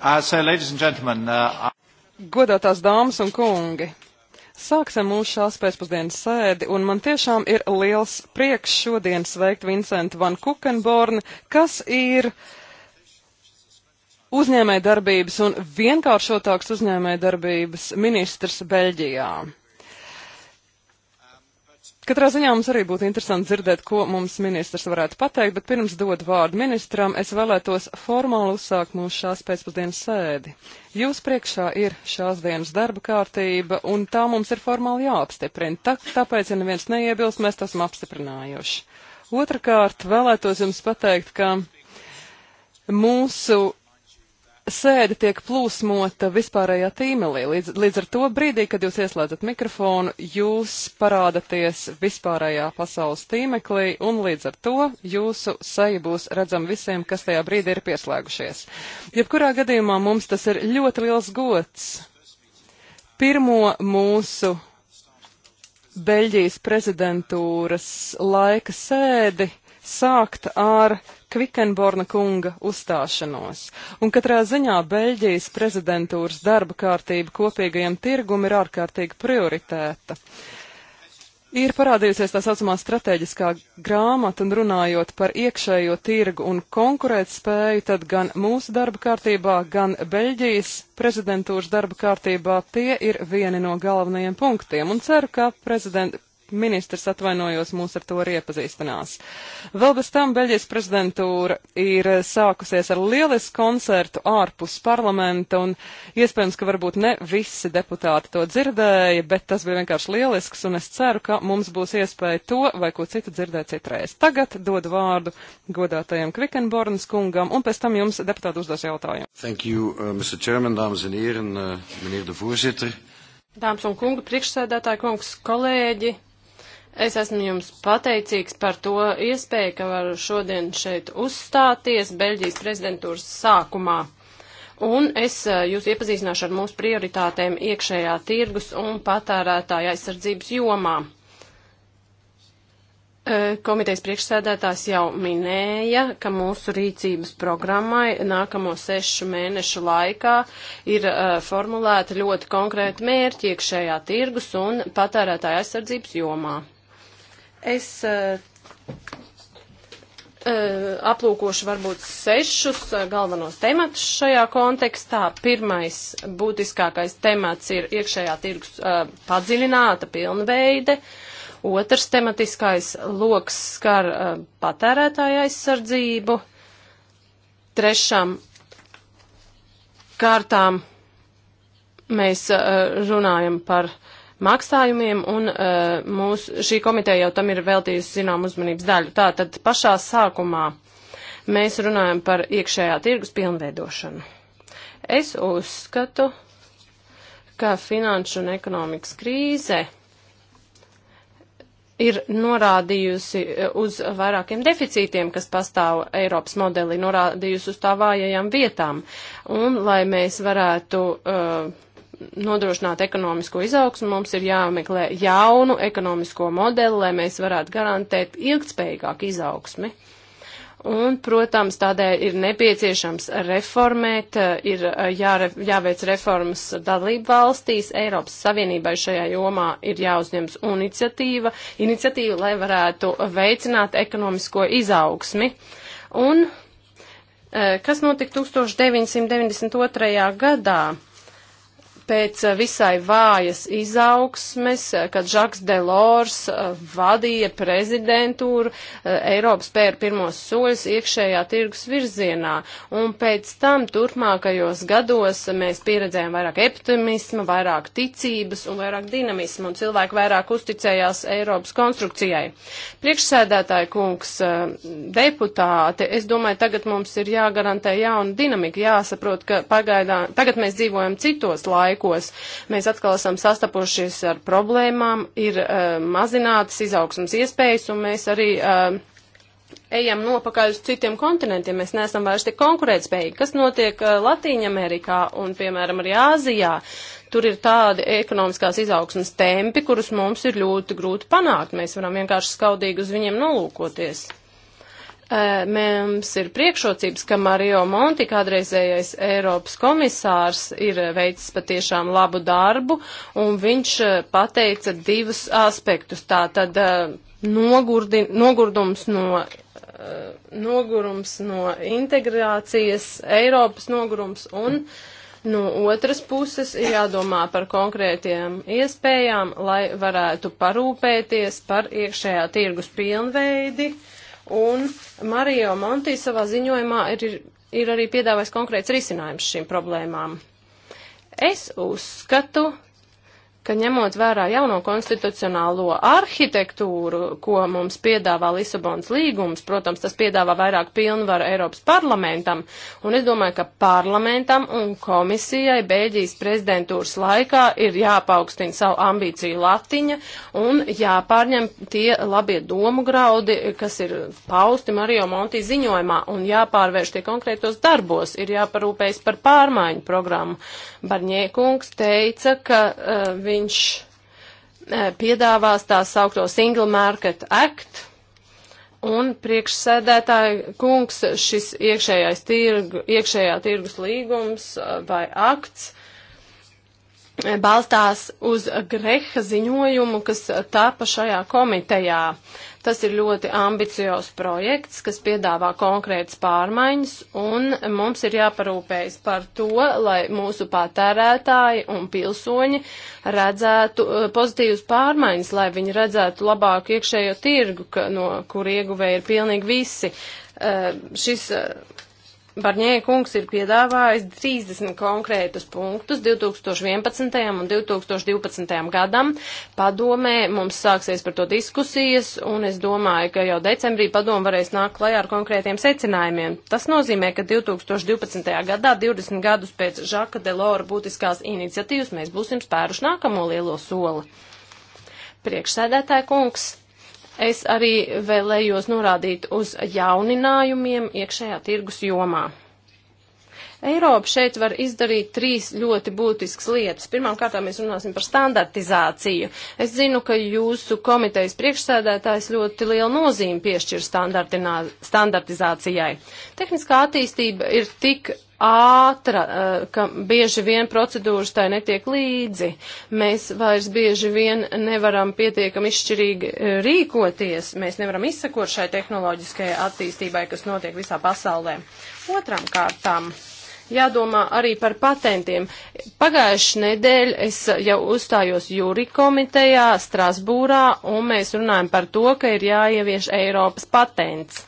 Uh, so, uh, Godātās dāmas un kungi, sāksim mūsu šās pēcpusdienas sēdi, un man tiešām ir liels prieks šodien sveikt Vincentu Van Kukenborni, kas ir uzņēmējdarbības un vienkāršotāks uzņēmējdarbības ministrs Beļģijā. Katrā ziņā mums arī būtu interesanti dzirdēt, ko mums ministrs varētu pateikt, bet pirms dod vārdu ministram, es vēlētos formāli uzsākt mūsu šās pēcpusdienas sēdi. Jūs priekšā ir šās dienas darba kārtība, un tā mums ir formāli jāapstiprina. Tā, tāpēc, ja neviens neiebilst, mēs to esam apstiprinājuši. Otrakārt, vēlētos jums pateikt, ka mūsu sēde tiek plūsmota vispārējā tīmelī. Līdz, līdz ar to brīdī, kad jūs ieslēdzat mikrofonu, jūs parādaties vispārējā pasaules tīmeklī, un līdz ar to jūsu seja būs redzama visiem, kas tajā brīdī ir pieslēgušies. Jebkurā gadījumā mums tas ir ļoti liels gods. Pirmo mūsu Beļģijas prezidentūras laika sēdi sākt ar Kvikenborna kunga uzstāšanos. Un katrā ziņā Beļģijas prezidentūras darba kārtība kopīgajam tirgum ir ārkārtīgi prioritēta. Ir parādījusies tā saucamā strateģiskā grāmata, un runājot par iekšējo tirgu un konkurētspēju, tad gan mūsu darba kārtībā, gan Beļģijas prezidentūras darba kārtībā tie ir vieni no galvenajiem punktiem. Un ceru, ka prezident, ministrs atvainojos mūs ar to arī iepazīstinās. Vēl bez tam Beļģijas prezidentūra ir sākusies ar lielisku koncertu ārpus parlamenta, un iespējams, ka varbūt ne visi deputāti to dzirdēja, bet tas bija vienkārši lielisks, un es ceru, ka mums būs iespēja to vai ko citu dzirdēt citreiz. Tagad dodu vārdu godātajam Kvikenbornas kungam, un pēc tam jums deputāti uzdos jautājumu. Thank you, uh, Mr. Chairman, dāmas un ieren, uh, meneer de voorzitter. Dāmas un kungi, priekšsēdētāji kungs, kolēģi, Es esmu jums pateicīgs par to iespēju, ka varu šodien šeit uzstāties Beļģijas prezidentūras sākumā. Un es eh, jūs iepazīstināšu ar mūsu prioritātēm iekšējā tirgus un patērētāja aizsardzības jomā. Eh, komitejas priekšsēdētājs jau minēja, ka mūsu rīcības programmai nākamo sešu mēnešu laikā ir uh, eh, formulēta ļoti konkrēta mērķi iekšējā tirgus un patērētāja aizsardzības jomā. Es uh, aplūkošu varbūt sešus eh, galvenos tematus šajā kontekstā. Pirmais būtiskākais temats ir iekšējā tirgus uh, padziļināta pilnveide. Otrs tematiskais loks skar uh, patērētāja aizsardzību. Trešām kārtām mēs uh, runājam par uh, maksājumiem, un uh, mūs, šī komiteja jau tam ir veltījusi zinām uzmanības daļu. Tā tad pašā sākumā mēs runājam par iekšējā tirgus pilnveidošanu. Es uzskatu, ka finanšu un ekonomikas krīze ir norādījusi uh, uz vairākiem deficītiem, kas pastāv Eiropas modelī, norādījusi uz tā vājajām vietām. Un, lai mēs varētu uh, nodrošināt ekonomisko izaugsmu, mums ir jāmeklē jaunu ekonomisko modeli, lai mēs varētu garantēt ilgtspējīgāku izaugsmi. Un, protams, tādēļ ir nepieciešams reformēt, ir eh, jāre, jāveic reformas dalību valstīs. Eiropas Savienībai šajā jomā ir jāuzņems iniciatīva, iniciatīva, lai varētu veicināt ekonomisko izaugsmi. Un eh, kas notika 1992. gadā? pēc eh, visai vājas izaugsmes, eh, kad Žaks Delors eh, vadīja prezidentūru, Eiropas spēra pirmos soļus iekšējā tirgus virzienā. Un pēc tam turpmākajos gados mēs pieredzējām vairāk optimisma, vairāk ticības un vairāk dinamismu, un cilvēki vairāk uzticējās Eiropas konstrukcijai. Priekšsēdētāji kungs, deputāti, es domāju, tagad mums ir jāgarantē jauna dinamika, jāsaprot, ka pagaidā, tagad mēs dzīvojam citos laikos laikos. Mēs atkal esam sastapušies ar problēmām, ir uh, mazinātas izaugsmas iespējas, un mēs arī uh, ejam nopakaļ uz citiem kontinentiem, mēs neesam vairs tik konkurētspējīgi. Kas notiek uh, Latīņamerikā un, piemēram, arī Āzijā? Tur ir tādi ekonomiskās izaugsmas tempi, kurus mums ir ļoti grūti panākt. Mēs varam vienkārši skaudīgi uz viņiem nolūkoties. Mums ir priekšrocības, ka Mario Monti, kādreizējais Eiropas komisārs, ir veicis patiešām labu darbu, un viņš pateica divus aspektus. Tā tad nogurdi, nogurdums no. Nogurums no integrācijas, Eiropas nogurums un uh, No otras puses ir jādomā par konkrētiem iespējām, lai varētu parūpēties par iekšējā tirgus pilnveidi. Uh, Un Mario Monti savā ziņojumā ir, ir arī piedāvājis konkrēts risinājums šīm problēmām. Es uzskatu, ka ņemot vērā jauno konstitucionālo arhitektūru, ko mums piedāvā Lisabonas līgums, protams, tas piedāvā vairāk pilnvaru Eiropas parlamentam, un es domāju, ka parlamentam un komisijai Bēļģijas prezidentūras laikā ir jāpaukstina savu ambīciju latiņa un jāpārņem tie labie domu graudi, kas ir pausti Mario Monti ziņojumā, un jāpārvērš tie konkrētos darbos, ir jāparūpējas par pārmaiņu programmu. Barņēkungs teica, ka uh, viņš eh, piedāvās tā saukto Single Market Act. Un priekšsēdētāji kungs, šis iekšējais tirgu, iekšējā tirgus līgums eh, vai akts eh, balstās uz Greha ziņojumu, kas tāpa šajā komitejā. Tas ir ļoti ambiciozs projekts, kas piedāvā konkrētas pārmaiņas, un mums ir jāparūpējas par to, lai mūsu patērētāji un pilsoņi redzētu eh, pozitīvas pārmaiņas, lai viņi redzētu labāku iekšējo tirgu, ka, no kur ieguvēja ir pilnīgi visi. Uh, šis uh, Barņēja kungs ir piedāvājis 30 konkrētus punktus 2011. un 2012. gadam. Padomē mums sāksies par to diskusijas, un es domāju, ka jau decembrī padomu varēs nākt klajā ar konkrētiem secinājumiem. Tas nozīmē, ka 2012. gadā, 20 gadus pēc Žaka Delora būtiskās iniciatīvas, mēs būsim spēruši nākamo lielo soli. Priekšsēdētāja kungs. Es arī vēlējos norādīt uz jauninājumiem iekšējā tirgus jomā. Eiropa šeit var izdarīt trīs ļoti būtiskas lietas. Pirmkārt, mēs runāsim par standartizāciju. Es zinu, ka jūsu komitejas priekšsēdētājs ļoti lielu nozīmi piešķir standartizācijai. Tehniskā attīstība ir tik ātra, eh, ka bieži vien procedūras tai netiek līdzi. Mēs vairs bieži vien nevaram pietiekami izšķirīgi eh, rīkoties, mēs nevaram izsekot šai tehnoloģiskajai attīstībai, kas notiek visā pasaulē. Otram kārtām. Jādomā arī par patentiem. Pagājuši nedēļ es jau uzstājos jūri komitejā Strasbūrā, un mēs runājam par to, ka ir jāievieš Eiropas patents.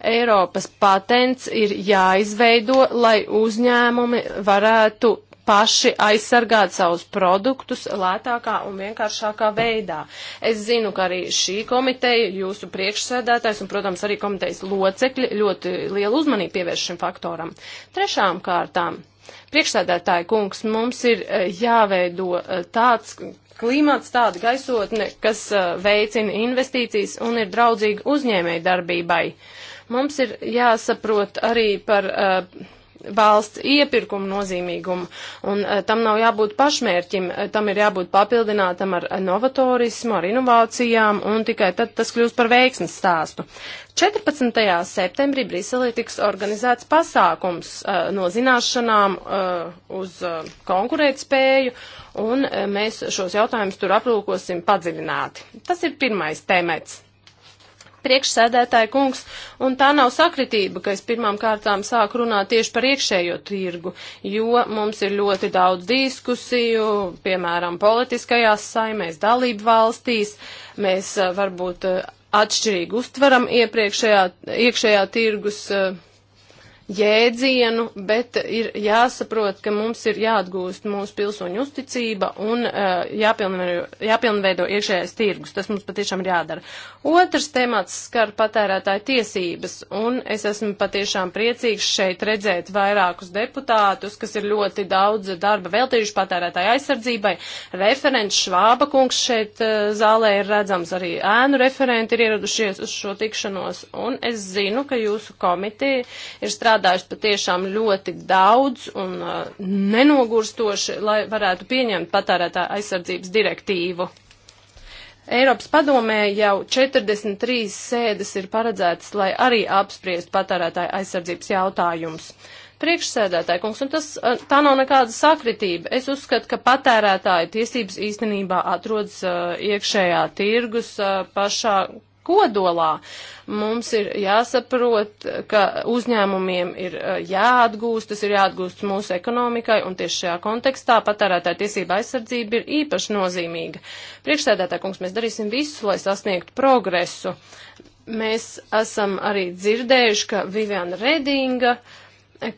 Eiropas patents ir jāizveido, lai uzņēmumi varētu paši aizsargāt savus produktus lētākā un vienkāršākā veidā. Es zinu, ka arī šī komiteja, jūsu priekšsēdētājs un, protams, arī komitejas locekļi ļoti lielu uzmanību pievērš šim faktoram. Trešām kārtām. Priekšsēdētāji kungs, mums ir eh, jāveido eh, tāds klimats, tāda gaisotne, kas eh, veicina investīcijas un ir draudzīga uzņēmēji darbībai. Uh, Mums ir jāsaprot arī par. Uh, valsts iepirkumu nozīmīgumu, un eh, tam nav jābūt pašmērķim, tam ir jābūt papildinātam ar novatorismu, ar inovācijām, un tikai tad tas kļūst par veiksmes stāstu. 14. septembrī Briselī tiks organizēts pasākums uh, no zināšanām uh, uz uh, konkurētspēju, un uh, mēs šos jautājumus tur aplūkosim padziļināti. Tas ir pirmais temats priekšsēdētāja kungs, un tā nav sakritība, ka es pirmām kārtām sāku runāt tieši par iekšējo tirgu, jo mums ir ļoti daudz diskusiju, piemēram, politiskajās saimēs, dalību valstīs, mēs eh, varbūt eh, atšķirīgi uztveram iepriekšējā, iekšējā tirgus. Uh, jēdzienu, bet ir jāsaprot, ka mums ir jāatgūst mūsu pilsoņu uzticība un uh, jāpilnveido, jāpilnveido iekšējais tirgus. Tas mums patiešām ir jādara. Otrs temats skar patērētāju tiesības, un es esmu patiešām priecīgs šeit redzēt vairākus deputātus, kas ir ļoti daudz darba veltījuši patērētāju aizsardzībai. Referents Švāba kungs šeit uh, zālē ir redzams, arī ēnu referenti ir ieradušies uz šo tikšanos, un es zinu, ka jūsu komiteja ir strādājusi strādājuši patiešām ļoti daudz un uh, nenogurstoši, lai varētu pieņemt patērētā aizsardzības direktīvu. Eiropas padomē jau 43 sēdes ir paredzētas, lai arī apspriest patērētāju aizsardzības jautājumus priekšsēdētāja kungs, un tas, uh, tā nav nekāda sakritība. Es uzskatu, ka patērētāja tiesības īstenībā atrodas uh, iekšējā tirgus uh, pašā kodolā. Mums ir jāsaprot, ka uzņēmumiem ir e, jāatgūst, tas ir jāatgūst mūsu ekonomikai, un tieši šajā kontekstā patērētāja tiesība aizsardzība ir īpaši nozīmīga. Priekšsēdētāja kungs, mēs darīsim visu, lai sasniegtu progresu. Mēs esam arī dzirdējuši, ka Viviana Redinga uh,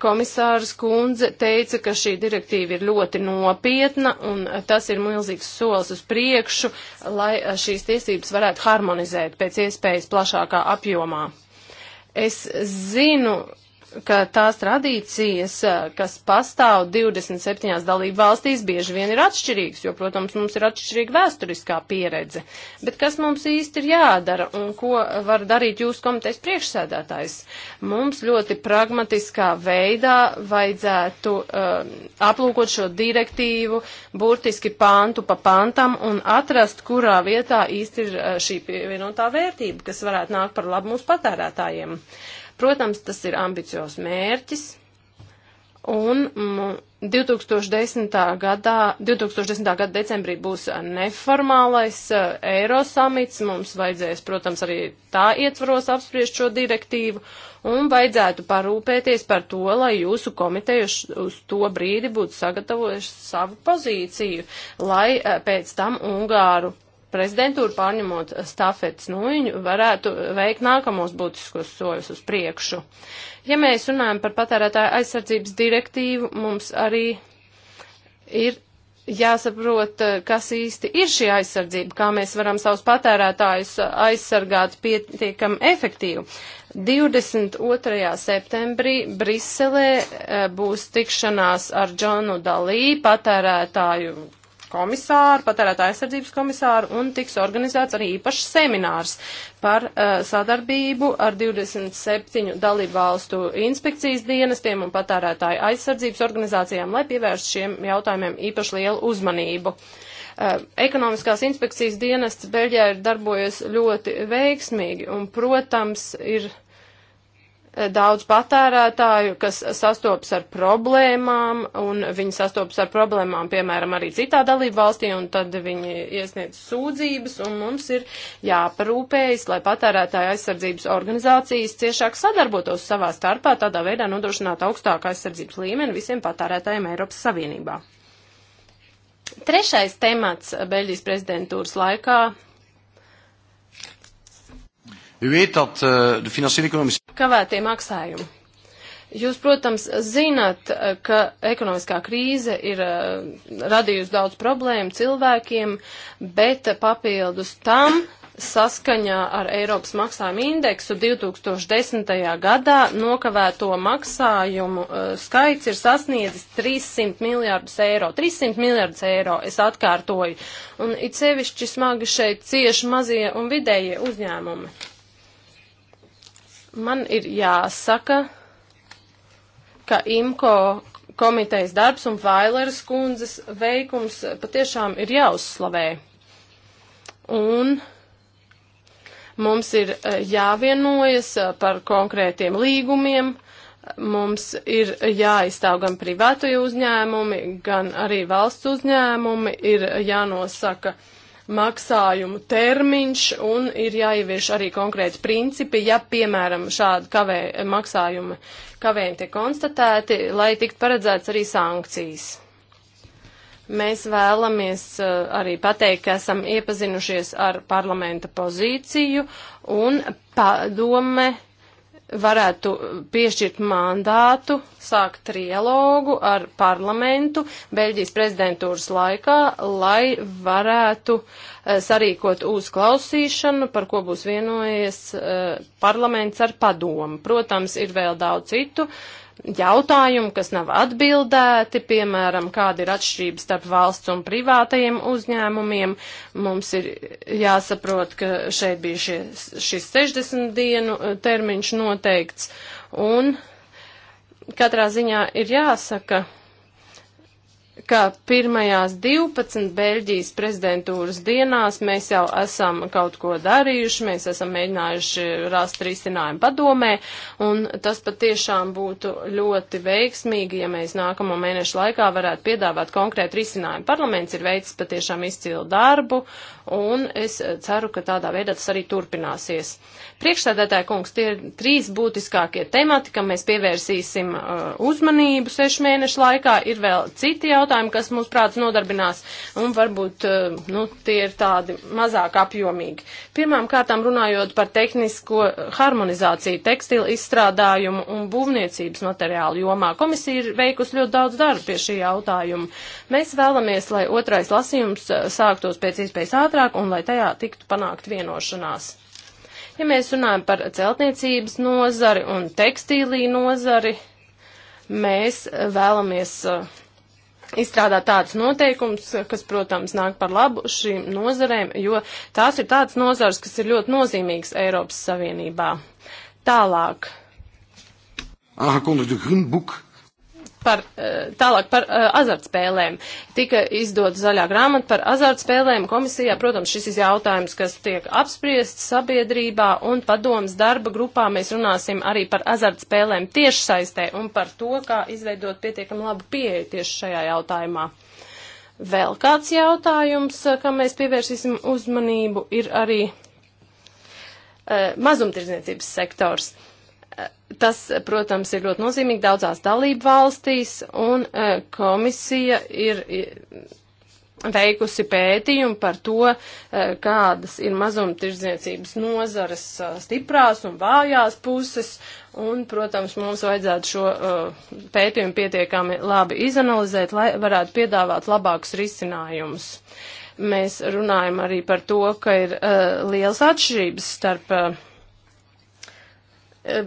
komisārs kundze teica, ka šī direktīva ir ļoti nopietna un tas ir milzīgs solis uz priekšu, lai eh, šīs tiesības varētu harmonizēt pēc iespējas plašākā apjomā. Es zinu, ka tās tradīcijas, eh, kas pastāv 27 dalību valstīs, bieži vien ir atšķirīgas, jo, protams, mums ir atšķirīga vēsturiskā pieredze. Bet kas mums īsti ir jādara un ko var darīt jūs komitejas priekšsēdētājs? Mums ļoti pragmatiskā veidā vajadzētu uh, aplūkot šo direktīvu burtiski pāntu pa pāntam un atrast, kurā vietā īsti ir eh, šī pievienotā vērtība, kas varētu nākt par labu mūsu patērētājiem. Uh, Protams, tas ir ambiciozs mērķis, un 2010. gadā, 2010. gada decembrī būs neformālais uh, Eirosamits, mums vajadzēs, protams, arī tā ietvaros apspriest šo direktīvu, un vajadzētu parūpēties par to, lai jūsu komiteja uz to brīdi būtu sagatavojuši savu pozīciju, lai uh, pēc tam Ungāru prezidentūra pārņemot stafetes nuiņu varētu veikt nākamos būtiskos soļus uz priekšu. Ja mēs runājam par patērētāju aizsardzības direktīvu, mums arī ir jāsaprot, eh, kas īsti ir šī aizsardzība, kā mēs varam savus patērētājus aizsargāt pietiekam efektīvi. 22. septembrī Briselē eh, būs tikšanās ar Džonu Dalī, patērētāju komisāru, patērētāja aizsardzības komisāru, un tiks organizēts arī īpašs seminārs par uh, sadarbību ar 27 dalību valstu inspekcijas dienestiem un patērētāja aizsardzības organizācijām, lai pievērst šiem jautājumiem īpaši lielu uzmanību. Uh, ekonomiskās inspekcijas dienests Beļģijā ir darbojies ļoti veiksmīgi, un, protams, ir uh, daudz patērētāju, kas sastopas ar problēmām, un viņi sastopas ar problēmām, piemēram, arī citā dalību valstī, un tad viņi iesniedz sūdzības, un mums ir jāparūpējas, lai patērētāja aizsardzības organizācijas ciešāk sadarbotos savā starpā, tādā veidā nodrošināt augstāku aizsardzības līmeni visiem patērētājiem Eiropas Savienībā. Trešais temats Beļģijas prezidentūras laikā U weet dat uh, de financiële economische. Kavētie maksājumi. Jūs, protams, zināt, eh, ka ekonomiskā krīze ir eh, radījusi daudz problēmu cilvēkiem, bet papildus tam saskaņā ar Eiropas maksājumu indeksu 2010. gadā nokavēto maksājumu uh, skaits ir sasniedzis 300 miljārdus eiro. 300 miljārdus eiro, es atkārtoju. Un it sevišķi smagi šeit cieši mazie un vidējie uzņēmumi. Man ir jāsaka, ka IMCO komitejas darbs un Vaileras kundzes veikums patiešām ir jāuzslavē. Un mums ir eh, jāvienojas eh, par konkrētiem līgumiem, mums ir jāizstāv gan privātoju uzņēmumi, gan arī valsts uzņēmumi, ir jānosaka uh, maksājumu termiņš un ir jāievieš arī konkrēti principi, ja, piemēram, šādi kavē, maksājumi kavējumi tiek konstatēti, lai tikt paredzēts arī sankcijas. Mēs vēlamies eh, arī pateikt, ka esam iepazinušies ar parlamenta pozīciju un padome varētu piešķirt mandātu, sākt trialogu ar parlamentu Beļģijas prezidentūras laikā, lai varētu eh, sarīkot uzklausīšanu, par ko būs vienojies eh, parlaments ar padomu. Protams, ir vēl daudz citu uh, jautājumu, kas nav atbildēti, piemēram, kāda ir atšķirība starp valsts un privātajiem uzņēmumiem. Mums ir jāsaprot, ka šeit bija šie, šis 60 dienu eh, termiņš noteikts, un katrā ziņā ir jāsaka, ka pirmajās 12 Beļģijas prezidentūras dienās mēs jau esam kaut ko darījuši, mēs esam mēģinājuši rast risinājumu padomē, un tas patiešām būtu ļoti veiksmīgi, ja mēs nākamo mēnešu laikā varētu piedāvāt konkrētu risinājumu. Parlaments ir veicis patiešām izcilu darbu, un es ceru, ka tādā veidā tas arī turpināsies. Priekšstādētāja kungs, tie ir trīs būtiskākie temati, kam mēs pievērsīsim uh, uzmanību sešu mēnešu laikā. Ir vēl citi jautājumi jautājumi, kas mums prāts nodarbinās, un varbūt, eh, nu, tie ir tādi mazāk apjomīgi. Pirmām kārtām runājot par tehnisko harmonizāciju tekstilu izstrādājumu un būvniecības materiālu jomā, komisija ir veikusi ļoti daudz darbu pie šī jautājuma. Mēs vēlamies, lai otrais lasījums eh, sāktos pēc iespējas ātrāk un lai tajā tiktu panākt vienošanās. Ja mēs runājam par celtniecības nozari un tekstīlī nozari, mēs eh, vēlamies izstrādāt tādus noteikumus, kas, protams, nāk par labu šīm nozarēm, jo tās ir tādas nozars, kas ir ļoti nozīmīgas Eiropas Savienībā. Tālāk. Aangekondigde groenboek par, eh, tālāk par eh, azartspēlēm. Tika izdot zaļā grāmata par azartspēlēm komisijā. Protams, šis ir jautājums, kas tiek apspriests sabiedrībā un padomas darba grupā. Mēs runāsim arī par azartspēlēm tiešsaistē un par to, kā izveidot pietiekam labu pieeju tieši šajā jautājumā. Vēl kāds jautājums, eh, kam mēs pievērsīsim uzmanību, ir arī e, mazumtirdzniecības sektors. E, Tas, protams, ir ļoti nozīmīgi daudzās dalību valstīs, un e, komisija ir veikusi pētījumu par to, e, kādas ir mazumtirdzniecības nozares e, stiprās un vājās puses, un, protams, mums vajadzētu šo pētījumu pietiekami labi izanalizēt, lai varētu piedāvāt labākus risinājumus. Mēs runājam arī par to, ka ir liels atšķirības starp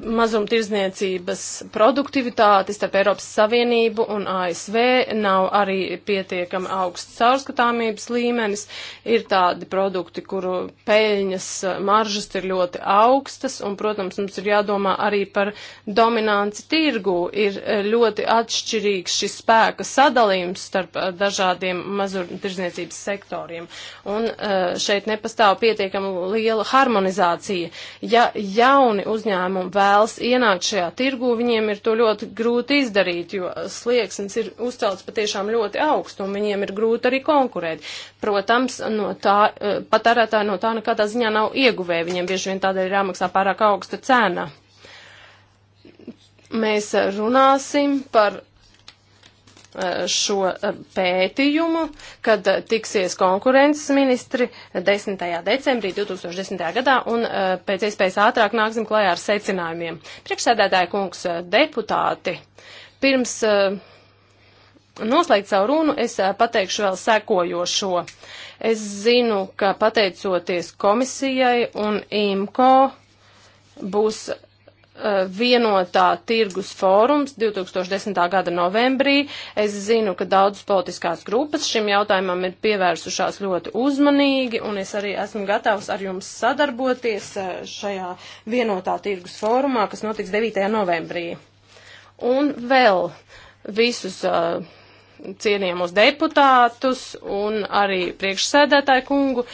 mazumtirdzniecības produktivitāte starp Eiropas Savienību un ASV nav arī pietiekami augsts caurskatāmības līmenis. Ir tādi produkti, kuru peļņas maržas ir ļoti augstas, un, protams, mums ir jādomā arī par dominanci tirgu. Ir ļoti atšķirīgs šis spēka sadalījums starp eh, dažādiem mazumtirdzniecības sektoriem, un eh, šeit nepastāv pietiekami liela harmonizācija. Ja jauni uzņēmumi vēlas ienākt šajā tirgu, viņiem ir to ļoti grūti izdarīt, jo slieksnis ir uzcelts patiešām ļoti augstu un viņiem ir grūti arī konkurēt. Protams, no tā, e, patērētāji no tā nekādā ziņā nav ieguvēji, viņiem bieži vien tādēļ ir jāmaksā pārāk augsta cena. Mēs runāsim par šo pētījumu, kad tiksies konkurences ministri 10. decembrī 2010. gadā un e, pēc iespējas ātrāk nāksim klajā ar secinājumiem. Priekšsēdētāja kungs e, deputāti, pirms e, noslēgt savu runu, es pateikšu vēl sekojošo. Es zinu, ka pateicoties komisijai un IMCO būs Eh, vienotā tirgus fórums 2010. gada novembrī. Es zinu, ka daudzas politiskās grupas šim jautājumam ir pievērsušās ļoti uzmanīgi, un es arī esmu gatavs ar jums sadarboties eh, šajā vienotā tirgus fórumā, kas notiks 9. novembrī. Un vēl visus uh, cienījamos deputātus un arī priekšsēdētāju kungu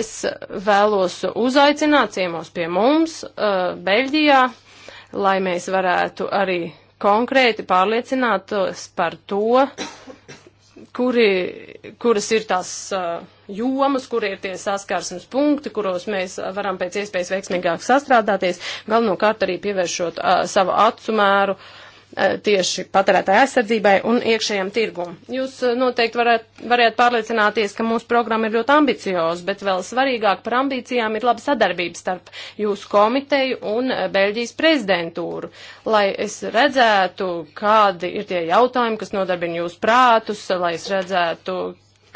es vēlos uzaicināt ciemos pie mums uh, Beļģijā lai mēs varētu arī konkrēti pārliecinātos par to, kuri, kuras ir tās uh, jomas, kur ir tie saskarsmes punkti, kuros mēs varam pēc iespējas veiksmīgāk sastrādāties, galvenokārt arī pievēršot uh, savu atsumēru uh, Eh, tieši patērētāja aizsardzībai un iekšējam tirgum. Jūs eh, noteikti varēt, varētu pārliecināties, ka mūsu programma ir ļoti ambicioza, bet vēl svarīgāk par ambīcijām ir laba sadarbība starp jūsu komiteju un eh, Beļģijas prezidentūru, lai es redzētu, kādi ir tie jautājumi, kas nodarbina jūsu prātus, lai es redzētu,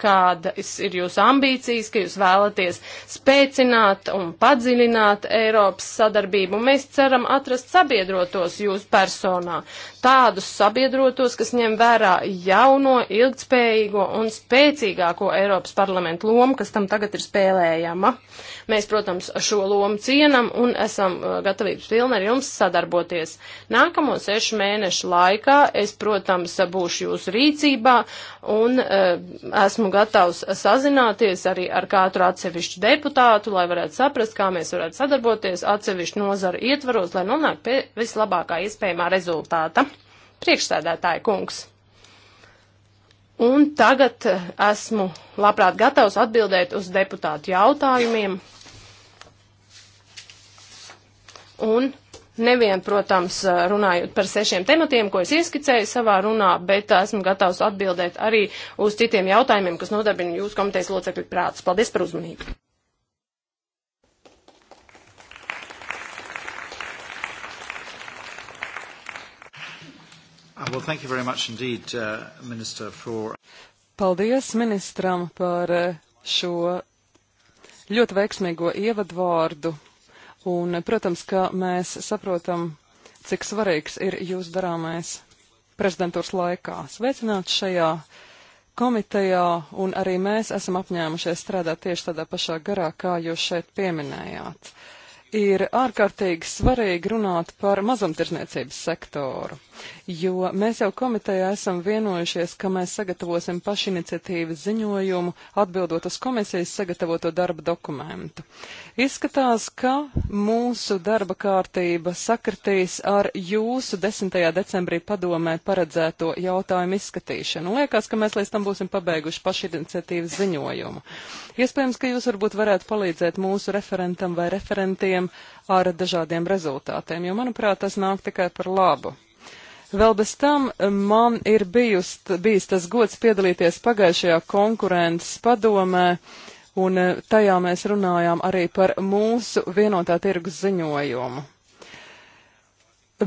kādas ir jūsu ambīcijas, ka jūs vēlaties spēcināt un padziļināt Eiropas sadarbību. Mēs ceram atrast sabiedrotos jūsu personā, tādus sabiedrotos, kas ņem vērā jauno, ilgtspējīgo un spēcīgāko Eiropas parlamentu lomu, kas tam tagad ir spēlējama. Mēs, protams, šo lomu cienam un esam uh, gatavības pilni ar jums sadarboties. Nākamo sešu mēnešu laikā es, protams, būšu jūsu rīcībā un uh, esmu gatavs sazināties arī ar katru atsevišķu deputātu, lai varētu saprast, kā mēs varētu sadarboties atsevišķu nozaru ietvaros, lai nonāktu pie vislabākā iespējamā rezultāta. Priekšsēdētāja kungs. Un tagad esmu labprāt gatavs atbildēt uz deputātu jautājumiem. Un nevien, protams, runājot par sešiem tematiem, ko es ieskicēju savā runā, bet esmu gatavs atbildēt arī uz citiem jautājumiem, kas nodarbina jūsu komitejas locekļu prātus. Paldies par uzmanību! Uh, well, thank you very much indeed, uh, Minister, for... Paldies ministram par uh, šo ļoti veiksmīgo ievadvārdu. Un, uh, protams, ka mēs saprotam, cik svarīgs ir jūsu darāmais prezidentūras laikā. Sveicināt šajā komitejā, un arī mēs esam apņēmušies strādāt tieši tādā pašā garā, kā jūs šeit pieminējāt. Uh, ir ārkārtīgi svarīgi runāt par mazumtirdzniecības sektoru, jo mēs jau komitejā esam vienojušies, ka mēs sagatavosim pašiniciatīvas ziņojumu atbildot uz komisijas sagatavoto darba dokumentu. Izskatās, ka mūsu darba kārtība sakritīs ar jūsu 10. decembrī padomē paredzēto jautājumu izskatīšanu. Liekas, ka mēs līdz tam būsim pabeiguši pašiniciatīvas ziņojumu. Iespējams, ka jūs varbūt varētu palīdzēt mūsu referentam vai referentiem gadiem ar dažādiem rezultātiem, jo, manuprāt, tas nāk tikai par labu. Vēl bez tam eh, man ir bijus, bijis tas gods piedalīties pagājušajā konkurences padomē, un eh, tajā mēs runājām arī par mūsu vienotā tirgus ziņojumu.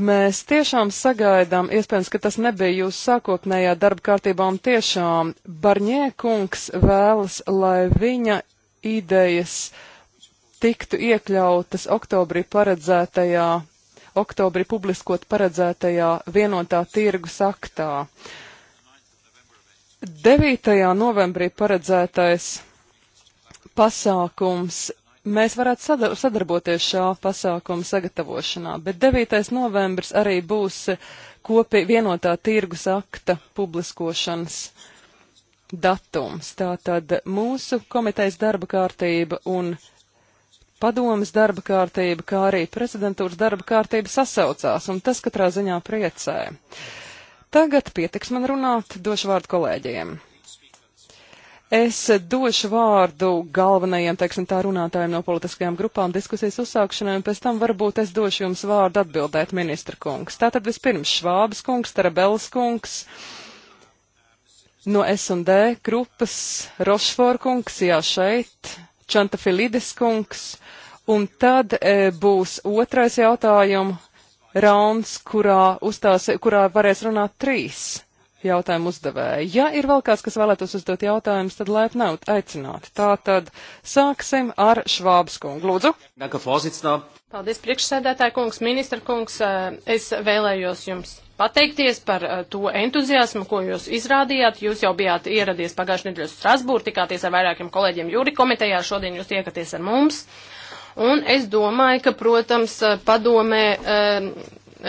Mēs tiešām sagaidām, iespējams, ka tas nebija jūsu sākotnējā darba kārtībā, un tiešām Barņē kungs vēlas, lai viņa idejas uh, tiktu iekļautas oktobrī paredzētajā, oktobrī publiskot paredzētajā vienotā tirgus aktā. 9. novembrī paredzētais pasākums. Mēs varētu sadar sadarboties šā pasākuma sagatavošanā, bet 9. novembris arī būs kopīgi vienotā tirgus akta publiskošanas datums. Tātad mūsu komitejas darba kārtība un padomas darba kārtība, kā arī prezidentūras darba kārtība sasaucās, un tas katrā ziņā priecē. Tagad pietiks man runāt, došu vārdu kolēģiem. Es došu vārdu galvenajiem, teiksim tā, runātājiem no politiskajām grupām diskusijas uzsākšanai, un pēc tam varbūt es došu jums vārdu atbildēt ministra kungs. Tātad vispirms Švābas kungs, Tarabels kungs no S&D grupas, Rošforkungs, jā, šeit, Čantafilides kungs, un tad e, būs otrais jautājumu rauns, kurā, uzstās, kurā varēs runāt trīs jautājumu uzdevēji. Ja ir vēl kāds, kas vēlētos uzdot jautājumus, tad laipni nav aicināti. Tā tad sāksim ar Švābas kungu. Lūdzu. Paldies, priekšsēdētāji kungs, ministra kungs. E, es vēlējos jums pateikties par eh, to entuziasmu, ko jūs izrādījāt. Jūs jau bijāt ieradies pagājušajā nedēļā Strasbūrā, tikāties ar vairākiem kolēģiem jūri komitejā, šodien jūs tiekaties ar mums. Un es domāju, ka, protams, eh, padomē eh,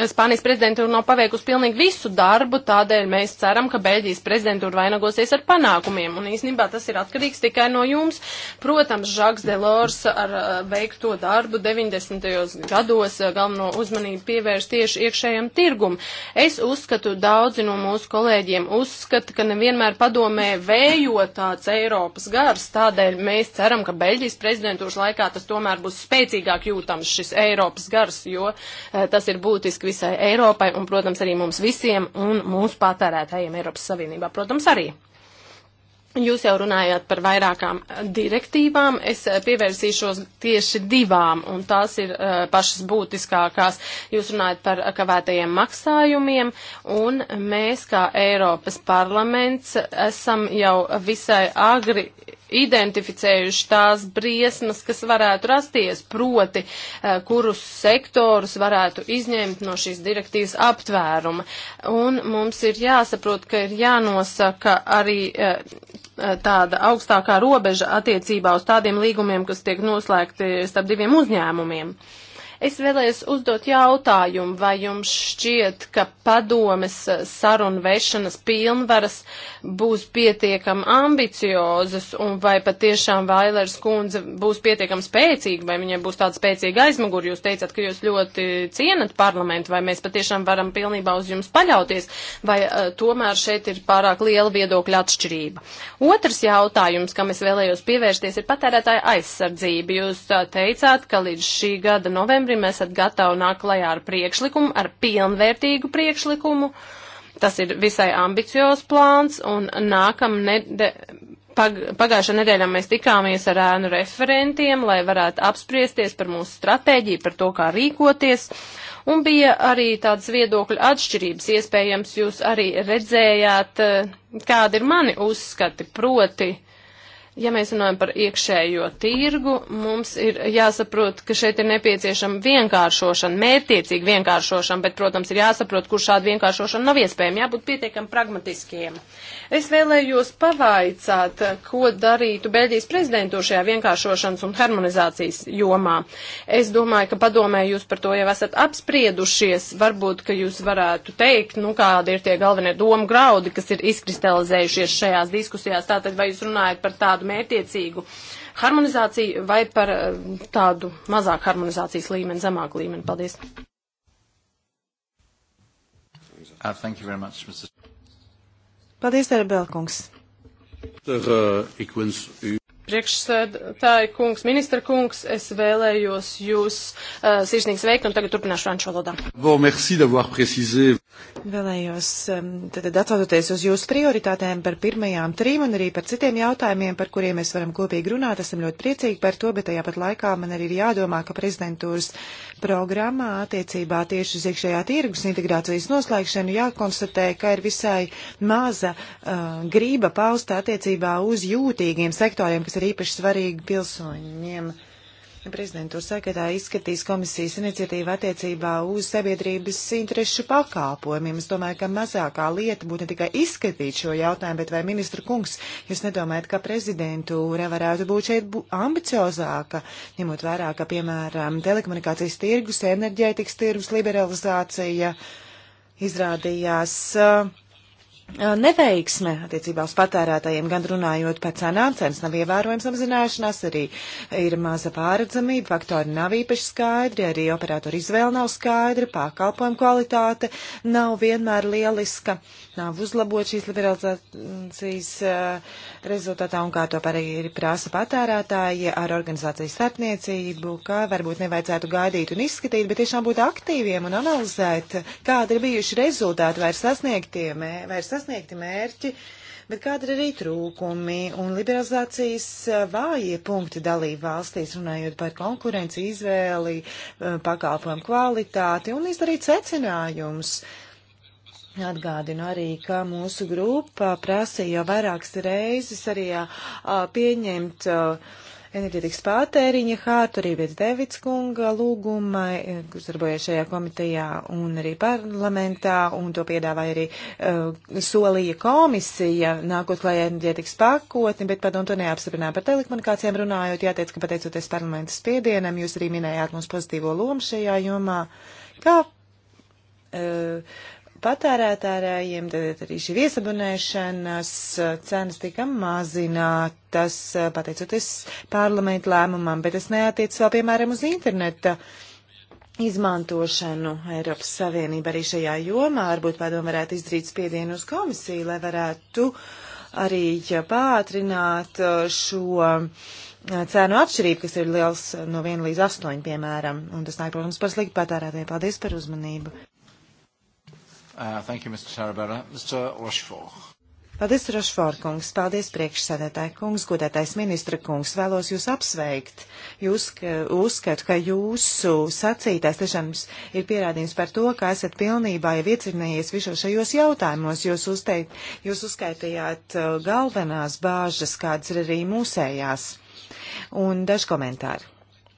Spānijas prezidentūra nav paveikusi pilnīgi visu darbu, tādēļ mēs ceram, ka Beļģijas prezidentūra vainagosies ar panākumiem. Un īstenībā tas ir atkarīgs tikai no jums. Protams, Žaks Delors ar uh, veikto darbu 90. gados uh, galveno uzmanību pievērš tieši iekšējam tirgum. Es uzskatu, daudzi no mūsu kolēģiem uzskata, ka nevienmēr padomē vējo tāds Eiropas gars, tādēļ mēs ceram, ka Beļģijas prezidentūras laikā tas tomēr būs spēcīgāk jūtams šis Eiropas gars, jo uh, tas ir būtiski notikt visai Eiropai un, protams, arī mums visiem un mūsu patērētājiem Eiropas Savienībā, protams, arī. Jūs jau runājāt par vairākām direktīvām, es eh, pievērsīšos tieši divām, un tās ir uh, pašas būtiskākās. Jūs runājat par kavētajiem maksājumiem, un mēs kā Eiropas parlaments esam jau visai agri identificējuši tās briesmas, kas varētu rasties, proti, eh, kurus sektorus varētu izņemt no šīs direktīvas aptvēruma. Un mums ir jāsaprot, ka ir jānosaka arī eh, eh, tāda augstākā robeža attiecībā uz tādiem līgumiem, kas tiek noslēgti starp diviem uzņēmumiem. Uh, Es vēlējos uzdot jautājumu, vai jums šķiet, ka padomes sarunu vešanas pilnvaras būs pietiekam ambiciozas un vai patiešām Vailers kundze būs pietiekam spēcīga, vai viņai būs tāda spēcīga aizmuguri. Jūs teicat, ka jūs ļoti cienat parlamentu, vai mēs patiešām varam pilnībā uz jums paļauties, vai uh, tomēr šeit ir pārāk liela viedokļa atšķirība. Otrs jautājums, kam es vēlējos pievērsties, ir patērētāja aizsardzība. Jūs uh, teicāt, ka līdz šī gada novembrim decembrim esat gatavi nākt klajā ar priekšlikumu, ar pilnvērtīgu priekšlikumu. Tas ir visai ambiciozs plāns, un nākamnedēļ pag, pagājušā nedēļā mēs tikāmies ar ēnu referentiem, lai varētu apspriesties par mūsu stratēģiju, par to, kā rīkoties. Un bija arī tādas viedokļu atšķirības. Iespējams, jūs arī redzējāt, eh, kādi ir mani uzskati. Proti, Ja mēs runājam par iekšējo tirgu, mums ir jāsaprot, ka šeit ir nepieciešama vienkāršošana, mērtiecīga vienkāršošana, bet, protams, ir jāsaprot, kur šāda vienkāršošana nav iespējama. Jābūt pietiekam pragmatiskiem. Es vēlējos pavaicāt, ko darītu Beļģijas prezidentūšajā vienkāršošanas un harmonizācijas jomā. Es domāju, ka padomē jūs par to jau esat apspriedušies. Varbūt, ka jūs varētu teikt, nu kādi ir tie galvenie doma graudi, kas ir izkristalizējušies šajās diskusijās. Tātad, vai jūs runājat par tādu mērtiecīgu harmonizāciju vai par eh, tādu mazāk harmonizācijas līmeni, zemāku līmeni? Paldies! Uh, thank you very much, Mr. Paldies, Darbelkungs! Eh, Priekšsēdētāji kungs, ministra kungs, es vēlējos jūs uh, sirsnīgi sveikt un tagad turpināšu franču valodā. Bon, merci d'avoir précisé. Vēlējos um, tad atsaucoties uz jūsu prioritātēm par pirmajām trim un arī par citiem jautājumiem, par kuriem mēs varam kopīgi runāt. Esam ļoti priecīgi par to, bet tajā pat laikā man arī ir jādomā, ka prezidentūras programmā attiecībā tieši uz iekšējā tirgus integrācijas noslēgšanu jākonstatē, ka ir visai maza uh, grība pausta attiecībā uz jūtīgiem sektoriem, kas ir īpaši svarīgi pilsoņiem. Uh, Prezidentūras sekretāja izskatīs komisijas iniciatīvu attiecībā uz sabiedrības interešu pakāpojumiem. Es domāju, ka mazākā lieta būtu ne tikai izskatīt šo jautājumu, bet vai ministra kungs, jūs nedomājat, ka prezidentūra varētu būt šeit ambiciozāka, ņemot vērā, ka, piemēram, telekomunikācijas tirgus, enerģētikas tirgus liberalizācija izrādījās. Uh, neveiksme attiecībā uz patērētājiem, gan runājot par cenām, cenas nav ievērojams apzināšanās, arī ir maza pārredzamība, faktori nav īpaši skaidri, arī operatora izvēle nav skaidra, pakalpojuma kvalitāte nav vienmēr lieliska, nav uzlabot šīs liberalizācijas uh, rezultātā, un kā to arī prasa patērētāji ar organizācijas starpniecību, ka varbūt nevajadzētu gaidīt un izskatīt, bet tiešām būt aktīviem un analizēt, kādi ir bijuši rezultāti vai ir sasniegtie, vai ir sasniegtie sasniegti mērķi, bet kāda ir arī trūkumi un liberalizācijas eh, vājie punkti dalību valstīs, runājot par konkurenci, izvēli, eh, pakalpojumu kvalitāti un izdarīt secinājumus. Atgādinu arī, ka mūsu grupa prasīja vairākas reizes arī a, eh, pieņemt uh, enerģetikas pārtēriņa hārtu arī pēc Devits kunga lūguma, eh, kurš darbojas šajā komitejā un arī parlamentā, un to piedāvāja arī uh, solīja komisija nākot klājā enerģetikas pakotni, bet padomu to neapstiprināja par telekomunikācijām runājot, jāteic, ka pateicoties parlamentas spiedienam, jūs arī minējāt mums pozitīvo lomu šajā jomā, kā uh, eh, patērētājiem, tad arī šī viesabunēšanas eh, cenas tika mazinātas, eh, pateicoties parlamentu lēmumam, bet tas neatiec vēl, piemēram, uz interneta izmantošanu Eiropas Savienība arī šajā jomā. Varbūt padomu varētu izdarīt spiedienu uz komisiju, lai varētu arī pātrināt eh, šo cēnu atšķirību, kas ir liels no 1 līdz 8, piemēram. Un tas nāk, protams, par sliktu patērētājiem. Paldies par uzmanību. Uh, thank you, Mr. Tarabella. Mr. Rochefort. Paldies, Rošfor kungs, paldies priekšsēdētāji kungs, godētais ministra kungs, vēlos jūs apsveikt. Jūs uzskatu, ka jūsu sacītais tiešām ir pierādījums par to, ka esat pilnībā jau iecirnējies visos šajos jautājumos. Jūs, uzteikt, jūs uzskaitījāt uh, galvenās bāžas, kādas ir arī mūsējās. Un daži komentāri.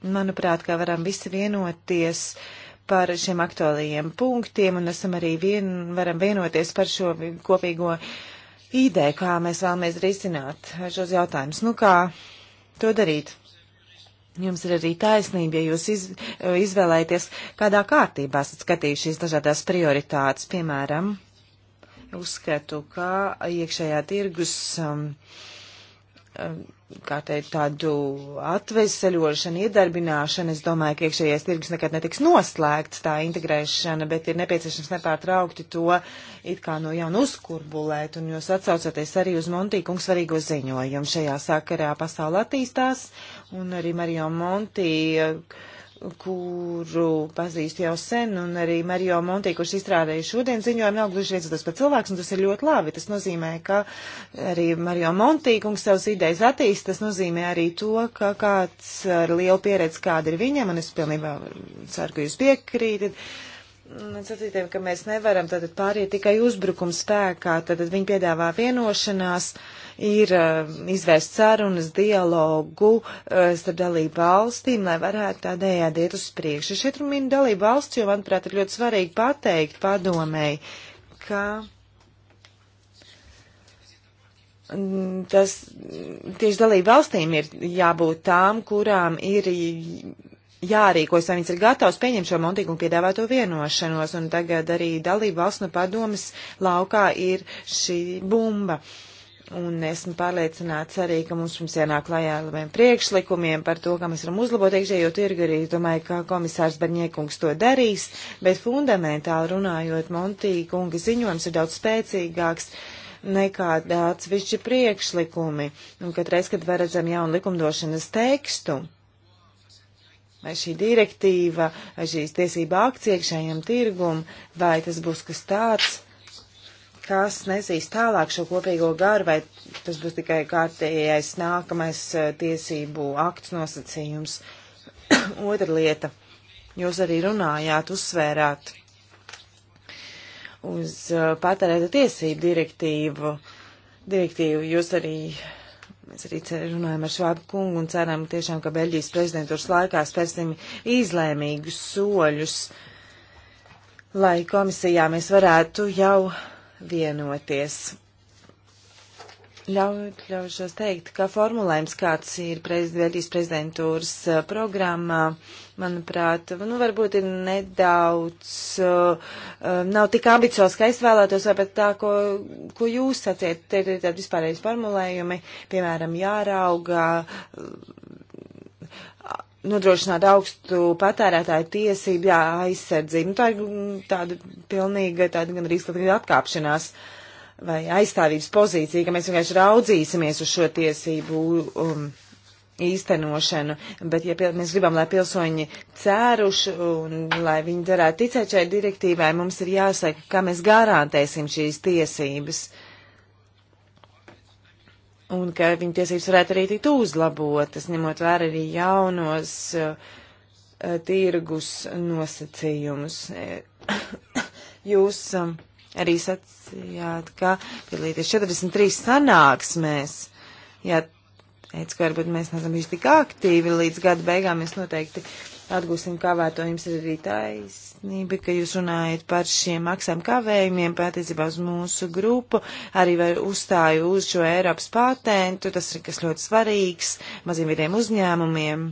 Manuprāt, ka varam visi vienoties. Uh, par šiem aktuālajiem punktiem un esam arī vien, varam vienoties par šo kopīgo ideju, kā mēs vēlamies risināt šos jautājumus. Nu, kā to darīt? Jums ir arī taisnība, ja jūs iz, izvēlēties, kādā kārtībā esat skatījušies dažādās prioritātes, piemēram, uzskatu, ka iekšējā tirgus um, um, kā teikt, tādu atveseļošanu, iedarbināšanu. Es domāju, ka iekšējais tirgus nekad netiks noslēgts tā integrēšana, bet ir nepieciešams nepārtraukti to it kā no jauna uzkurbulēt. Un jūs atsaucaties arī uz Montīkungu svarīgo ziņojumu. Šajā sakarā pasaule attīstās un arī Marijo Montī. Uh, kuru pazīstu jau sen, un arī Mario Monti, kurš izstrādāja šodien ziņojumu, nav gluži viens tas pats cilvēks, un tas ir ļoti labi. Tas nozīmē, ka arī Mario Monti, kungs savus idejas attīst, tas nozīmē arī to, ka kāds ar lielu pieredzi, kāda ir viņam, un es pilnībā ceru, ka jūs piekrītat. Sacītiem, ka mēs nevaram tātad pāriet tikai uzbrukums spēkā, tātad viņi piedāvā vienošanās. Uh, ir eh, izvērst sarunas dialogu eh, starp dalību valstīm, lai varētu tādējādi iet uz priekšu. Šeit runa dalību valsts, jo, manuprāt, ir ļoti svarīgi pateikt padomēji, ka tas tieši dalību valstīm ir jābūt tām, kurām ir jārīkojas, vai viņas ir gatavas pieņemt šo Montīgumu piedāvāto vienošanos, un tagad arī dalību valsts no padomas laukā ir šī bumba. Uh, Un esmu pārliecināts arī, ka mums mums jānāk klajā ar labiem priekšlikumiem par to, kā mēs varam uzlabot iekšējo tirgu. Arī domāju, ka komisārs Barņiekungs to darīs, bet fundamentāli runājot, Montīkunga ziņojums ir daudz spēcīgāks nekā atsevišķi priekšlikumi. Un katreiz, kad redzam jaunu likumdošanas tekstu, vai šī direktīva, vai šīs tiesība akts iekšējiem tirgum, vai tas būs kas tāds kas nezīs tālāk šo kopīgo garu, vai tas būs tikai kārtējais nākamais eh, tiesību akts nosacījums. Otra lieta, jūs arī runājāt, uzsvērāt uz eh, patērēta tiesību direktīvu. Direktīvu jūs arī Mēs arī runājam ar Švābu kungu un ceram tiešām, ka Beļģijas prezidentūras laikā spērsim izlēmīgus soļus, lai komisijā mēs varētu jau vienoties. Ļauj, ļaušos teikt, ka formulējums, kāds ir prez, Beļģijas prezidentūras programmā, manuprāt, nu, varbūt ir nedaudz, uh, nav tik ambiciozs, kā es vēlētos, vai pat tā, ko, ko jūs sacījat, te ir tādi vispārējais formulējumi, piemēram, jārauga, nodrošināt augstu patērētāju tiesību jā, aizsardzību. Nu, tā ir tāda pilnīga, tāda gan arī skatīt atkāpšanās vai aizstāvības pozīcija, ka mēs vienkārši raudzīsimies uz šo tiesību. Um, īstenošanu, bet ja pil, mēs gribam, lai pilsoņi cēruši un lai viņi varētu ticēt šai direktīvai, mums ir jāsaka, kā mēs garantēsim šīs tiesības. Uh, un ka viņu tiesības varētu arī tikt uzlabotas, ņemot vērā arī jaunos uh, tirgus nosacījumus. Eh, jūs um, arī sacījāt, ka piedalīties 43 sanāksmēs. Jā, teicu, ka varbūt mēs neesam bijuši tik aktīvi līdz gada beigām. Mēs noteikti uh, atgūsim kavēto. Jums ir arī taisnība, ka jūs runājat par šiem maksām kavējumiem, patiesībā uz mūsu grupu, arī var uzstāju uz šo Eiropas patentu, tas ir kas ļoti svarīgs maziem vidiem uzņēmumiem.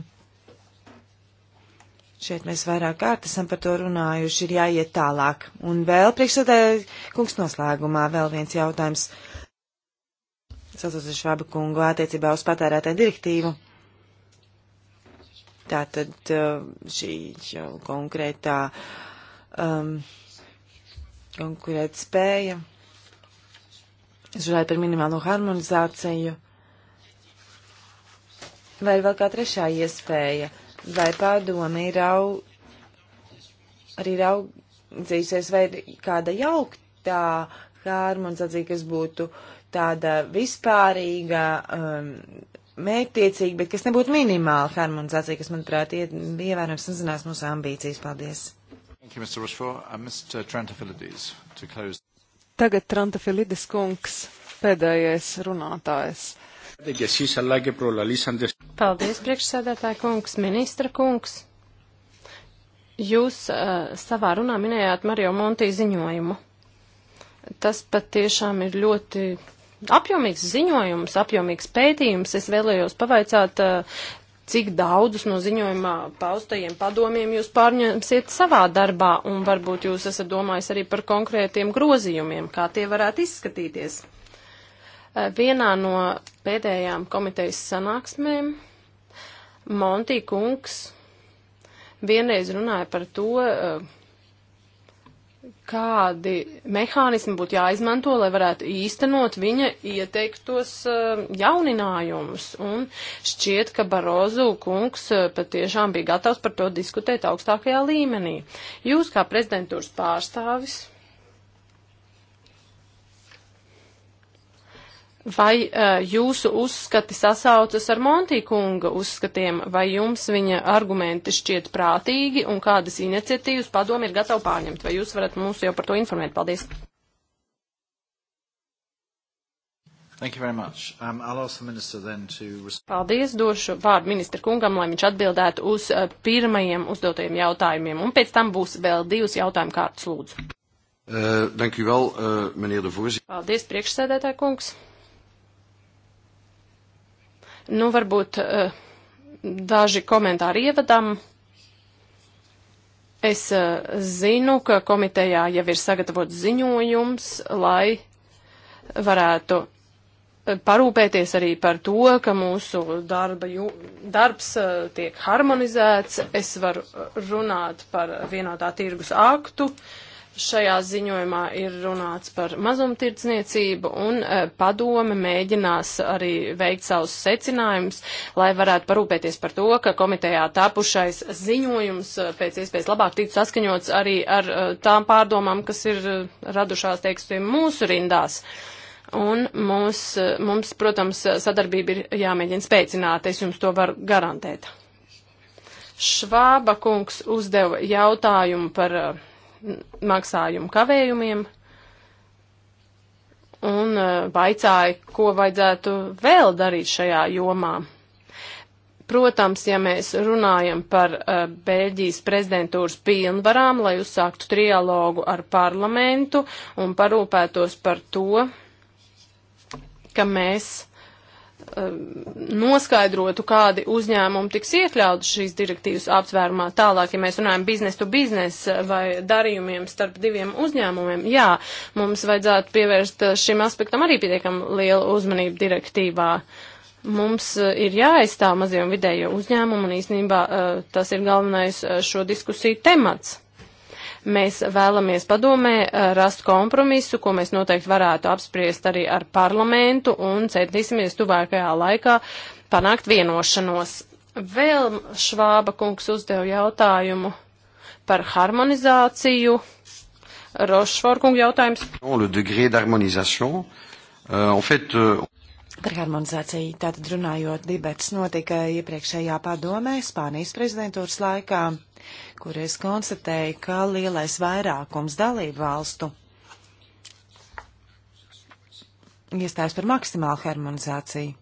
Šeit mēs vairāk kārt esam par to runājuši, ir jāiet tālāk. Un vēl priekšsēdē, kungs noslēgumā, vēl viens jautājums. Sasaucas Švaba kungu attiecībā uz patērētāju direktīvu. Tātad šī konkrētā um, konkurēta spēja. Es runāju par minimālo harmonizāciju. Vai ir vēl kā trešā iespēja? Vai padome ir au, arī raudzījusies, vai ir kāda jauktā harmonizācija, kas būtu tāda vispārīga, um, mērķtiecīgi, bet kas nebūtu minimāla harmonizācija, kas, manuprāt, ievērojams samazinās mūsu ambīcijas. Paldies! Thank you, Mr. Rochefort. Uh, Mr. Trantafilides, to close. Tagad Trantafilides kungs, pēdējais runātājs. Paldies, priekšsēdētāja kungs, ministra kungs. Jūs uh, savā runā minējāt Mario Monti ziņojumu. Tas pat tiešām ir ļoti apjomīgs ziņojums, apjomīgs pētījums. Es vēlējos pavaicāt, eh, cik daudzus no ziņojumā paustajiem padomiem jūs pārņemsiet savā darbā, un varbūt jūs esat domājis arī par konkrētiem grozījumiem, kā tie varētu izskatīties. Eh, vienā no pēdējām komitejas sanāksmēm Monti Kungs vienreiz runāja par to, eh, kādi mehānismi būtu jāizmanto, lai varētu īstenot viņa ieteiktos eh, jauninājumus. Un šķiet, ka Barozu kungs eh, patiešām bija gatavs par to diskutēt augstākajā līmenī. Jūs kā prezidentūras pārstāvis Vai uh, jūsu uzskati sasaucas ar Monti kunga uzskatiem, vai jums viņa argumenti šķiet prātīgi un kādas iniciatīvas padomi ir gatavi pārņemt? Vai jūs varat mūs jau par to informēt? Paldies! Um, to... Paldies, došu vārdu ministra kungam, lai viņš atbildētu uz uh, pirmajiem uzdotajiem jautājumiem, un pēc tam būs vēl divas jautājumu kārtas lūdzu. Uh, dank u wel, uh, meneer de voorzitter. Paldies, priekšsēdētāj kungs. Nu, varbūt uh, daži komentāri ievadam. Es uh, zinu, ka komitejā jau ir sagatavots ziņojums, lai varētu eh, parūpēties arī par to, ka mūsu darba, jū, darbs tiek harmonizēts. Es varu runāt par vienotā tirgus aktu. Uh, Šajā ziņojumā ir runāts par mazumtirdzniecību un eh, padome mēģinās arī veikt savus secinājumus, lai varētu parūpēties par to, ka komitejā tapušais ziņojums eh, pēc iespējas labāk tiktu saskaņots arī ar eh, tām pārdomām, kas ir radušās, teiksim, mūsu rindās. Un mums, mums, protams, sadarbība ir jāmēģina spēcināt, es jums to varu garantēt. Švāba kungs uzdeva jautājumu par maksājumu kavējumiem un e, vaicāja, ko vajadzētu vēl darīt šajā jomā. Protams, ja mēs runājam par uh, Bēļģijas prezidentūras pilnvarām, lai uzsāktu trialogu ar parlamentu un parūpētos par to, ka mēs Um, noskaidrotu, kādi uzņēmumi tiks iekļauti šīs direktīvas apsvērumā tālāk, ja mēs runājam biznes to biznes uh, vai darījumiem starp diviem uzņēmumiem. Jā, mums vajadzētu pievērst uh, šim aspektam arī pietiekam lielu uzmanību direktīvā. Mums uh, ir jāaizstāv mazie un vidējo uzņēmumu un īstenībā tas ir galvenais šo diskusiju temats. Mēs vēlamies padomē eh, rast kompromisu, ko mēs noteikti varētu apspriest arī ar parlamentu un centīsimies tuvākajā laikā panākt vienošanos. Vēl Švāba kungs uzdeva jautājumu par harmonizāciju. Rošforkunga jautājums. No, le degré d'harmonisation. Uh, en fait, uh... Par harmonizāciju tātad runājot, dibets notika iepriekšējā padomē Spānijas prezidentūras laikā, kur es konstatēju, ka lielais vairākums dalību valstu iestājas par maksimālu harmonizāciju,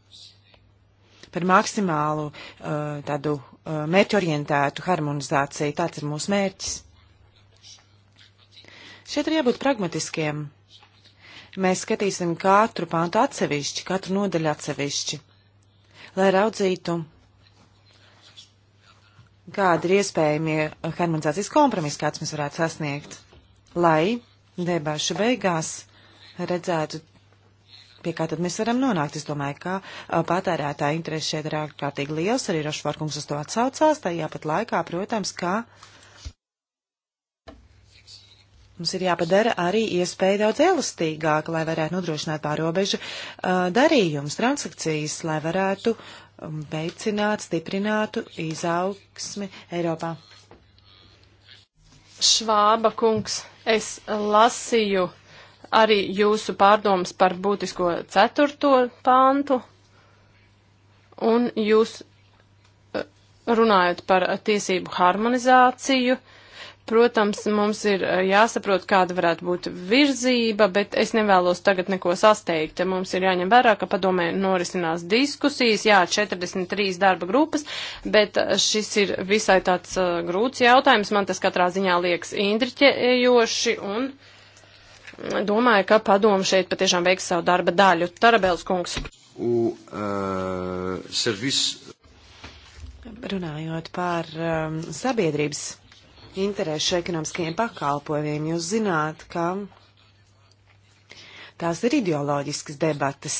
par maksimālu uh, tādu uh, mērķorientētu harmonizāciju. Tāds ir mūsu mērķis. Šeit ir jābūt pragmatiskiem. Mēs skatīsim katru pāntu atsevišķi, katru nodaļu atsevišķi, lai raudzītu, kādi ir iespējamie harmonizācijas kompromisi, kāds mēs varētu sasniegt, lai debašu beigās redzētu pie kā tad mēs varam nonākt. Es domāju, ka patērētāja interesi šeit ir ārkārtīgi liels, arī Rošvārkungs uz to atsaucās, tajā pat laikā, protams, kā ka Mums ir jāpadara arī iespēja daudz elastīgāk, lai varētu nodrošināt pārobežu uh, darījumus, transakcijas, lai varētu um, veicināt, stiprinātu izaugsmi Eiropā. Švāba kungs, es lasīju arī jūsu pārdomas par būtisko ceturto pāntu, un jūs runājat par tiesību harmonizāciju. Uh, Protams, mums ir eh, jāsaprot, kāda varētu būt virzība, bet es nevēlos tagad neko sasteigt. Mums ir jāņem vērā, ka padomē norisinās diskusijas, jā, 43 darba grupas, bet eh, šis ir visai tāds uh, grūts jautājums. Man tas katrā ziņā liekas indriķējoši un domāju, ka padomu šeit patiešām veiks savu darba daļu. Tarabēls kungs. U, uh, servis... Runājot par um, sabiedrības interešu ekonomiskajiem pakalpojumiem. Jūs zināt, ka tās ir ideoloģiskas debatas.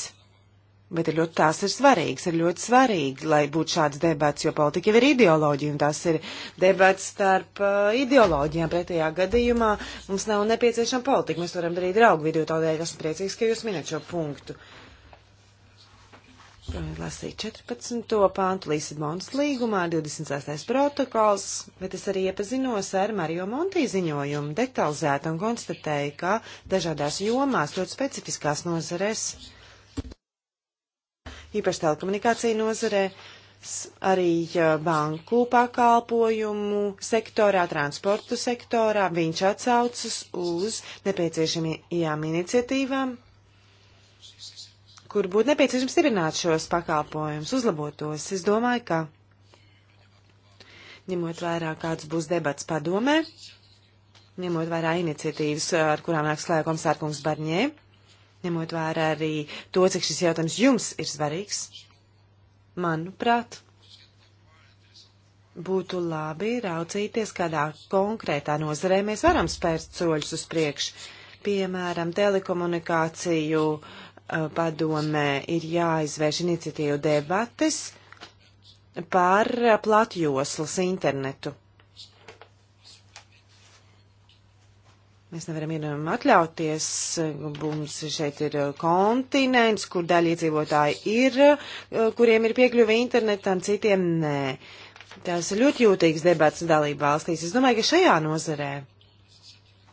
Bet ir ļoti, tās ir svarīgas, ir ļoti svarīgi, lai būtu šāds debats, jo politika jau ir ideoloģija, un tās ir debats starp uh, ideoloģijām. Pretējā gadījumā mums nav nepieciešama politika, mēs varam darīt draugu vidū, tādēļ esmu priecīgs, ka jūs minat šo punktu. Uh, lasīt 14. pāntu Lisabonas līgumā, 26. protokols, bet es arī iepazinos ar Mario Monti ziņojumu detalizēt un konstatēju, ka dažādās jomās, ļoti specifiskās nozarēs, īpaši telekomunikācija nozarē, arī banku pakalpojumu sektorā, transportu sektorā, viņš atsaucas uz nepieciešamajām iniciatīvām kur būtu nepieciešams stiprināt šos pakalpojumus, uzlabot tos. Es domāju, ka ņemot vērā, kāds būs debats padomē, ņemot vērā iniciatīvas, ar kurām nāks klājā komisārkungs Barņē, ņemot vērā arī to, cik šis jautājums jums ir svarīgs, manuprāt, būtu labi raucīties, kādā konkrētā nozarē mēs varam spērt soļus uz priekšu, piemēram, telekomunikāciju uh, padomē ir jāizvērš iniciatīvu debates par platjoslas internetu. Mēs nevaram vienam atļauties, mums šeit ir kontinents, kur daļa iedzīvotāji ir, kuriem ir piekļuvi internetam, citiem nē. Tās ir ļoti jūtīgas debats dalība valstīs. Es domāju, ka šajā nozarē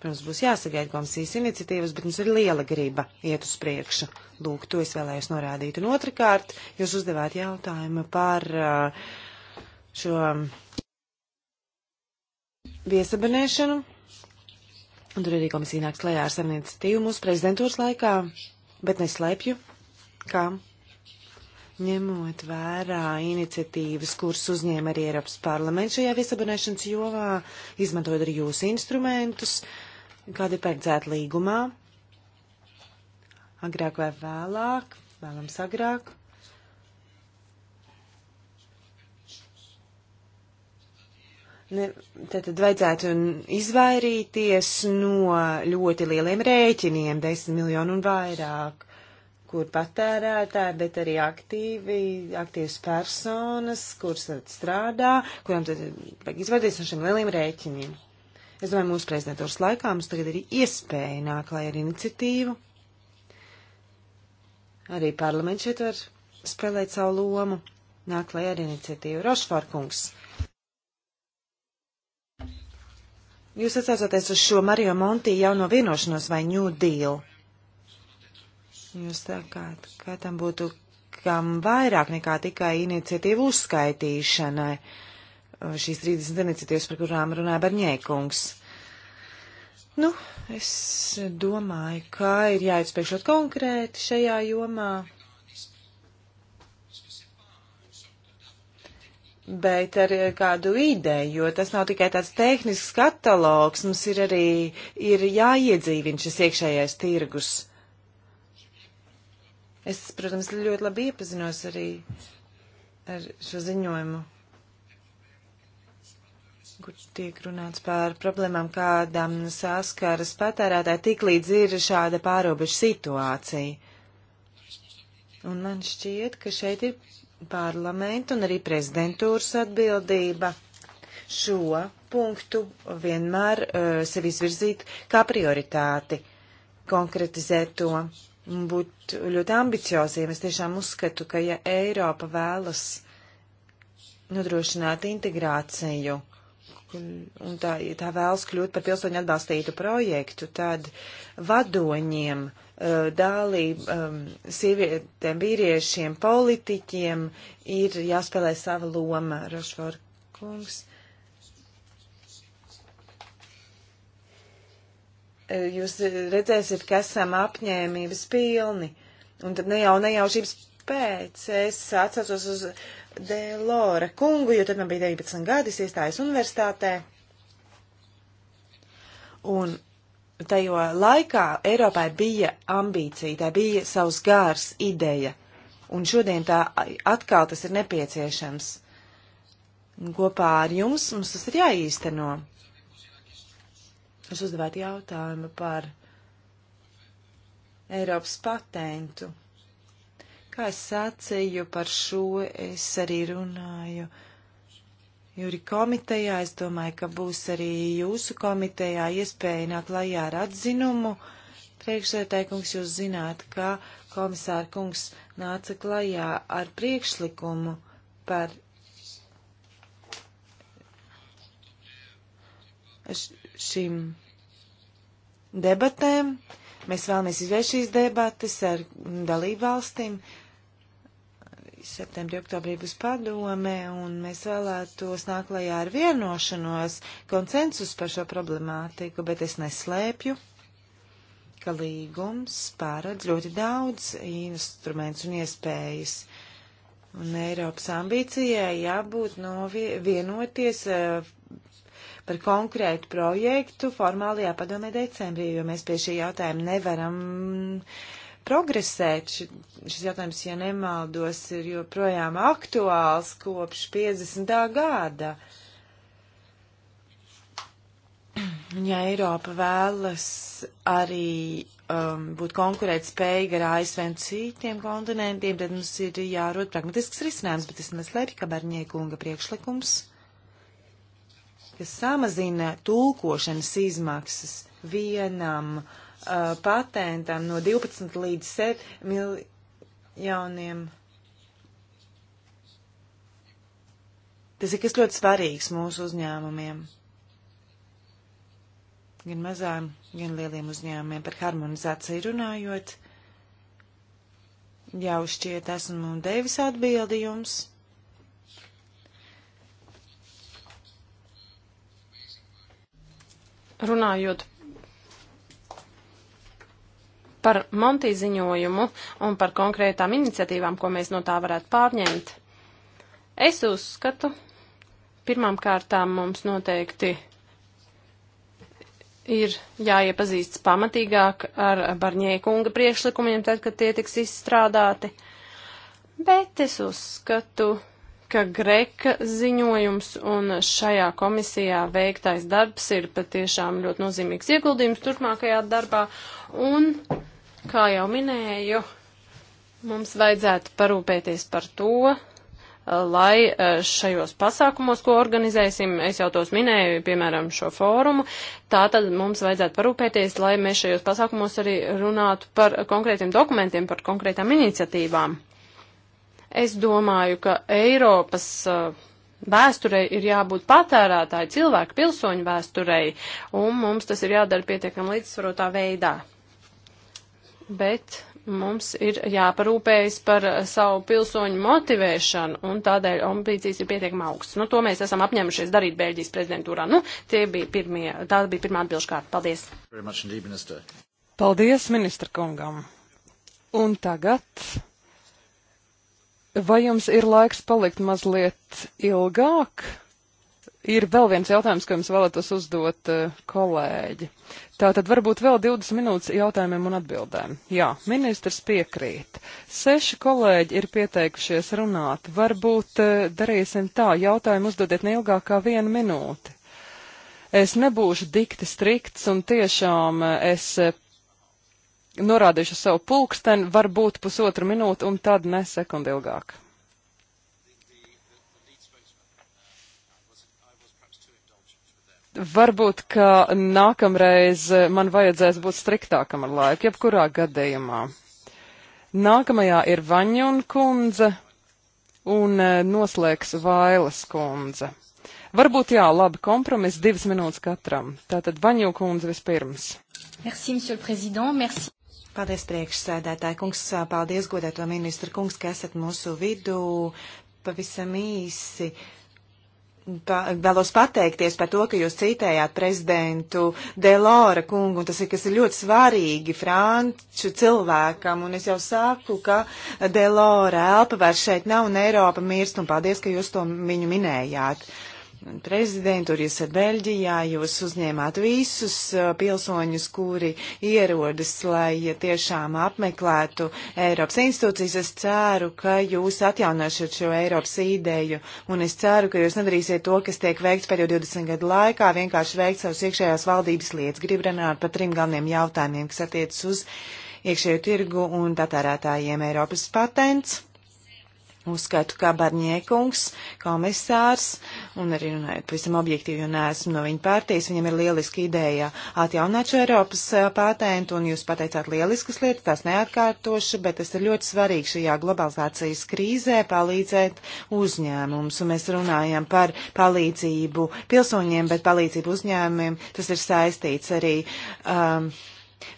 Protams, būs jāsagaida komisijas iniciatīvas, bet mums ir liela griba iet uz priekšu. Lūk, to es vēlējos norādīt. Un otrkārt, jūs uzdevāt jautājumu par uh, šo viesabinēšanu. Un tur arī komisija nāks klajā ar savu iniciatīvu mūsu prezidentūras laikā, bet neslēpju, kā ņemot vērā iniciatīvas, kuras uzņēma arī Eiropas parlaments šajā viesabunēšanas jomā, izmantojot arī jūsu instrumentus, kāda ir paredzēta līgumā, agrāk vai vēlāk, vēlams agrāk. Ne, tad, tad vajadzētu izvairīties no ļoti lieliem rēķiniem, 10 miljonu un vairāk, kur patērētāji, bet arī aktīvi, aktīvas personas, kuras strādā, kurām tad vajag izvairīties no šiem lieliem rēķiniem. Es domāju, mūsu prezidentūras laikā mums tagad ir iespēja nāk lai ar iniciatīvu. Arī parlaments šeit var spēlēt savu lomu, nāk lai ar iniciatīvu. Rošfārkungs. Jūs atsaucoties uz šo Mario Monti jauno vienošanos vai New Deal. Jūs sakāt, ka tam būtu kam vairāk nekā tikai iniciatīvu uzskaitīšanai. Uh, Uh, šīs 30 iniciatīvas, par kurām runāja Barņēkungs. Nu, es domāju, ka ir jāizspēkšot konkrēti šajā jomā. bet ar kādu ideju, jo tas nav tikai tāds tehnisks katalogs, mums ir arī ir jāiedzīvina šis iekšējais tirgus. Es, protams, ļoti labi iepazinos arī ar šo ziņojumu kur tiek runāts par problēmām, kādām saskaras patērētāji tik līdz ir šāda pārobežu situācija. Un man šķiet, ka šeit ir parlamenta un arī prezidentūras atbildība šo punktu vienmēr uh, sev izvirzīt kā prioritāti, konkretizēt to un būt ļoti ambicioziem. Es tiešām uzskatu, ka ja Eiropa vēlas nodrošināt integrāciju, un tā, ja tā vēlas kļūt par pilsoņu atbalstītu projektu, tad vadoņiem, eh, dālību, ehm, sievietēm, vīriešiem, politiķiem ir jāspēlē sava loma, Rošvor kungs. Eh, jūs redzēsiet, ka esam apņēmības pilni, un tad ne jau nejaušības pēc es atcaucos uz Delora kungu, jo tad man bija 19 gadi, es iestājos universitātē. Un tajo laikā Eiropai bija ambīcija, tā bija savs gārs ideja, un šodien tā atkal tas ir nepieciešams. Un kopā ar jums mums tas ir jāīsteno. Jūs uzdevāt jautājumu par Eiropas patentu. Kā es sacīju par šo, es arī runāju. Jūri komitejā, es domāju, ka būs arī jūsu komitejā iespēja nāk lajā ar atzinumu. Priekšsētāji kungs, jūs zināt, ka komisāra kungs nāca klajā ar priekšlikumu par šīm debatēm. Mēs vēlamies izvērst šīs debates ar dalībvalstīm. valstīm septembrī, oktobrī būs padome, un mēs vēlētos nākt lajā ar vienošanos, konsensus par šo problemātiku, bet es neslēpju, ka līgums pārādz ļoti daudz instruments un iespējas. Un Eiropas ambīcijai jābūt no vienoties eh, par konkrētu projektu formālajā padomē decembrī, jo mēs pie šī jautājuma nevaram uh, progresēt. Šis jautājums, ja nemaldos, ir joprojām aktuāls kopš 50. gada. Ja Eiropa vēlas arī um, būt konkurētspējīga ar ASV un citiem kontinentiem, tad mums ir jārod pragmatisks risinājums, bet es neslēpju, ka Barņiekunga priekšlikums, kas samazina tulkošanas izmaksas vienam uh, uh, patentam no 12 līdz 7 miljoniem. Tas ir kas ļoti svarīgs mūsu uzņēmumiem. Gan mazām, gan lieliem uzņēmumiem par harmonizāciju runājot. Jau šķiet esmu devis atbildi jums. runājot par Monti ziņojumu un par konkrētām iniciatīvām, ko mēs no tā varētu pārņemt. Es uzskatu, pirmām kārtām mums noteikti ir jāiepazīstas pamatīgāk ar Barņēja kunga priekšlikumiem, tad, kad tie tiks izstrādāti. Bet es uzskatu, ka Greka ziņojums un šajā komisijā veiktais darbs ir patiešām ļoti nozīmīgs ieguldījums turpmākajā darbā. Un uh, Kā jau minēju, mums vajadzētu parūpēties par to, lai e, šajos pasākumos, ko organizēsim, es jau tos minēju, piemēram, šo fórumu, tā tad mums vajadzētu parūpēties, lai mēs šajos pasākumos arī runātu par konkrētiem dokumentiem, par konkrētām iniciatīvām. Es domāju, ka Eiropas e, vēsturei ir jābūt patērētāju cilvēku pilsoņu vēsturei, un mums tas ir jādara pietiekam līdzsvarotā veidā bet mums ir jāparūpējas par savu pilsoņu motivēšanu, un tādēļ ambīcijas ir pietiekami augstas. Nu, to mēs esam apņēmušies darīt Bēļģijas prezidentūrā. Nu, tie bija pirmie, tā bija pirmā atbilžu kārta. Paldies! Indeed, Paldies ministra kungam! Un tagad, vai jums ir laiks palikt mazliet ilgāk? ir vēl viens jautājums, ko jums vēlētos uzdot uh, kolēģi. Tā tad varbūt vēl 20 minūtes jautājumiem un atbildēm. Jā, ministrs piekrīt. Seši kolēģi ir pieteikušies runāt. Varbūt uh, darīsim tā, jautājumu uzdodiet neilgākā vienu minūti. Es nebūšu dikti strikts un tiešām uh, es norādīšu savu pulksteni, varbūt pusotru minūtu un tad ne sekundi ilgāk. Varbūt, ka nākamreiz man vajadzēs būt striktākam ar laiku, jebkurā gadījumā. Nākamajā ir Vaņun kundze un eh, noslēgs Vailas kundze. Varbūt jā, labi, kompromiss divas minūtes katram. Tātad Vaņu kundze vispirms. Merci, monsieur le président, merci. Paldies, priekšsēdētāji kungs, paldies, godēto ministru kungs, ka esat mūsu vidū. Pavisam īsi. Uh, pa, vēlos pateikties par to, ka jūs citējāt prezidentu Delora kungu, un tas ir, kas ir ļoti svarīgi franču cilvēkam, un es jau saku, ka Delora elpa vairs šeit nav, un Eiropa mirst, un paldies, ka jūs to viņu minējāt. Uh, prezidentūru, jūs esat Beļģijā, jūs uzņēmāt visus uh, pilsoņus, kuri ierodas, lai tiešām apmeklētu Eiropas institūcijas. Es ceru, ka jūs atjaunošat šo Eiropas ideju, un es ceru, ka jūs nedarīsiet to, kas tiek veikts pēdējo 20 gadu laikā, vienkārši veikt savus iekšējās valdības lietas. Gribu runāt par trim galveniem jautājumiem, kas attiecas uz iekšējo tirgu un patērētājiem Eiropas patents Uzskatu, ka Barņiekungs, komisārs, un arī runājot pavisam objektīvi, jo neesmu no viņa pārtīs, viņam ir lieliski ideja atjaunāt šo Eiropas eh, patentu, un jūs pateicāt lieliskas lietas, tās neatkārtošu, bet tas ir ļoti svarīgi šajā globalizācijas krīzē palīdzēt uzņēmums, un mēs runājam par palīdzību pilsoņiem, bet palīdzību uzņēmumiem tas ir saistīts arī. Um,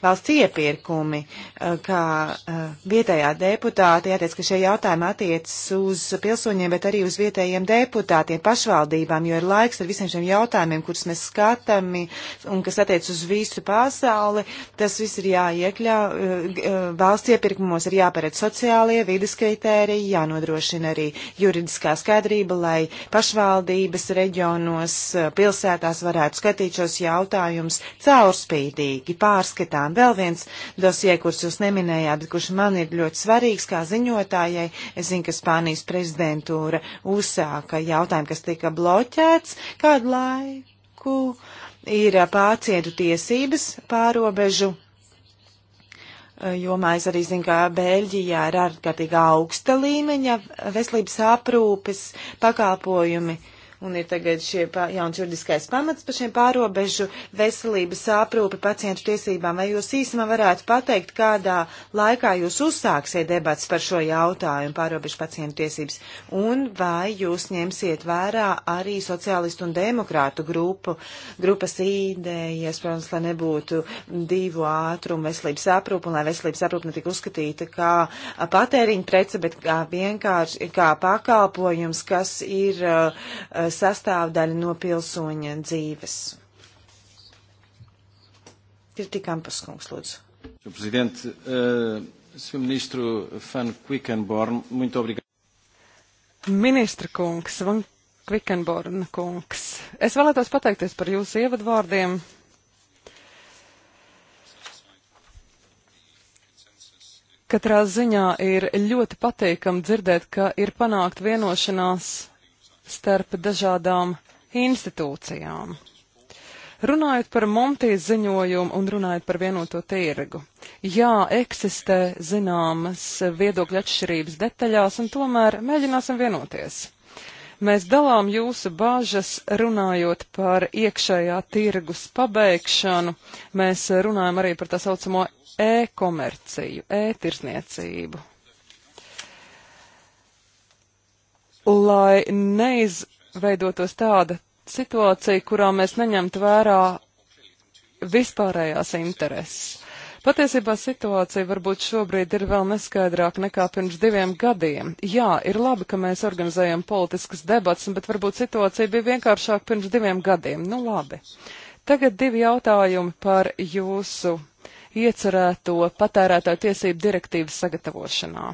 valsts iepirkumi, eh, kā eh, vietējā deputāte, jāteic, ka šie jautājumi attiecas uz pilsoņiem, bet arī uz vietējiem deputātiem, pašvaldībām, jo ir laiks ar visiem šiem jautājumiem, kurus mēs skatami un kas attiec uz visu pasauli, tas viss ir jāiekļau, eh, valsts iepirkumos ir jāparedz sociālie, vidas kritēriji, jānodrošina arī juridiskā skaidrība, lai pašvaldības reģionos, pilsētās varētu skatīt šos jautājumus caurspīdīgi, pārskatīt lietām. Vēl viens dosie, kurus jūs neminējāt, bet kurš man ir ļoti svarīgs kā ziņotājai. Es zinu, ka Spānijas prezidentūra uzsāka jautājumu, kas tika bloķēts kādu laiku. Ir pācietu tiesības pārobežu jomā es arī zinu, ka Bēļģijā ir ārkārtīgi augsta līmeņa veselības aprūpes pakalpojumi. Uh, un ir tagad šie jauns juridiskais pamats par šiem pārobežu veselības aprūpi pacientu tiesībām. Vai jūs īsumā varētu pateikt, kādā laikā jūs uzsāksiet debats par šo jautājumu pārobežu pacientu tiesības? Un vai jūs ņemsiet vērā arī sociālistu un demokrātu grupu, grupas idejas, protams, lai nebūtu divu ātrumu veselības aprūpu un lai veselības aprūpa netika uzskatīta kā patēriņa prece, bet kā vienkārši kā pakalpojums, kas ir uh, sastāvdaļa no pilsoņa dzīves. Kirti Kampas kungs, lūdzu. Sr. Presidente, uh, Sr. Ministru Fan Quickenborn, muito obrigado. Ministra kungs, Van Quickenborn kungs, es vēlētos pateikties par jūsu ievadvārdiem. Katrā ziņā ir ļoti pateikam dzirdēt, ka ir panākt vienošanās starp dažādām institūcijām. Runājot par Montijas ziņojumu un runājot par vienoto tirgu. Jā, eksistē zināmas viedokļa atšķirības detaļās, un tomēr mēģināsim vienoties. Mēs dalām jūsu bāžas runājot par iekšējā tirgus pabeigšanu. Mēs runājam arī par tā saucamo e-komerciju, e-tirsniecību. lai neizveidotos tāda situācija, kurā mēs neņemtu vērā vispārējās intereses. Patiesībā situācija varbūt šobrīd ir vēl neskaidrāka nekā pirms diviem gadiem. Jā, ir labi, ka mēs organizējam politiskas debats, bet varbūt situācija bija vienkāršāka pirms diviem gadiem. Nu labi. Tagad divi jautājumi par jūsu iecerēto patērētāju tiesību direktīvas sagatavošanā.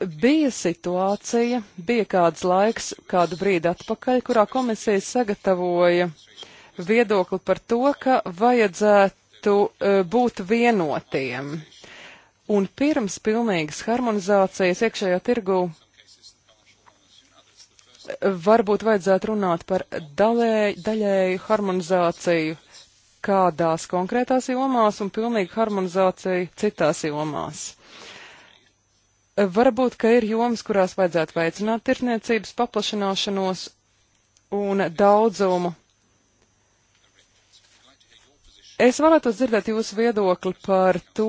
Bija situācija, bija kāds laiks, kādu brīdi atpakaļ, kurā komisija sagatavoja viedokli par to, ka vajadzētu e, būt vienotiem. Un pirms pilnīgas harmonizācijas iekšējā tirgu e, varbūt vajadzētu runāt par dalēju, daļēju harmonizāciju kādās konkrētās jomās un pilnīgu harmonizāciju citās jomās. Varbūt, ka ir jomas, kurās vajadzētu veicināt tirtniecības paplašināšanos un daudzumu. Es varētu dzirdēt jūsu viedokli par to,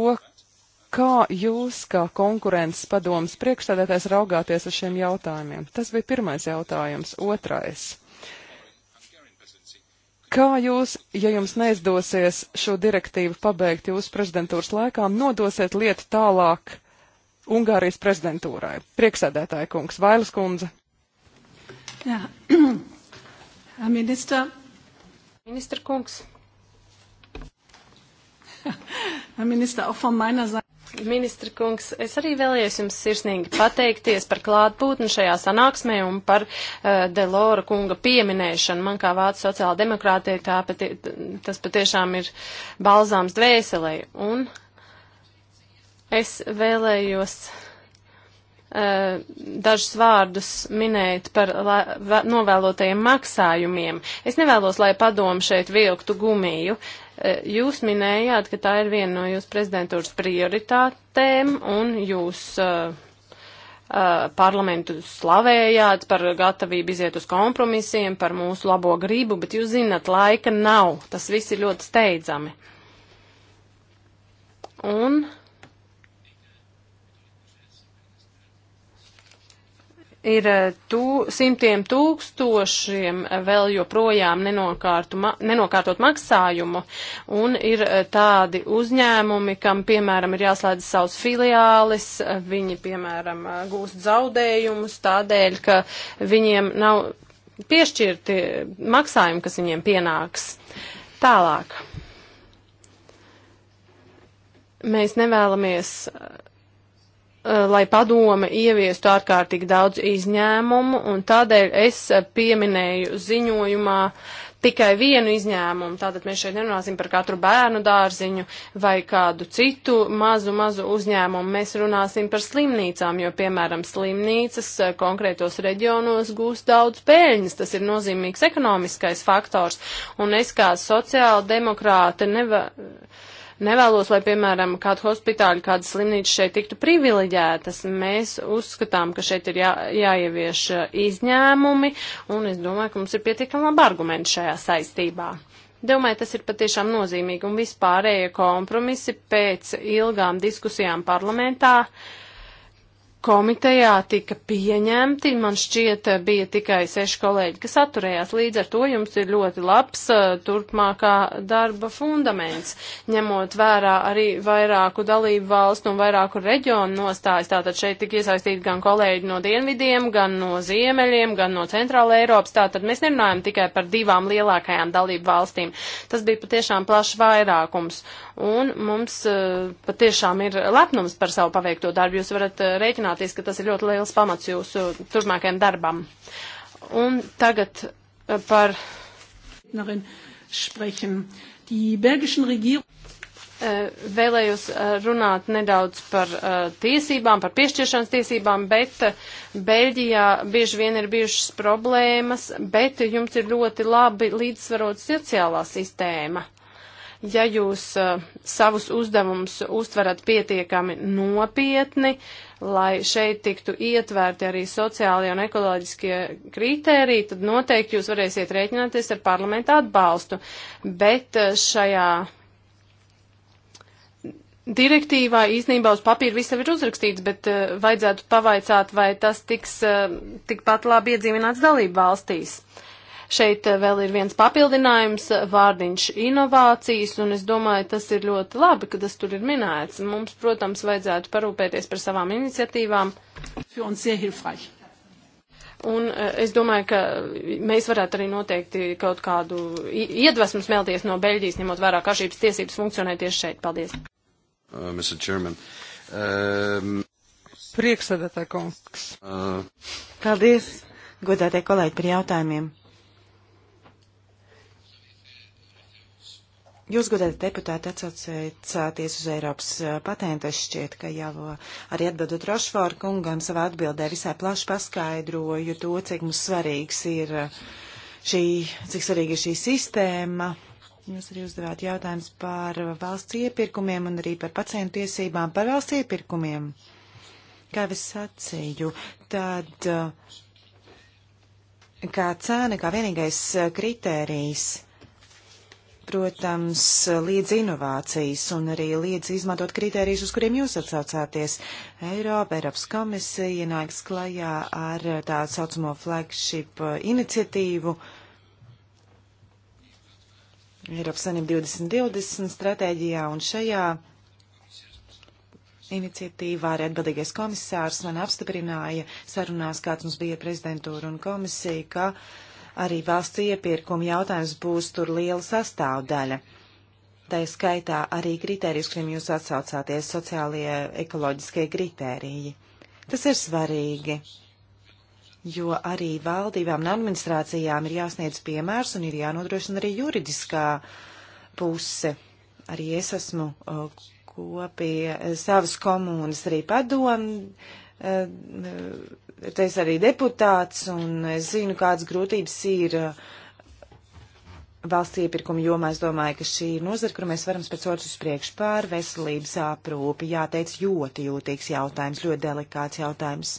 kā jūs, kā konkurences padomas priekšstādētājs, raugāties uz šiem jautājumiem. Tas bija pirmais jautājums. Otrais. Kā jūs, ja jums neizdosies šo direktīvu pabeigt jūsu prezidentūras laikā, nodosiet lietu tālāk? Ungārijas prezidentūrai. Prieksēdētāja kungs, Vailas kundze. Jā, ministra. Ministra kungs. Ministra, auch von meiner Seite. Ministra kungs, es arī vēlējos jums sirsnīgi pateikties par klātbūtni šajā sanāksmē un par uh, Delora kunga pieminēšanu. Man kā vācu sociāla demokrātija tas patiešām ir balzāms dvēselē. Un Es vēlējos eh, dažus vārdus minēt par novēlotajiem maksājumiem. Es nevēlos, lai padomu šeit vilktu gumiju. Eh, jūs minējāt, ka tā ir viena no jūsu prezidentūras prioritātēm, un jūs uh, uh, parlamentu slavējāt par gatavību iziet uz kompromisiem, par mūsu labo gribu, bet jūs zinat, laika nav. Tas viss ir ļoti steidzami. Un uh, ir eh, tū, simtiem tūkstošiem vēl joprojām ma, nenokārtot maksājumu, un ir eh, tādi uzņēmumi, kam, piemēram, ir jāslēdz savus filiālis, viņi, piemēram, eh, gūst zaudējumus tādēļ, ka viņiem nav piešķirti maksājumi, kas viņiem pienāks. Tālāk. Mēs nevēlamies Eh, lai padome ieviestu ārkārtīgi daudz izņēmumu, un tādēļ es pieminēju ziņojumā tikai vienu izņēmumu. Tātad mēs šeit nerunāsim par katru bērnu dārziņu vai kādu citu mazu, mazu uzņēmumu. Mēs runāsim par slimnīcām, jo, piemēram, slimnīcas eh, konkrētos reģionos gūst daudz pēļņas. Tas ir nozīmīgs ekonomiskais faktors, un es kā sociāla demokrāte nevaru Nevēlos, lai, piemēram, kāda hospitāļa, kāda slimnīca šeit tiktu privileģētas. Mēs uzskatām, ka šeit ir jā, jāievieš uh, izņēmumi, un es domāju, ka mums ir pietiekami labi argumenti šajā saistībā. Domāju, tas ir patiešām nozīmīgi, un vispārējie kompromisi pēc ilgām diskusijām parlamentā uh, komitejā tika pieņemti. Man šķiet, eh, bija tikai seši kolēģi, kas atturējās. Līdz ar to jums ir ļoti labs eh, turpmākā darba fundaments, ņemot vērā arī vairāku dalību valstu un vairāku reģionu nostājas. Tātad šeit tika iesaistīti gan kolēģi no dienvidiem, gan no ziemeļiem, gan no centrāla Eiropas. Tātad mēs nerunājam tikai par divām lielākajām dalību valstīm. Tas bija patiešām plašs vairākums. Un mums uh, patiešām ir lepnums par savu paveikto darbu. Jūs varat uh, rēķināties, ka tas ir ļoti liels pamats jūsu turpmākajam darbam. Un tagad uh, par. Vēlējos runāt nedaudz par tiesībām, par piešķiršanas tiesībām, bet Beļģijā bieži vien ir bijušas problēmas, bet jums ir ļoti labi līdzsvarot sociālā sistēma ja jūs uh, savus uzdevumus uztverat pietiekami nopietni, lai šeit tiktu ietvērti arī sociālie un ekoloģiskie kritēriji, tad noteikti jūs varēsiet rēķināties ar parlamentu atbalstu. Bet uh, šajā direktīvā īsnībā uz papīra viss jau ir uzrakstīts, bet uh, vajadzētu pavaicāt, vai tas tiks tikpat labi iedzīvināts dalību valstīs. Uh, Šeit eh, vēl ir viens papildinājums, eh, vārdiņš inovācijas, un es domāju, tas ir ļoti labi, ka tas tur ir minēts. Mums, protams, vajadzētu parūpēties par savām iniciatīvām. Un eh, es domāju, ka mēs varētu arī noteikti kaut kādu iedvesmu smelties no Beļģijas, ņemot vērā, kā šīs tiesības funkcionē tieši šeit. Paldies. Uh, um... Priekšsēdētāj kungs. Uh... Paldies, godātie kolēģi, par jautājumiem. Jūs, godēti deputāti, atsaucāties uz Eiropas patentu, es šķiet, ka jau arī atbildot Rošvāru kungam savā atbildē visai plaši paskaidroju to, cik mums svarīgs ir šī, cik svarīga ir šī sistēma. Jūs arī uzdevāt jautājums par valsts iepirkumiem un arī par pacientu tiesībām par valsts iepirkumiem. Kā es sacīju, tad kā cēna, kā vienīgais kritērijs protams, liedz inovācijas un arī liedz izmantot kritērijus, uz kuriem jūs atsaucāties. Eiropa, Eiropas komisija nāks klajā ar tā saucamo flagship uh, iniciatīvu. Eiropas Sanība 2020 stratēģijā un šajā iniciatīvā arī atbildīgais komisārs man apstiprināja sarunās, kāds mums bija prezidentūra un komisija, ka uh, Arī valsts iepirkuma jautājums būs tur liela sastāvdaļa. Tā ir skaitā arī kritērijas, kuriem jūs atsaucāties, sociālie ekoloģiskie kritēriji. Tas ir svarīgi, jo arī valdībām un administrācijām ir jāsniedz piemērs un ir jānodrošina arī juridiskā puse. Arī es esmu uh, kopie savas komunas arī padomu uh, e, te es arī deputāts, un es zinu, kādas grūtības ir uh, valsts iepirkuma jomā. Es domāju, ka šī ir nozara, kur mēs varam spēcot uz priekšu pār veselības aprūpi. Jāteic, ļoti jūtīgs jautājums, ļoti delikāts jautājums.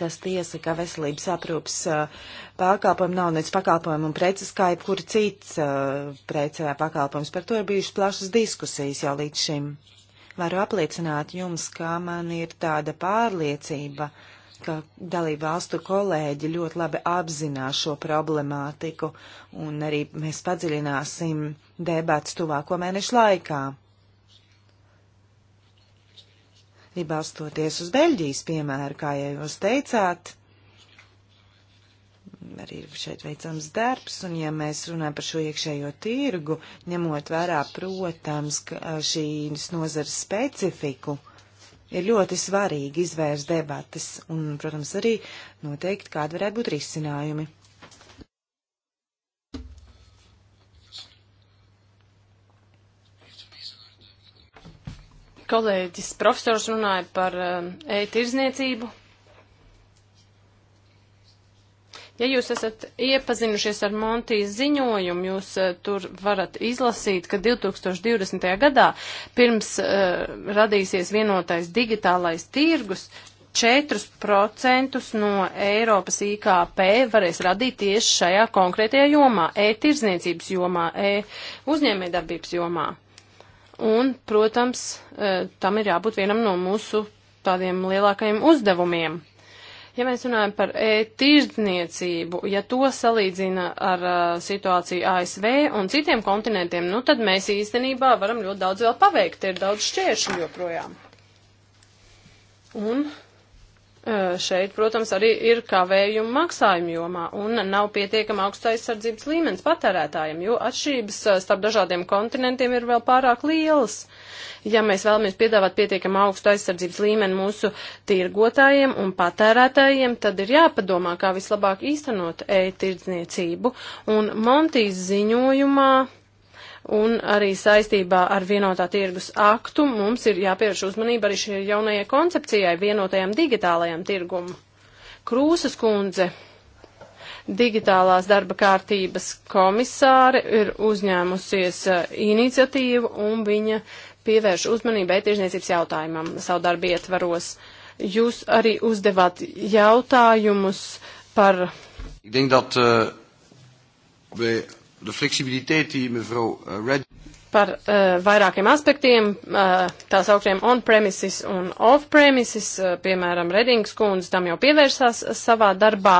Tas tiesa, ka veselības aprūpas uh, pakalpojumi nav nec pakalpojumi un preces kā jebkura cits uh, prece vai pakalpojums. Par to ir bijušas plašas diskusijas jau līdz šim. Varu apliecināt jums, ka man ir tāda pārliecība, ka dalību valstu kolēģi ļoti labi apzinās šo problemātiku, un arī mēs padziļināsim debats tuvāko mēnešu laikā. Arī balstoties uz Beļģijas piemēru, kā jau jūs teicāt, arī šeit veicams darbs, un ja mēs runājam par šo iekšējo tirgu, ņemot vērā, protams, šīs nozares specifiku, ir ļoti svarīgi izvērst debatas un, protams, arī noteikt, kāda varētu būt risinājumi. Kolēģis profesors runāja par e-tirzniecību, Ja jūs esat iepazinušies ar Montijas ziņojumu, jūs uh, tur varat izlasīt, ka 2020. gadā pirms uh, radīsies vienotais digitālais tirgus, 4% no Eiropas IKP varēs radīt tieši šajā konkrētajā jomā e - e-tirzniecības jomā, e-uzņēmējdarbības jomā. Un, protams, eh, tam ir jābūt vienam no mūsu tādiem lielākajiem uzdevumiem. Ja mēs runājam par e-tirdzniecību, ja to salīdzina ar uh, situāciju ASV un citiem kontinentiem, nu tad mēs īstenībā varam ļoti daudz vēl paveikt, ir daudz šķēršļu joprojām. Un uh, šeit, protams, arī ir kavējumi maksājumu jomā un nav pietiekama augsta aizsardzības līmenis patērētājiem, jo atšķirības uh, starp dažādiem kontinentiem ir vēl pārāk lielas. Uh, ja mēs vēlamies piedāvāt pietiekam augstu aizsardzības līmeni mūsu tirgotājiem un patērētājiem, tad ir jāpadomā, kā vislabāk īstenot e-tirdzniecību. Un Montijas ziņojumā un arī saistībā ar vienotā tirgus aktu mums ir jāpievērš uzmanība arī šai jaunajai koncepcijai, vienotajam digitālajam tirgumam. Krūsas kundze, digitālās darba kārtības komisāre, ir uzņēmusies eh, iniciatīvu un viņa pievērš uzmanību ētirdzniecības jautājumam savu darbu ietvaros. Jūs arī uzdevāt jautājumus par. Ik denk dat uh, eh, bij de flexibiliteit die mevrouw uh, eh, Red par uh, vairākiem aspektiem, uh, tās augstiem on-premises un off-premises, uh, piemēram, Redings kundze tam jau pievērsās savā darbā,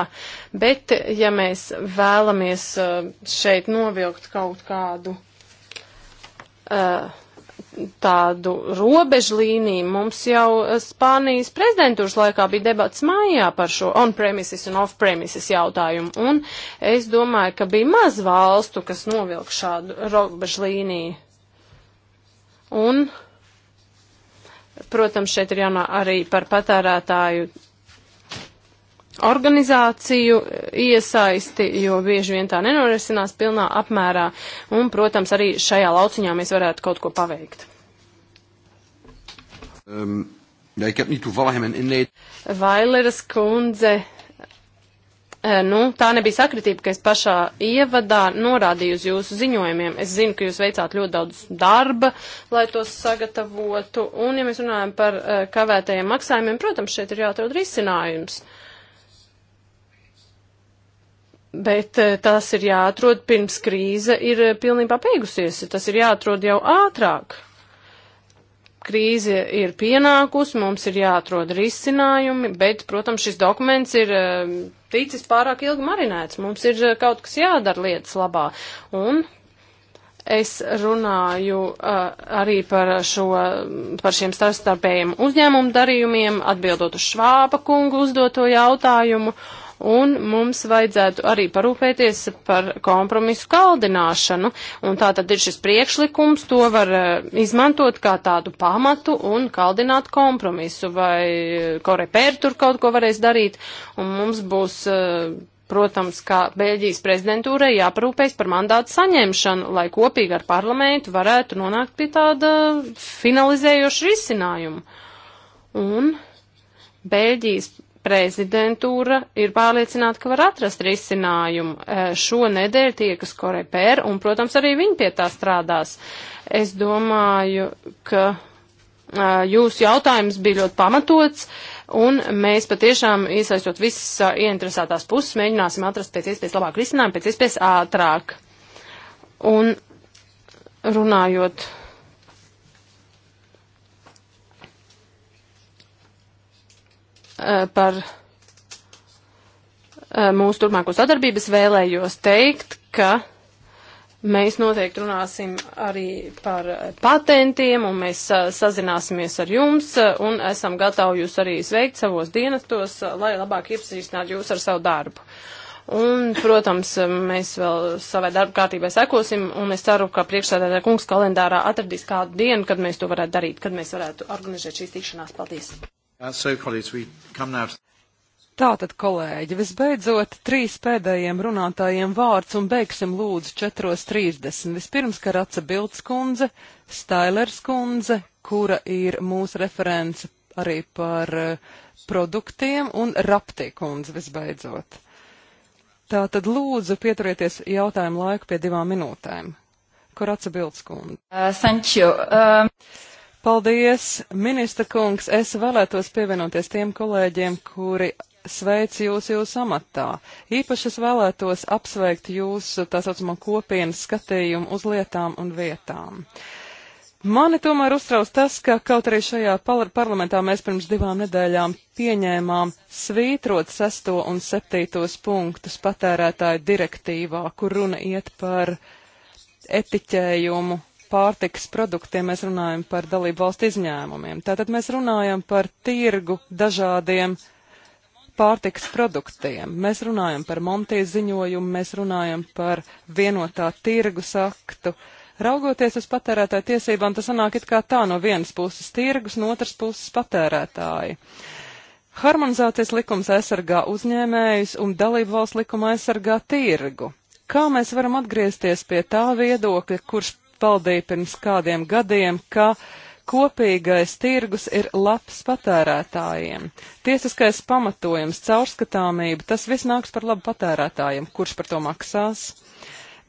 bet ja mēs vēlamies uh, šeit novilkt kaut kādu uh, tādu robežlīniju. Mums jau Spānijas prezidentūras laikā bija debats mājā par šo on-premises un off-premises jautājumu, un es domāju, ka bija maz valstu, kas novilk šādu robežlīniju. Un, protams, šeit ir jānā arī par patērētāju organizāciju iesaisti, jo bieži vien tā nenorisinās pilnā apmērā. Un, protams, arī šajā lauciņā mēs varētu kaut ko paveikt. Um, ja, ik heb niet toevallig mijn inleid. Vaileras kundze eh, nu, tā nebija sakritība, ka es pašā ievadā norādīju uz jūsu ziņojumiem. Es zinu, ka jūs veicāt ļoti daudz darba, lai tos sagatavotu. Un, ja mēs runājam par eh, kavētajiem maksājumiem, protams, šeit ir jāatrod risinājums. Uh, Bet eh, tas ir jāatrod pirms krīze ir eh, pilnībā beigusies. Tas ir jāatrod jau ātrāk. Krīze ir pienākusi, mums ir jāatrod risinājumi, bet, protams, šis dokuments ir eh, ticis pārāk ilgi marinēts. Mums ir kaut kas jādara lietas labā. Un es runāju arī par, šo, par šiem starpstarpējiem uzņēmumu darījumiem, atbildot uz Švāba kungu uzdoto jautājumu. Uh, un mums vajadzētu arī parūpēties par kompromisu kaldināšanu. Un tā tad ir šis priekšlikums, to var eh, izmantot kā tādu pamatu un kaldināt kompromisu, vai eh, korepēri tur kaut ko varēs darīt, un mums būs eh, protams, kā Beļģijas prezidentūrai jāparūpēs par mandātu saņemšanu, lai kopīgi ar parlamentu varētu nonākt pie tāda finalizējoša risinājuma. Un Beļģijas prezidentūra ir pārliecināta, ka var atrast risinājumu. Eh, šo nedēļu tiekas Koreper, un, protams, arī viņi pie tā strādās. Es domāju, ka eh, jūsu jautājums bija ļoti pamatots, un mēs patiešām, iesaistot visas eh, ieinteresētās puses, mēģināsim atrast pēc iespējas labāk risinājumu, pēc iespējas ātrāk. Un runājot Eh, par eh, mūsu turpmāko sadarbības vēlējos teikt, ka mēs noteikti runāsim arī par patentiem un mēs eh, sazināsimies ar jums un esam gatavi jūs arī sveikt savos dienestos, lai labāk iepazīstinātu jūs ar savu darbu. Un, protams, mēs vēl savai darba kārtībai sekosim, un es ceru, ka priekšsēdētāja kungs kalendārā atradīs kādu dienu, kad mēs to varētu darīt, kad mēs varētu organizēt šīs tikšanās. Paldies! Uh, so, Tātad, kolēģi, visbeidzot, trīs pēdējiem runātājiem vārds un beigsim lūdzu 4.30. Vispirms Karaca Bilds kundze, Stailers kundze, kura ir mūsu reference arī par uh, produktiem, un Raptī kundze visbeidzot. Tātad lūdzu pieturieties jautājumu laiku pie divām minūtēm. Karaca Bilds kundze. Uh, thank you. Um... Uh... Paldies, ministra kungs. Es vēlētos pievienoties tiem kolēģiem, kuri sveic jūs jūsu amatā. Īpaši es vēlētos apsveikt jūsu tā saucamo kopienas skatījumu uz lietām un vietām. Mani tomēr uztrauc tas, ka kaut arī šajā par parlamentā mēs pirms divām nedēļām pieņēmām svītrot sesto un septītos punktus patērētāju direktīvā, kur runa iet par etiķējumu pārtikas produktiem, mēs runājam par dalību valstu izņēmumiem. Tātad mēs runājam par tirgu dažādiem pārtikas produktiem. Mēs runājam par Montijas ziņojumu, mēs runājam par vienotā tirgus aktu. Raugoties uz patērētāju tiesībām, tas sanāk it kā tā no vienas puses tirgus, no otras puses patērētāji. Harmonizācijas likums aizsargā uzņēmējus un dalību valsts likuma aizsargā tirgu. Kā mēs varam atgriezties pie tā viedokļa, kurš paudīja pirms kādiem gadiem, ka kopīgais tirgus ir labs patērētājiem. Tiesiskais pamatojums, caurskatāmība, tas viss nāks par labu patērētājiem, kurš par to maksās.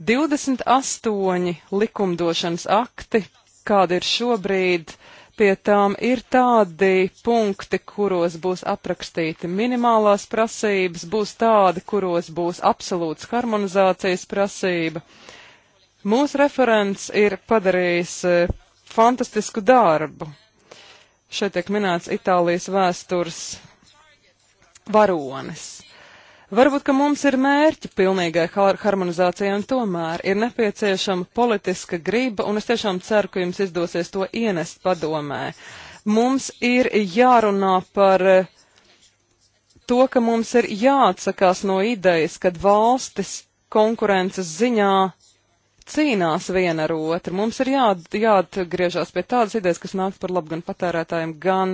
28 likumdošanas akti, kādi ir šobrīd, pie tām ir tādi punkti, kuros būs aprakstīti minimālās prasības, būs tādi, kuros būs absolūts harmonizācijas prasība. Uh, Mūsu referents ir padarījis e, fantastisku darbu. Šeit tiek minēts Itālijas vēstures varonis. Varbūt, ka mums ir mērķi pilnīgai harmonizācijai, un tomēr ir nepieciešama politiska griba, un es tiešām ceru, ka jums izdosies to ienest padomē. Mums ir jārunā par e, to, ka mums ir jāatsakās no idejas, kad valstis konkurences ziņā cīnās viena ar otru. Mums ir jā, jāatgriežās pie tādas idejas, kas nāk par labu gan patērētājiem, gan,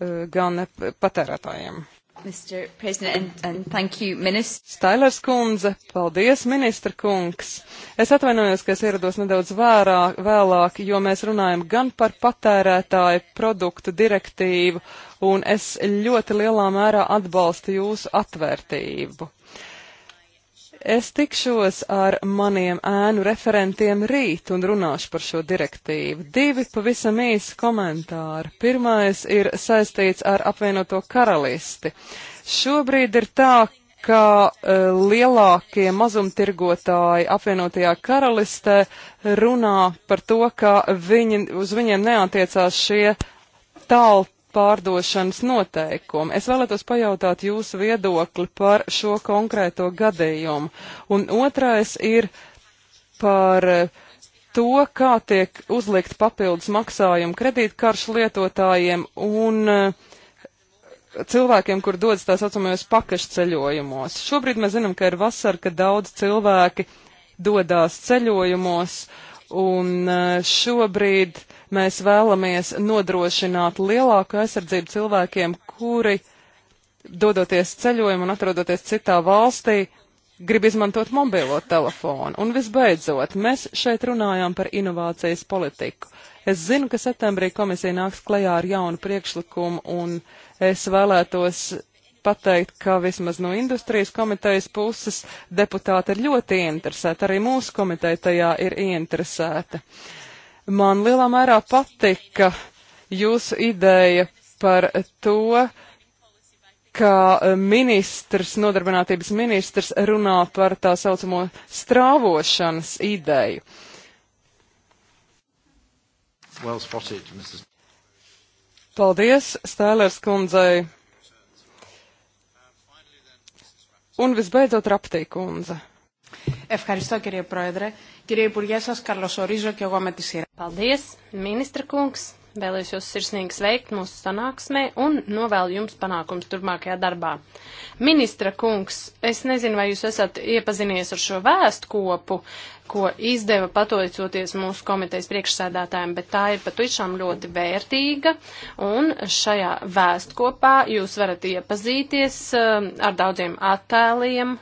eh, gan patērētājiem. Mr. President, and, and thank you, minister. Stailers kundze, paldies, ministra kungs. Es atvainojos, ka es ierados nedaudz vērā, vēlāk, jo mēs runājam gan par patērētāju produktu direktīvu, un es ļoti lielā mērā atbalstu jūsu atvērtību. Es tikšos ar maniem ēnu referentiem rīt un runāšu par šo direktīvu. Divi pavisam īsi komentāri. Pirmais ir saistīts ar apvienoto karalisti. Šobrīd ir tā, ka uh, lielākie mazumtirgotāji apvienotajā karalistē runā par to, ka viņi, uz viņiem neatiecās šie tālti pārdošanas noteikumi. Es vēlētos pajautāt jūsu viedokli par šo konkrēto gadījumu. Un otrais ir par eh, to, kā tiek uzlikt papildus maksājumu kredītkaršu lietotājiem un eh, cilvēkiem, kur dodas tā saucamajos pakašceļojumos. Šobrīd mēs zinām, ka ir vasara, ka daudz cilvēki dodās ceļojumos, un eh, šobrīd uh, Mēs vēlamies nodrošināt lielāku aizsardzību cilvēkiem, kuri, dodoties ceļojumu un atrodoties citā valstī, grib izmantot mobilo telefonu. Un visbeidzot, mēs šeit runājām par inovācijas politiku. Es zinu, ka septembrī komisija nāks klajā ar jaunu priekšlikumu, un es vēlētos pateikt, ka vismaz no industrijas komitejas puses deputāti ir ļoti interesēti, arī mūsu komiteja tajā ir ieinteresēta. Uh, Man lielā mērā patika jūsu ideja par to, ka ministrs, nodarbinātības ministrs runā par tā saucamo strāvošanas ideju. Well spotted, Mrs. Paldies, Stēlers kundzei. Un visbeidzot, Raptī kundze. Ευχαριστώ κύριε Πρόεδρε. Κύριε Υπουργέ, σας καλωσορίζω και εγώ με τη σειρά. Paldies, ministra kungs. Vēlējos jūs sirsnīgi sveikt mūsu sanāksmē un novēlu jums panākums turpmākajā darbā. Ministra kungs, es nezinu, vai jūs esat iepazinies ar šo vēstkopu, ko izdeva pateicoties mūsu komitejas priekšsēdētājiem, bet tā ir patiešām ļoti vērtīga. Un šajā vēstkopā jūs varat iepazīties eh, ar daudziem attēliem,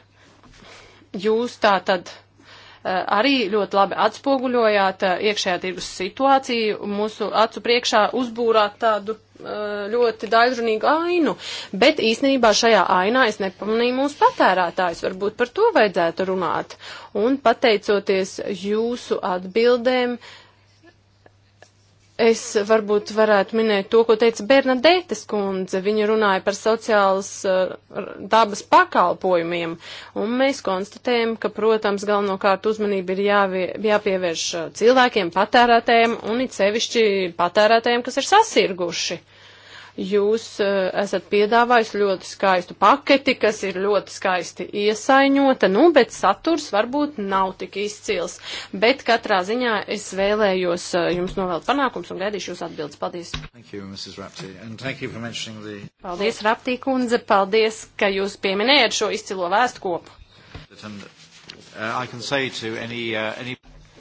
jūs tā tad eh, arī ļoti labi atspoguļojāt eh, iekšējā tirgus situāciju, mūsu acu priekšā uzbūrāt tādu eh, ļoti daļrunīgu ainu, bet īstenībā šajā ainā es nepamanīju mūsu patērētājs, varbūt par to vajadzētu runāt. Un pateicoties jūsu atbildēm, uh, Es varbūt varētu minēt to, ko teica Bernadetes kundze. Viņa runāja par sociālas uh, dabas pakalpojumiem, un mēs konstatējam, ka, protams, galvenokārt uzmanība ir jāvie, jāpievērš uh, cilvēkiem, patērētējiem, un it sevišķi patērētējiem, kas ir sasirguši. Uh, jūs uh, esat piedāvājis ļoti skaistu paketi, kas ir ļoti skaisti iesaiņota, nu, bet saturs varbūt nav tik izcils. Bet katrā ziņā es vēlējos uh, jums novēlt panākums un gaidīšu jūs atbildes. Paldies! You, Rapti. The... Paldies, Raptī kundze, paldies, ka jūs pieminējat šo izcilo vēstkopu. And, uh, any, uh, any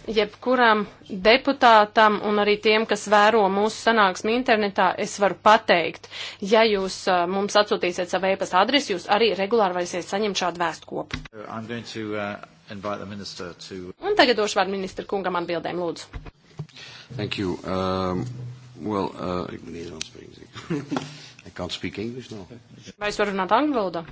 jebkuram deputātam un arī tiem, kas vēro mūsu sanāksmi internetā, es varu pateikt, ja jūs uh, mums atsūtīsiet savu e-pasta adresi, jūs arī regulāri varēsiet saņemt šādu vēstkopu. Uh, to... Uh, uh, un tagad došu vārdu ministra kungam atbildēm, lūdzu. Thank you. Um, well, uh, can't speak English now. Vai es varu runāt angļu valodā?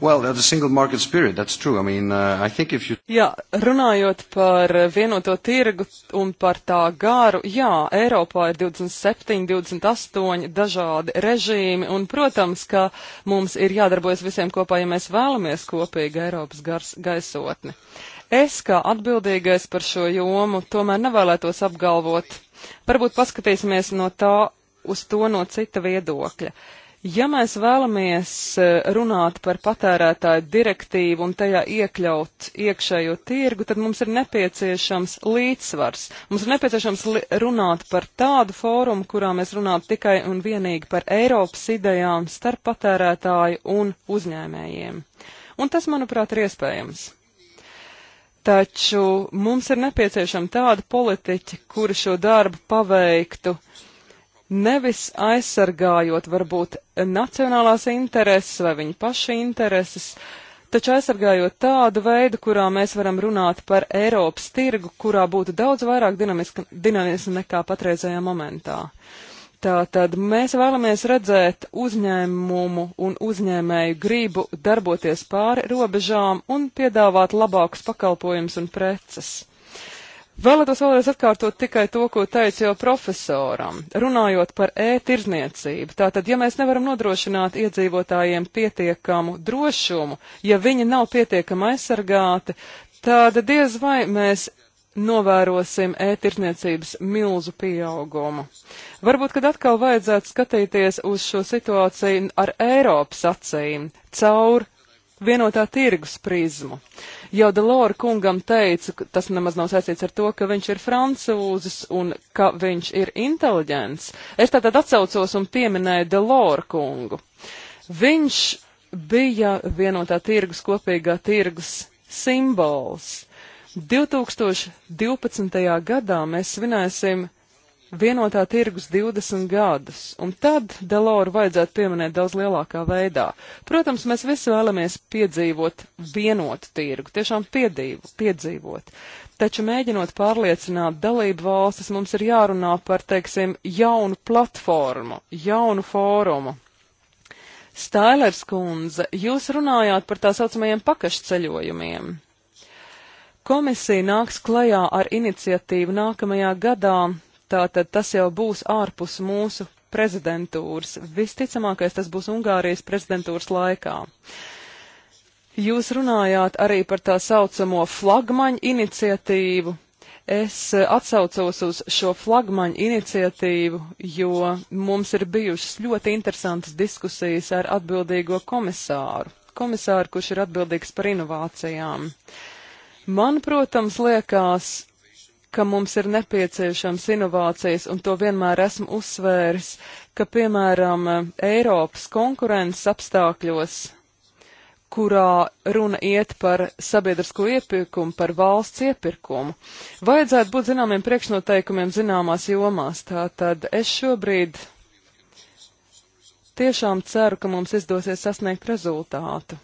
Well, the single market spirit, that's true. I mean, uh, I think if you... Jā, runājot par vienoto tirgu un par tā gāru, jā, Eiropā ir 27, 28 dažādi režīmi, un, protams, ka mums ir jādarbojas visiem kopā, ja mēs vēlamies kopīgi Eiropas gars, gaisotni. Es, kā atbildīgais par šo jomu, tomēr nevēlētos apgalvot. Varbūt paskatīsimies no tā uz to no cita viedokļa. Ja mēs vēlamies e, runāt par patērētāju direktīvu un tajā iekļaut iekšējo tirgu, tad mums ir nepieciešams līdzsvars. Mums ir nepieciešams li runāt par tādu fórumu, kurā mēs runātu tikai un vienīgi par Eiropas idejām starp patērētāju un uzņēmējiem. Un tas, manuprāt, ir iespējams. Taču mums ir nepieciešama tāda politiķa, kura šo darbu paveiktu uh, nevis aizsargājot varbūt nacionālās intereses vai viņa paša intereses, taču aizsargājot tādu veidu, kurā mēs varam runāt par Eiropas tirgu, kurā būtu daudz vairāk dinamismu nekā patreizajā momentā. Tātad mēs vēlamies redzēt uzņēmumu un uzņēmēju gribu darboties pāri robežām un piedāvāt labākus pakalpojumus un preces. Vēlētos vēlreiz atkārtot tikai to, ko teicu jau profesoram, runājot par e-tirzniecību. Tātad, ja mēs nevaram nodrošināt iedzīvotājiem pietiekamu drošumu, ja viņi nav pietiekami aizsargāti, tad diez vai mēs novērosim e-tirzniecības milzu pieaugumu. Varbūt, kad atkal vajadzētu skatīties uz šo situāciju ar Eiropas acīm, caur vienotā tirgus prizmu. Uh, Jau Delora kungam teicu, ka tas nemaz nav saistīts ar to, ka viņš ir francūzis un ka viņš ir inteliģents. Es tātad atsaucos un pieminēju Delora kungu. Viņš bija vienotā tirgus, kopīgā tirgus simbols. 2012. gadā mēs svinēsim vienotā tirgus 20 gadus, un tad Deloru vajadzētu pieminēt daudz lielākā veidā. Protams, mēs visi vēlamies piedzīvot vienotu tirgu, tiešām piedīvu, piedzīvot. Taču mēģinot pārliecināt dalību valstis, mums ir jārunā par, teiksim, jaunu platformu, jaunu fórumu. Stailers kundze, jūs runājāt par tā saucamajiem pakašceļojumiem. Komisija nāks klajā ar iniciatīvu nākamajā gadā Tātad tas jau būs ārpus mūsu prezidentūras. Visticamākais tas būs Ungārijas prezidentūras laikā. Jūs runājāt arī par tā saucamo flagmaņu iniciatīvu. Es eh, atsaucos uz šo flagmaņu iniciatīvu, jo mums ir bijušas ļoti interesantas diskusijas ar atbildīgo komisāru. Komisāru, kurš ir atbildīgs par inovācijām. Man, protams, liekas, ka mums ir nepieciešams inovācijas, un to vienmēr esmu uzsvēris, ka, piemēram, Eiropas konkurences apstākļos, kurā runa iet par sabiedrisko iepirkumu, par valsts iepirkumu, vajadzētu būt zināmiem priekšnoteikumiem zināmās jomās. Tātad es šobrīd tiešām ceru, ka mums izdosies sasniegt rezultātu.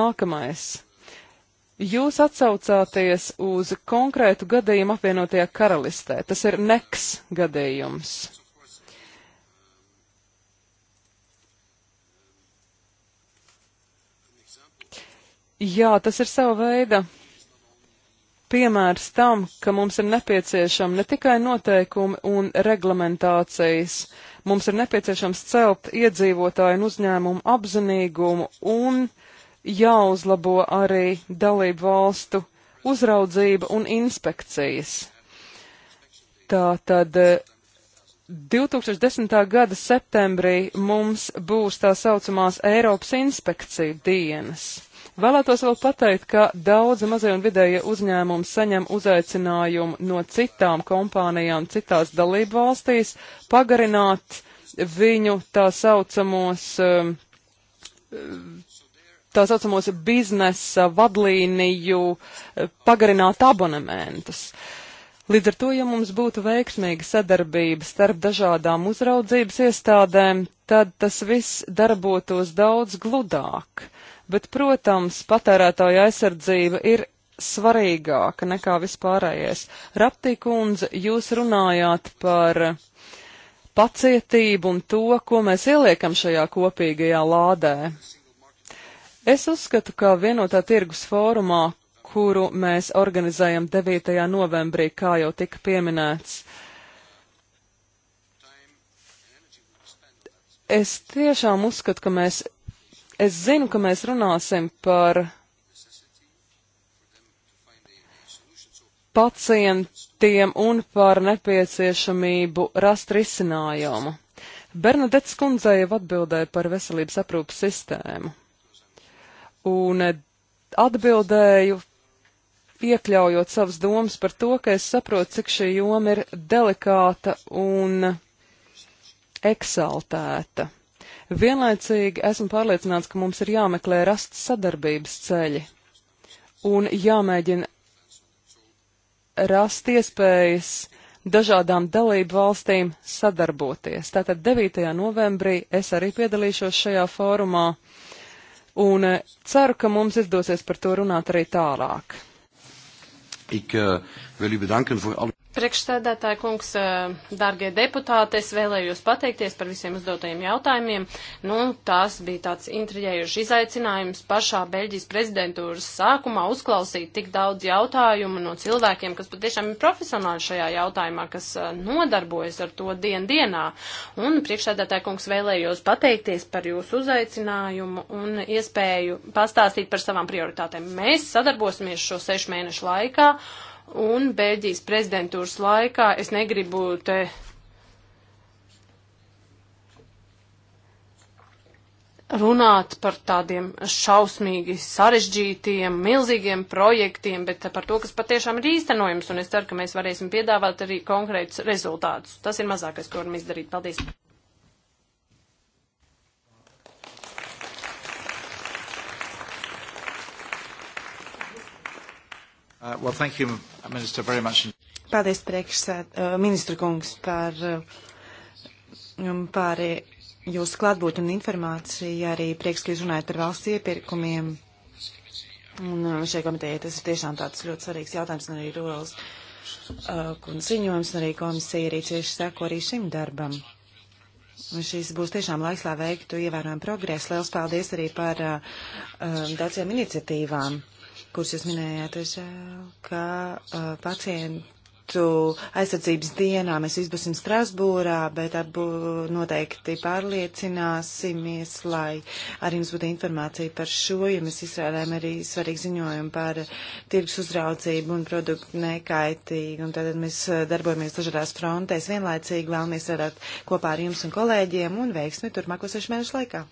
Nākamais. Jūs atsaucāties uz konkrētu gadījumu apvienotajā karalistē. Tas ir neks gadījums. Jā, tas ir sava veida piemērs tam, ka mums ir nepieciešama ne tikai noteikumi un reglamentācijas, mums ir nepieciešams celt iedzīvotāju un uzņēmumu apzinīgumu un uh, jāuzlabo arī dalību valstu uzraudzība un inspekcijas. Tā tad 2010. gada septembrī mums būs tā saucamās Eiropas inspekcija dienas. Vēlētos vēl pateikt, ka daudzi mazie un vidējie uzņēmumi saņem uzaicinājumu no citām kompānijām citās dalību valstīs pagarināt viņu tā saucamos, eh, tā saucamos biznesa vadlīniju eh, pagarināt abonementus. Līdz ar to, ja mums būtu veiksmīga sadarbība starp dažādām uzraudzības iestādēm, tad tas viss darbotos daudz gludāk. Bet, protams, patērētāja aizsardzība ir svarīgāka nekā vispārējais. Raptī kundze, jūs runājāt par pacietību un to, ko mēs ieliekam šajā kopīgajā lādē. Es uzskatu, ka vienotā tirgus fórumā, kuru mēs organizējam 9. novembrī, kā jau tika pieminēts, es tiešām uzskatu, ka mēs, es zinu, ka mēs runāsim par pacientiem un par nepieciešamību rast risinājumu. Bernadets kundze jau atbildēja par veselības aprūpas sistēmu un atbildēju, iekļaujot savas domas par to, ka es saprotu, cik šī joma ir delikāta un eksaltēta. Vienlaicīgi esmu pārliecināts, ka mums ir jāmeklē rast sadarbības ceļi un jāmēģina rast iespējas dažādām dalību valstīm sadarboties. Tātad 9. novembrī es arī piedalīšos šajā fórumā. Uh, un eh, ceru, ka mums izdosies par to runāt arī tālāk. Ik uh, wil u bedanken voor alle. Priekšsēdētāja kungs, eh, dārgie deputāti, es vēlējos pateikties par visiem uzdotajiem jautājumiem. Nu, tās bija tāds intriģējuši izaicinājums pašā Beļģijas prezidentūras sākumā uzklausīt tik daudz jautājumu no cilvēkiem, kas patiešām ir profesionāli šajā jautājumā, kas eh, nodarbojas ar to dien dienā. Un priekšsēdētāja kungs vēlējos pateikties par jūsu uzaicinājumu un iespēju pastāstīt par savām prioritātēm. Mēs sadarbosimies šo sešu mēnešu laikā. Un Bēļģijas prezidentūras laikā es negribu te runāt par tādiem šausmīgi sarežģītiem, milzīgiem projektiem, bet par to, kas patiešām ir īstenojams, un es ceru, ka mēs varēsim piedāvāt arī konkrētus rezultātus. Tas ir mazākais, ko varam izdarīt. Paldies! Uh, well, thank you, Minister, very much. Paldies, priekšsēd, uh, ministra kungs, par, uh, um, par jūsu klātbūtu un informāciju. Arī prieks, ka jūs runājat par valsts iepirkumiem. Un uh, šai komitejai tas ir tiešām tāds ļoti svarīgs jautājums, un arī Rolas uh, kundze ziņojums, un arī komisija arī cieši seko arī šim darbam. Un šis būs tiešām laiks, lai veiktu ievērojumu progresu. Liels paldies arī par uh, um, daudziem iniciatīvām kurus jūs minējāt, ir žēl, eh, ka uh, pacientu aizsardzības dienā mēs visi būsim Strasbūrā, bet abu noteikti pārliecināsimies, lai arī jums būtu informācija par šo, jo mēs izstrādājam arī svarīgu ziņojumu par tirgus uzraudzību un produktu nekaitīgu. Un tātad mēs eh, darbojamies dažādās frontēs vienlaicīgi, vēlamies strādāt kopā ar jums un kolēģiem un veiksmi turpmāko sešu mēnešu laikā.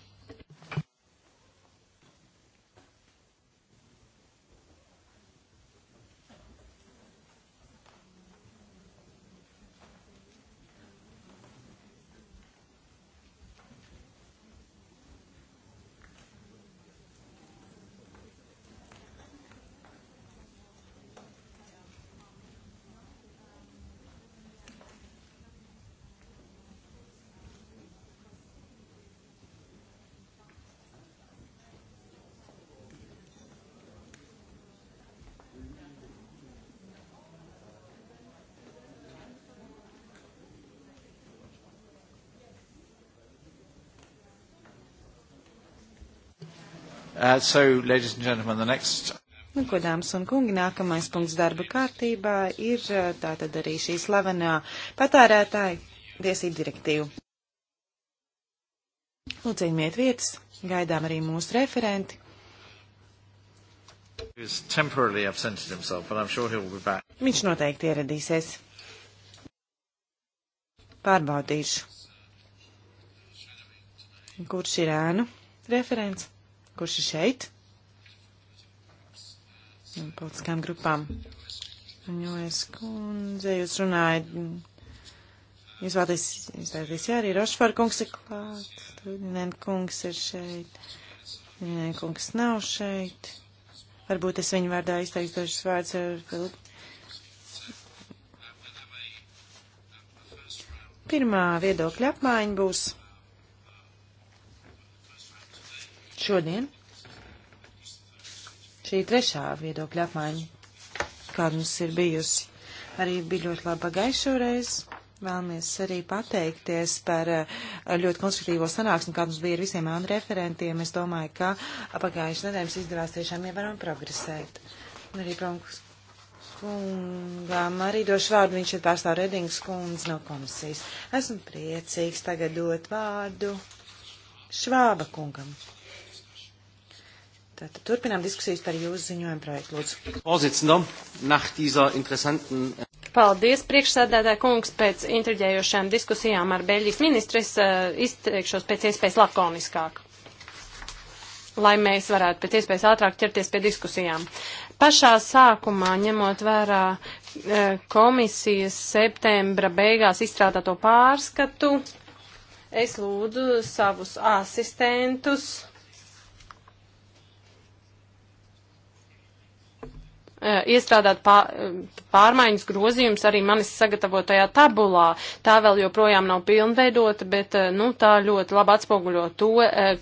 Uh, so, ladies and gentlemen, the next. Nu, ko dāmas un kungi, nākamais punkts darba kārtībā ir uh, tātad arī šī slavenā patērētāja tiesību direktīva. Lūdzu, ņemiet vietas, gaidām arī mūsu referenti. Himself, sure Viņš noteikti ieradīsies. Pārbaudīšu. Kurš ir ēnu referents? kurš ir šeit un politiskām grupām. Un jo es kundze, jūs runājat, jūs vēlaties, jūs vēlaties, jā, arī Rošvar kungs ir klāt, Tudinen kungs ir šeit, Tudinen kungs nav šeit. Varbūt es viņu vārdā izteikšu dažus vārdus ar Filipu. Pirmā viedokļa apmaiņa būs. šodien. Šī trešā viedokļa apmaiņa, kāda mums ir bijusi, arī bija ļoti laba gaišoreiz. Vēlamies arī pateikties par eh, ļoti konstruktīvo sanāksmi, kāda mums bija ar visiem ANU referentiem. Es domāju, ka pagājušajā nedēļā mums izdevās tiešām ievērojami progresēt. Un arī Bronkus kungām arī došu vārdu, viņš ir pārstāv Redings kundz no komisijas. Esmu priecīgs tagad dot vārdu Švāba kungam. Tātad turpinām diskusijas par jūsu ziņojumu projektu, lūdzu. Paldies, priekšsēdētāja kungs, pēc intriģējošām diskusijām ar Beļģijas ministres eh, izteikšos pēc iespējas lakoniskāk, lai mēs varētu pēc iespējas ātrāk ķerties pie diskusijām. Pašā sākumā, ņemot vērā eh, komisijas septembra beigās izstrādāto pārskatu, es lūdzu savus asistentus iestrādāt pārmaiņas grozījums arī manis sagatavotajā tabulā. Tā vēl joprojām nav pilnveidota, bet nu, tā ļoti labi atspoguļo to,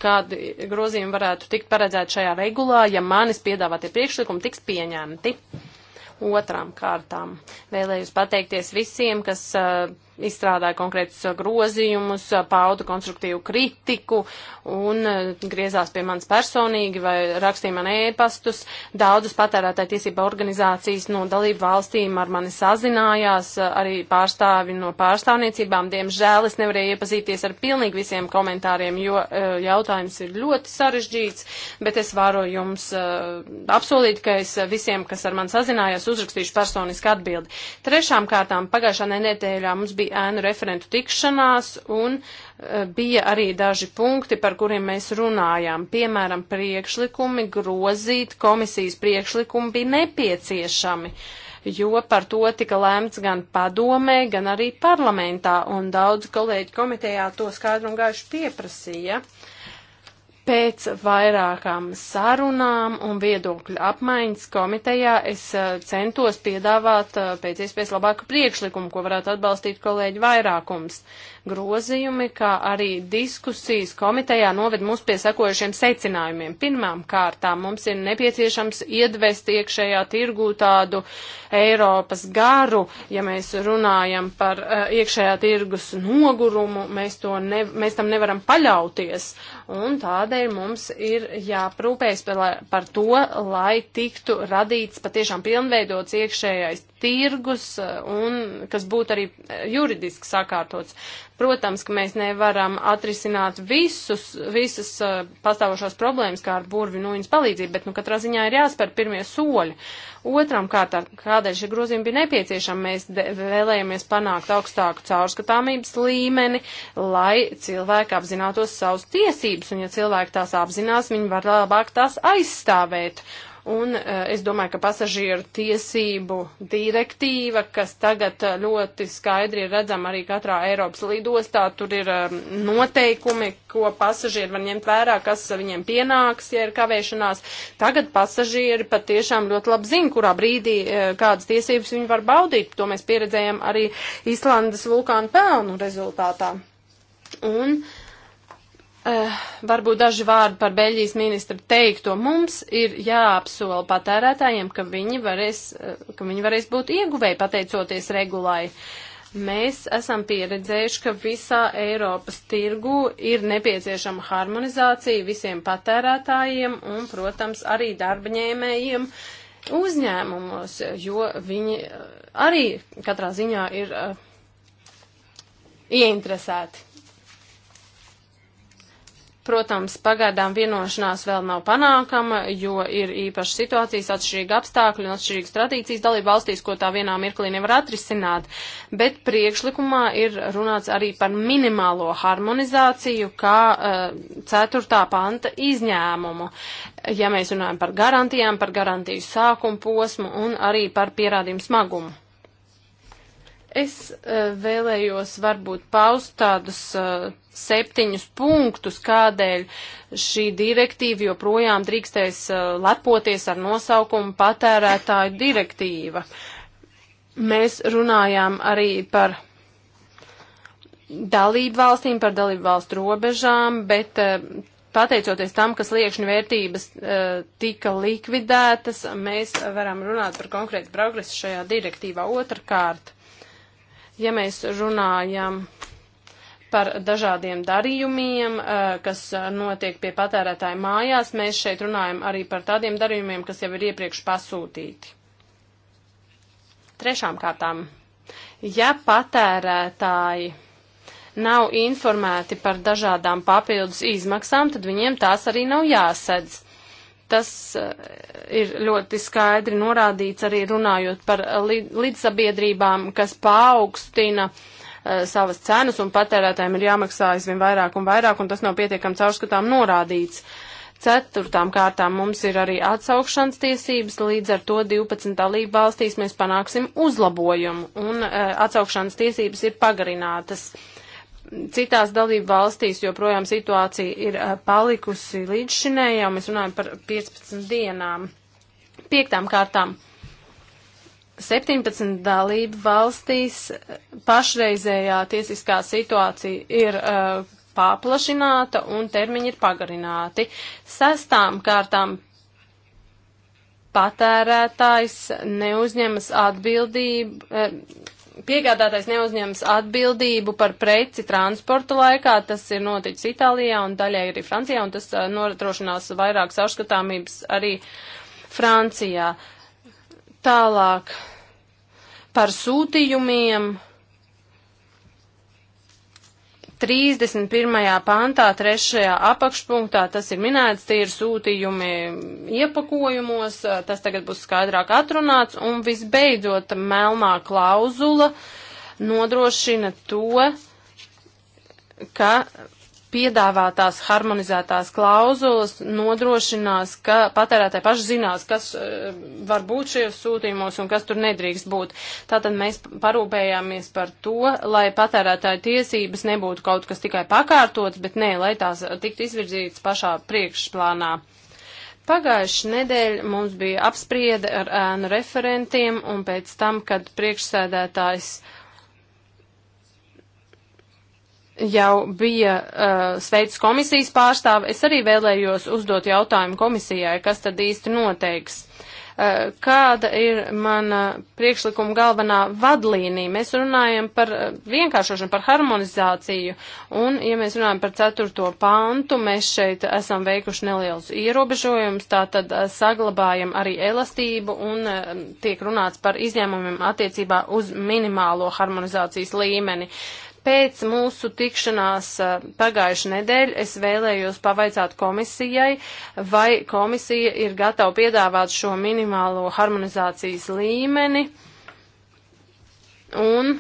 kādi grozījumi varētu tikt paredzēti šajā regulā, ja manis piedāvātie priekšlikumi tiks pieņemti otrām kārtām. Vēlējos pateikties visiem, kas uh, izstrādāja konkrētus uh, grozījumus, uh, pauda konstruktīvu kritiku un uh, griezās pie manis personīgi vai rakstīja man ēpastus. Daudzas patērētāja tiesība organizācijas no dalību valstīm ar mani sazinājās, arī pārstāvi no pārstāvniecībām. Diemžēl es nevarēju iepazīties ar pilnīgi visiem komentāriem, jo jautājums ir ļoti sarežģīts, bet es varu jums apsolīt, ka es visiem, kas ar mani sazinājās, uzrakstīšu personisku atbildi. Trešām kārtām pagājušā nedēļā mums bija bija ēnu referentu tikšanās un e, bija arī daži punkti, par kuriem mēs runājām. Piemēram, priekšlikumi grozīt komisijas priekšlikumu bija nepieciešami jo par to tika lēmts gan padomē, gan arī parlamentā, un daudz kolēģi komitejā to skaidru un gaišu pieprasīja. Uh, Pēc vairākām sarunām un viedokļu apmaiņas komitejā es eh, centos piedāvāt eh, pēc iespējas labāku priekšlikumu, ko varētu atbalstīt kolēģi vairākums. Uh, grozījumi, kā arī diskusijas komitejā noved mūs pie sekojušiem secinājumiem. Pirmām kārtām mums ir nepieciešams iedvest iekšējā tirgū tādu Eiropas garu, ja mēs runājam par uh, iekšējā tirgus nogurumu, mēs, ne, mēs tam nevaram paļauties. Un tādēļ mums ir jāprūpējas par, par to, lai tiktu radīts patiešām pilnveidots iekšējais tirgus eh, un kas būtu arī eh, juridiski sakārtots. Protams, ka mēs nevaram atrisināt visus, visas eh, pastāvošās problēmas kā ar burvi nūjiņas palīdzību, bet nu katrā ziņā ir jāspēr pirmie soļi. Otram kārtām, kādēļ šie grozījumi bija nepieciešami, mēs vēlējamies panākt augstāku caurskatāmības līmeni, lai cilvēki apzinātos savus tiesības, un ja cilvēki tās apzinās, viņi var labāk tās aizstāvēt. Un eh, es domāju, ka pasažieru tiesību direktīva, kas tagad eh, ļoti skaidri ir redzama arī katrā Eiropas lidostā, tur ir eh, noteikumi, ko pasažieri var ņemt vērā, kas viņiem pienāks, ja ir kavēšanās. Tagad pasažieri patiešām ļoti labi zina, kurā brīdī kādas tiesības viņi var baudīt. To mēs pieredzējām arī Islandas vulkānu pelnu rezultātā. Un Uh, varbūt daži vārdi par Beļģijas ministru teikto. Mums ir jāapsola patērētājiem, ka viņi varēs, uh, ka viņi varēs būt ieguvēji pateicoties regulai. Mēs esam pieredzējuši, ka visā Eiropas tirgu ir nepieciešama harmonizācija visiem patērētājiem un, protams, arī darbaņēmējiem uzņēmumos, jo viņi eh, arī katrā ziņā ir uh, ieinteresēti. Protams, pagaidām vienošanās vēl nav panākama, jo ir īpaši situācijas, atšķirīgi apstākļi un atšķirīgas tradīcijas dalība valstīs, ko tā vienā mirklī nevar atrisināt. Bet priekšlikumā ir runāts arī par minimālo harmonizāciju, kā uh, ceturtā panta izņēmumu. Ja mēs runājam par garantijām, par garantiju sākumu posmu un arī par pierādījumu smagumu. Es uh, vēlējos varbūt paust tādus uh, septiņus punktus, kādēļ šī direktīva joprojām drīkstēs uh, lepoties ar nosaukumu patērētāju direktīva. Mēs runājām arī par dalību valstīm, par dalību valstu robežām, bet uh, pateicoties tam, kas liekšņu vērtības uh, tika likvidētas, mēs varam runāt par konkrētu progresu šajā direktīvā. Otrakārt, ja mēs runājam par dažādiem darījumiem, eh, kas eh, notiek pie patērētāja mājās. Mēs šeit runājam arī par tādiem darījumiem, kas jau ir iepriekš pasūtīti. Trešām kārtām, ja patērētāji nav informēti par dažādām papildus izmaksām, tad viņiem tās arī nav jāsedz. Tas eh, ir ļoti skaidri norādīts arī runājot par līdzsabiedrībām, kas paaugstina uh, Eh, savas cenas un patērētājiem ir jāmaksā aizvien vairāk un vairāk, un tas nav pietiekami caurskatām norādīts. Ceturtām kārtām mums ir arī atsaukšanas tiesības, līdz ar to 12 dalību valstīs mēs panāksim uzlabojumu, un eh, atsaukšanas tiesības ir pagarinātas. Citās dalību valstīs joprojām situācija ir eh, palikusi līdz šinējā, mēs runājam par 15 dienām. Piektām kārtām 17 dalību valstīs pašreizējā tiesiskā situācija ir uh, paplašināta un termiņi ir pagarināti. Sestām kārtām patērētājs neuzņemas atbildību. Uh, Piegādātais neuzņems atbildību par preci transportu laikā, tas ir noticis Itālijā un daļai arī Francijā, un tas uh, nodrošinās vairāk saušskatāmības arī Francijā. Uh, Tālāk par sūtījumiem. 31. pantā, 3. apakšpunktā, tas ir minēts, tie ir sūtījumi iepakojumos, tas tagad būs skaidrāk atrunāts, un visbeidzot melnā klauzula nodrošina to, ka piedāvātās harmonizētās klauzulas nodrošinās, ka patērētāji paši zinās, kas eh, var būt šajos sūtījumos un kas tur nedrīkst būt. Tātad mēs parūpējāmies par to, lai patērētāju tiesības nebūtu kaut kas tikai pakārtots, bet nē, lai tās tiktu izvirzītas pašā priekšplānā. Pagājuši nedēļ mums bija apspriede ar ēnu referentiem un pēc tam, kad priekšsēdētājs uh, jau bija uh, Sveicis komisijas pārstāve. Es arī vēlējos uzdot jautājumu komisijai, kas tad īsti noteiks. Uh, kāda ir mana priekšlikuma galvenā vadlīnija? Mēs runājam par uh, vienkāršošanu, par harmonizāciju, un, ja mēs runājam par ceturto pāntu, mēs šeit esam veikuši nelielus ierobežojumus, tātad uh, saglabājam arī elastību un uh, tiek runāts par izņēmumiem attiecībā uz minimālo harmonizācijas līmeni. Pēc mūsu tikšanās pagājušajā nedēļā es vēlējos pavaicāt komisijai, vai komisija ir gatava piedāvāt šo minimālo harmonizācijas līmeni. Un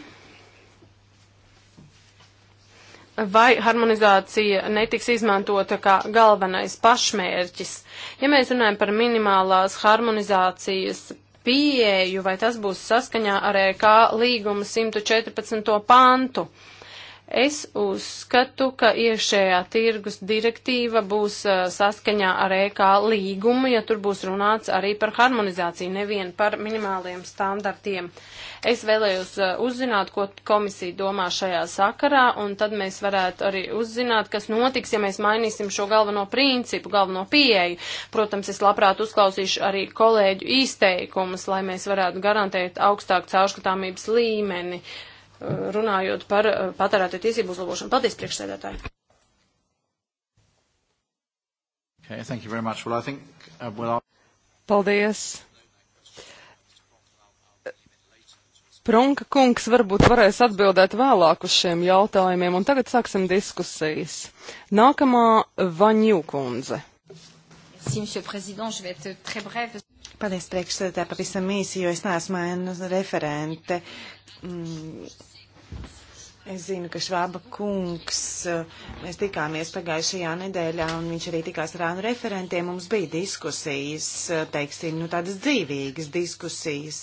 vai harmonizācija netiks izmantota kā galvenais pašmērķis. Ja mēs runājam par minimālās harmonizācijas pieeju, vai tas būs saskaņā ar EK līguma 114. pantu. Uh, Es uzskatu, ka iekšējā tirgus direktīva būs uh, saskaņā ar EK līgumu, ja tur būs runāts arī par harmonizāciju, nevien par minimāliem standartiem. Es vēlējos uh, uzzināt, ko komisija domā šajā sakarā, un tad mēs varētu arī uzzināt, kas notiks, ja mēs mainīsim šo galveno principu, galveno pieeju. Protams, es labprāt uzklausīšu arī kolēģu izteikumus, lai mēs varētu garantēt augstāku caurskatāmības līmeni. Uh, runājot par eh, patērētāju tiesību uzlabošanu. Paldies, priekšsēdētāji! Okay, thank you very much. Well, I think, uh, well, I'll... Paldies! Prunka kungs varbūt varēs atbildēt vēlāk uz šiem jautājumiem, un tagad sāksim diskusijas. Nākamā Vaņju kundze. Paldies, priekšsēdētāji, pavisam īsi, jo es neesmu referente. Mm Es zinu, ka Švāba kungs, eh, mēs tikāmies pagājušajā nedēļā, un viņš arī tikās ar ānu referentiem. Mums bija diskusijas, eh, teiksim, nu tādas dzīvīgas diskusijas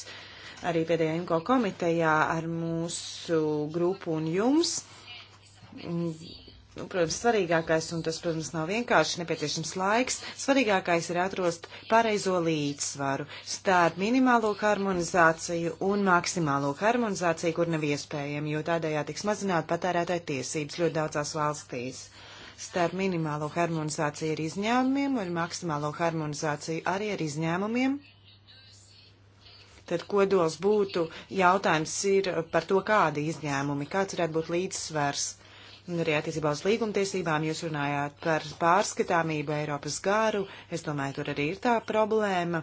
arī pēdējā IMCO komitejā ar mūsu grupu un jums nu, protams, svarīgākais, un tas, protams, nav vienkārši nepieciešams laiks, svarīgākais ir atrast pareizo līdzsvaru starp minimālo harmonizāciju un maksimālo harmonizāciju, kur nav iespējama, jo tādējā tiks mazināt patērētāja tiesības ļoti daudzās valstīs. Starp minimālo harmonizāciju ar izņēmumiem un maksimālo harmonizāciju arī ar izņēmumiem tad kodols būtu jautājums ir par to, kādi izņēmumi, kāds varētu būt līdzsvers. Un arī attiecībā uz līgumtiesībām jūs runājāt par pārskatāmību Eiropas garu. Es domāju, tur arī ir tā problēma.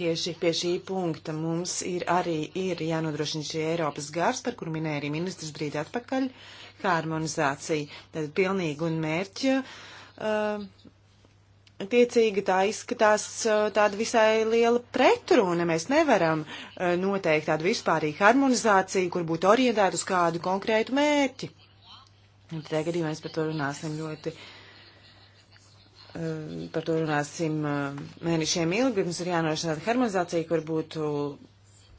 Tieši pie šī punkta mums ir arī ir jānodrošina šī Eiropas gars, par kuru minēja arī ministrs brīdi atpakaļ, harmonizācija. Tad pilnīgi un mērķa. Uh, Tiecīgi tā izskatās uh, tāda visai liela pretruna. Mēs nevaram uh, noteikt tādu vispārīgu harmonizāciju, kur būtu orientēta uz kādu konkrētu mērķi. Tajā gadījumā mēs par to runāsim ļoti. Eh, par to runāsim eh, mēnešiem ilgi. Mums ir jānorošina tāda harmonizācija, kur būtu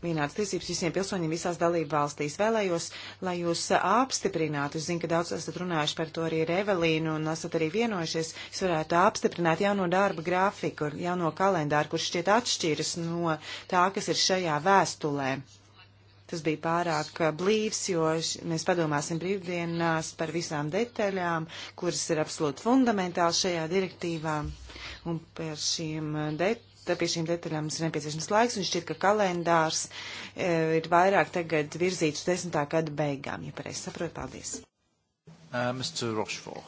vienādas tiesības visiem pilsoņiem visās dalību valstīs. Vēlējos, lai jūs eh, apstiprinātu, es zinu, ka daudz esat runājuši par to arī ar Evelīnu un esat arī vienojušies, es varētu apstiprināt jauno darba grafiku, jauno kalendāru, kurš šķiet atšķiras no tā, kas ir šajā vēstulē. Tas bija pārāk blīvs, jo mēs padomāsim brīvdienās par visām detaļām, kuras ir absolūti fundamentāli šajā direktīvā. Un par šīm detaļām tad pie šīm detaļām mums ir nepieciešams laiks, un šķiet, ka kalendārs e, ir vairāk tagad virzīts uz desmitā gada beigām, ja pareizi saprotu. Paldies. Uh, Mr. Rošfor.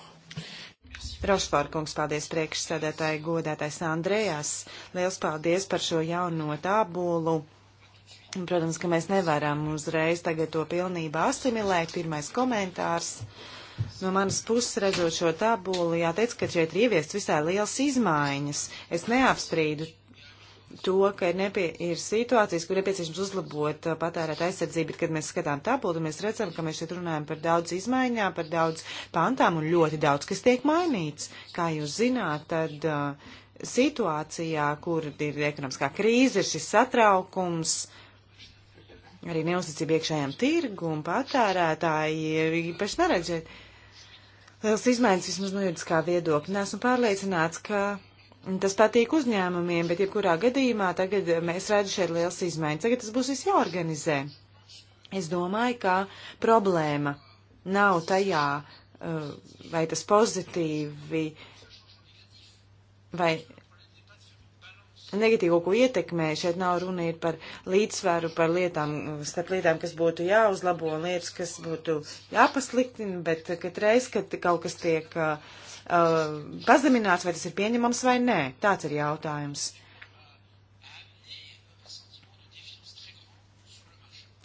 Rošfor kungs, paldies priekšsēdētāji godētais Andrējās. Liels paldies par šo jauno tābulu. Protams, ka mēs nevaram uzreiz tagad to pilnībā asimilēt. Pirmais komentārs. No manas puses redzot šo tabulu, jāteic, ka šeit ir ieviests visai liels izmaiņas. Es neapstrīdu to, ka ir, nepie, ir situācijas, kur nepieciešams uzlabot uh, patērēt aizsardzību, bet, kad mēs skatām tabulu, mēs redzam, ka mēs šeit runājam par daudz izmaiņām, par daudz pantām un ļoti daudz, kas tiek mainīts. Kā jūs zināt, tad uh, situācijā, kur ir ekonomiskā krīze, ir šis satraukums, uh, arī neuzticība iekšējām tirgu un patērētāji īpaši neredzēt. Liels izmaiņas vismaz no juridiskā viedokļa. Nesmu pārliecināts, ka tas patīk uzņēmumiem, bet jebkurā gadījumā tagad mēs redzam šeit liels izmaiņas. Tagad tas būs viss jāorganizē. Es domāju, ka problēma nav tajā, uh, vai tas pozitīvi vai negatīvo, ko ietekmē. Šeit nav runa ir par līdzsvaru, par lietām, uh, starp lietām, kas būtu jāuzlabo un lietas, kas būtu jāpasliktina, bet uh, katreiz, kad kaut kas tiek uh, uh, pazemināts, vai tas ir pieņemams vai nē, tāds ir jautājums.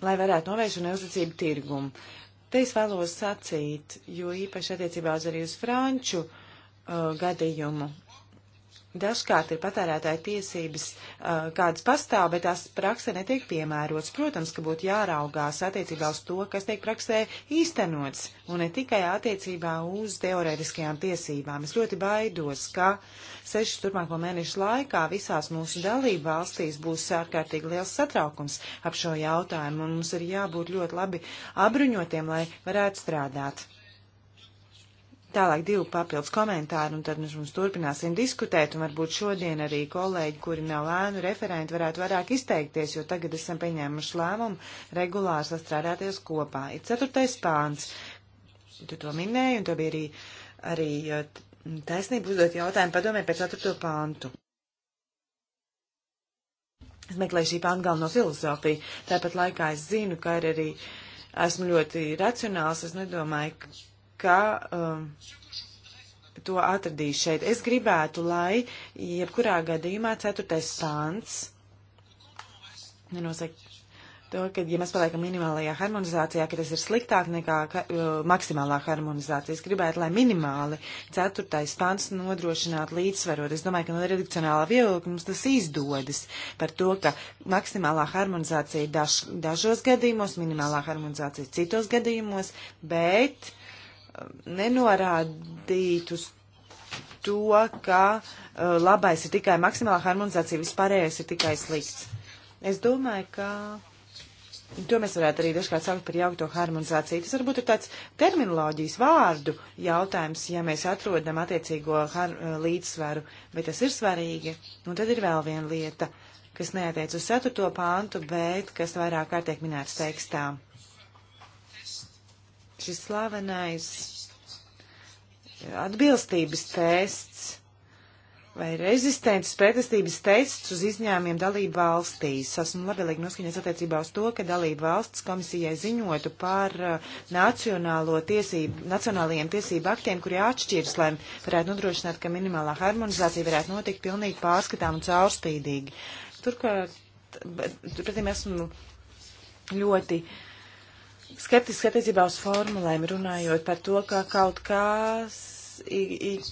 Lai varētu novērst neuzticību tirgumu. Te es vēlos sacīt, jo īpaši attiecībā uz arī uz franču uh, gadījumu Dažkārt ir patērētāja tiesības, eh, kādas pastāv, bet tās praksē netiek piemērots. Protams, ka būtu jāraugās attiecībā uz to, kas tiek praksē īstenots, un ne tikai attiecībā uz teorētiskajām tiesībām. Es ļoti baidos, ka sešu turpmāko mēnešu laikā visās mūsu dalību valstīs būs ārkārtīgi liels satraukums ap šo jautājumu, un mums ir jābūt ļoti labi apbruņotiem, lai varētu strādāt. Tālāk divi papildus komentāri, un tad mēs mums turpināsim diskutēt, un varbūt šodien arī kolēģi, kuri nav lēnu referenti, varētu vairāk izteikties, jo tagad esam pieņēmuši lēmumu regulāri sastrādāties kopā. Ir ceturtais pāns. Tu to minēji, un to bija arī, arī uh, taisnība uzdot jautājumu padomē par ceturto pāntu. Es meklēju šī pānta galveno filozofiju. Tāpat laikā es zinu, ka ir arī. Esmu ļoti racionāls, es nedomāju, ka um, to atradīs šeit. Es gribētu, lai jebkurā gadījumā ceturtais pāns nenosaka to, ka, ja mēs paliekam minimālajā harmonizācijā, ka tas ir sliktāk nekā ka, uh, maksimālā harmonizācija. Es gribētu, lai minimāli ceturtais pants nodrošinātu līdzsvarot. Es domāju, ka no redakcionālā viedokļa mums tas izdodas par to, ka maksimālā harmonizācija daž, dažos gadījumos, minimālā harmonizācija citos gadījumos, bet nenorādīt uz to, ka uh, labais ir tikai maksimāla harmonizācija, vispārējais ir tikai slikts. Es domāju, ka to mēs varētu arī dažkārt saukt par jaukto harmonizāciju. Tas varbūt ir tāds terminoloģijas vārdu jautājums, ja mēs atrodam attiecīgo har, uh, līdzsvaru, bet tas ir svarīgi. Un tad ir vēl viena lieta, kas neatiec uz 4. pāntu, bet kas vairāk kārtiek minēts tekstām šis slavenais atbilstības tests vai rezistences pretestības tests uz izņēmumiem dalību valstīs. Esmu labvēlīgi noskaņots attiecībā uz to, ka dalību valsts komisijai ziņotu par uh, nacionālo tiesību, nacionālajiem tiesību aktiem, kuri atšķiras, lai varētu nodrošināt, ka minimālā harmonizācija varētu notikt pilnīgi pārskatām un caurspīdīgi. Turklāt, pretim esmu ļoti skeptiski attiecībā uz formulēm, runājot par to, ka kaut kas,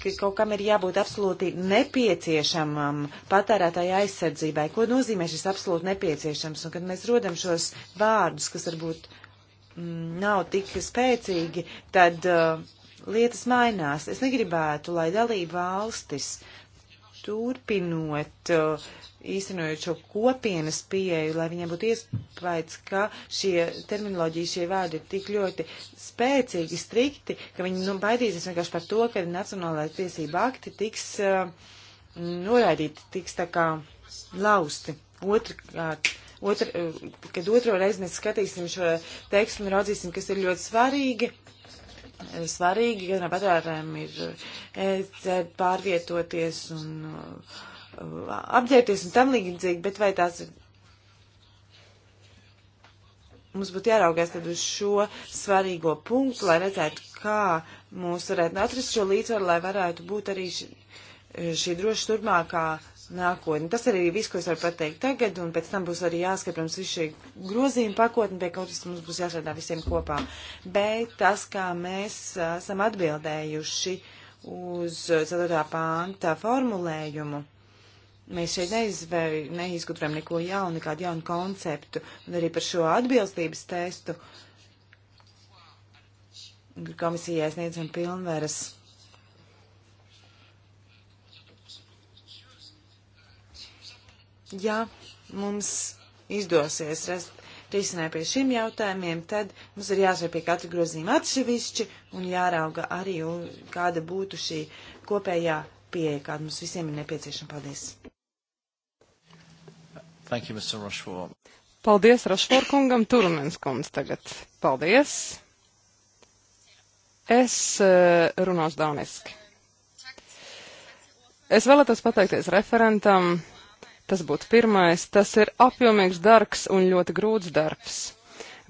ka kaut kam ir jābūt absolūti nepieciešamam patērētāja aizsardzībai. Ko nozīmē šis absolūti nepieciešams? Un kad mēs rodam šos vārdus, kas varbūt m, mm, nav tik spēcīgi, tad uh, lietas mainās. Es negribētu, lai dalība valstis turpinot uh, īstenojot šo kopienas pieeju, lai viņiem būtu iespējas, ka šie terminoloģija, šie vārdi ir tik ļoti spēcīgi, strikti, ka viņi nu, baidīsies vienkārši par to, ka nacionālā tiesība akti tiks uh, noraidīti, tiks tā kā lausti. Otrkārt, otr, uh, kad otro reizi mēs skatīsim šo tekstu un raudzīsim, kas ir ļoti svarīgi, uh, svarīgi, kad patērēm ir uh, e pārvietoties un uh, apģērbties un tam līdzīgi, bet vai tās ir. Mums būtu jāraugās tad uz šo svarīgo punktu, lai redzētu, kā mūs varētu atrast šo līdzvaru, lai varētu būt arī šī, šī droši turpmākā nākotne. Tas arī viss, ko es varu pateikt tagad, un pēc tam būs arī jāskat, protams, visu šī grozījuma pakotne, pie kaut kas mums būs jāsādā visiem kopā. Bet tas, kā mēs esam atbildējuši uz 4. pānta formulējumu, Mēs šeit neizvēr, neizgudrojam neko jaunu, nekādu jaunu konceptu, un arī par šo atbilstības testu komisijai sniedzam pilnveras. Ja mums izdosies risināt pie šiem jautājumiem, tad mums ir jāsver pie katra grozījuma atsevišķi un jārauga arī, un kāda būtu šī kopējā pieeja, kāda mums visiem ir nepieciešama. Paldies! Thank you, Mr. Rochefort. Paldies Rošfor kungam, Turunens kundz tagad. Paldies. Es eh, runāšu dāniski. Es vēlētos pateikties referentam. Tas būtu pirmais. Tas ir apjomīgs darbs un ļoti grūts darbs.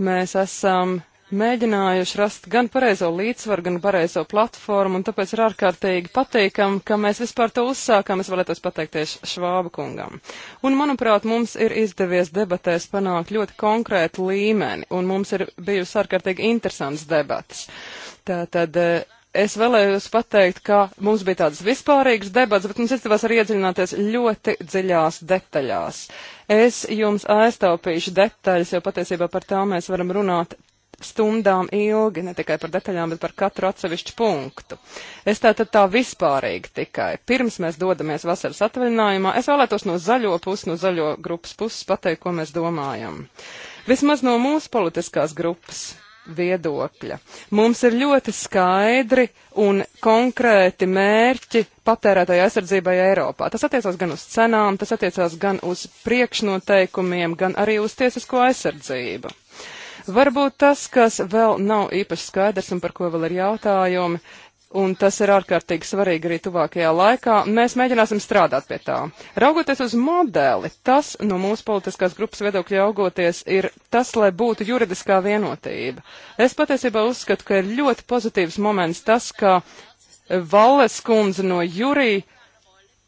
Mēs esam mēģinājuši rast gan pareizo līdzsvaru, gan pareizo platformu, un tāpēc ir ārkārtīgi patīkam, ka mēs vispār to uzsākām. Es vēlētos pateikties Švāba kungam. Un, manuprāt, mums ir izdevies debatēs panākt ļoti konkrētu līmeni, un mums ir bijusi ārkārtīgi interesants debats. Tātad, eh, es vēlējos pateikt, ka mums bija tādas vispārīgas debats, bet mums izdevās arī iedziļināties ļoti dziļās detaļās. Es jums aiztaupīšu detaļas, jo patiesībā par tām mēs varam runāt stundām ilgi, ne tikai par detaļām, bet par katru atsevišķu punktu. Es tā tad tā vispārīgi tikai. Pirms mēs dodamies vasaras atvaļinājumā, es vēlētos no zaļo puses, no zaļo grupas puses pateikt, ko mēs domājam. Vismaz no mūsu politiskās grupas viedokļa. Mums ir ļoti skaidri un konkrēti mērķi patērētāju aizsardzībai Eiropā. Tas attiecās gan uz cenām, tas attiecās gan uz priekšnoteikumiem, gan arī uz tiesisko aizsardzību. Varbūt tas, kas vēl nav īpaši skaidrs un par ko vēl ir jautājumi, un tas ir ārkārtīgi svarīgi arī tuvākajā laikā. Mēs mēģināsim strādāt pie tā. Raugoties uz modeli, tas no mūsu politiskās grupas viedokļa augoties ir tas, lai būtu juridiskā vienotība. Es patiesībā uzskatu, ka ir ļoti pozitīvs moments tas, ka Valles kundze no jūrija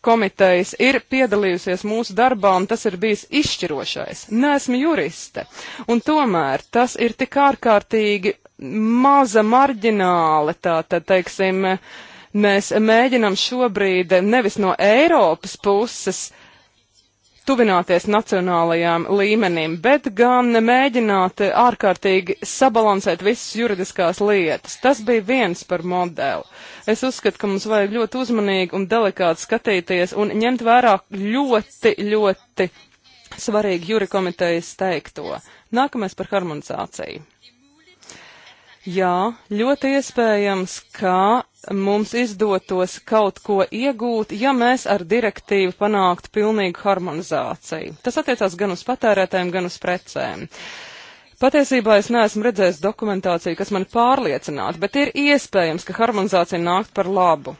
komitejas ir piedalījusies mūsu darbā, un tas ir bijis izšķirošais. Nesmu juriste, un tomēr tas ir tik ārkārtīgi maza marģināla, tā tad, teiksim, mēs mēģinam šobrīd nevis no Eiropas puses, tuvināties nacionālajām līmenim, bet gan mēģināt ārkārtīgi sabalansēt visas juridiskās lietas. Tas bija viens par modeli. Es uzskatu, ka mums vajag ļoti uzmanīgi un delikāti skatīties un ņemt vērā ļoti, ļoti svarīgi juri komitejas teikto. Nākamais par harmonizāciju. Jā, ļoti iespējams, ka mums izdotos kaut ko iegūt, ja mēs ar direktīvu panāktu pilnīgu harmonizāciju. Tas attiecās gan uz patērētājiem, gan uz precēm. Patiesībā es neesmu redzējis dokumentāciju, kas mani pārliecinātu, bet ir iespējams, ka harmonizācija nākt par labu.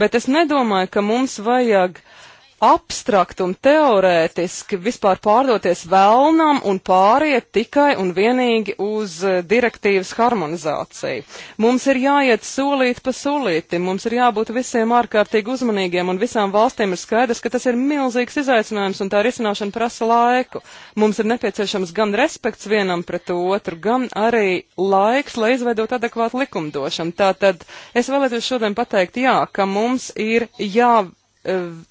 Bet es nedomāju, ka mums vajag uh, abstrakt un teorētiski vispār pārdoties vēlnam un pāriet tikai un vienīgi uz eh, direktīvas harmonizāciju. Mums ir jāiet solīt pa solītim, mums ir jābūt visiem ārkārtīgi uzmanīgiem un visām valstīm ir skaidrs, ka tas ir milzīgs izaicinājums un tā risināšana prasa laiku. Mums ir nepieciešams gan respekts vienam pret otru, gan arī laiks, lai izveidot adekvātu likumdošanu. Tātad es vēlētos šodien pateikt, jā, ka mums ir jā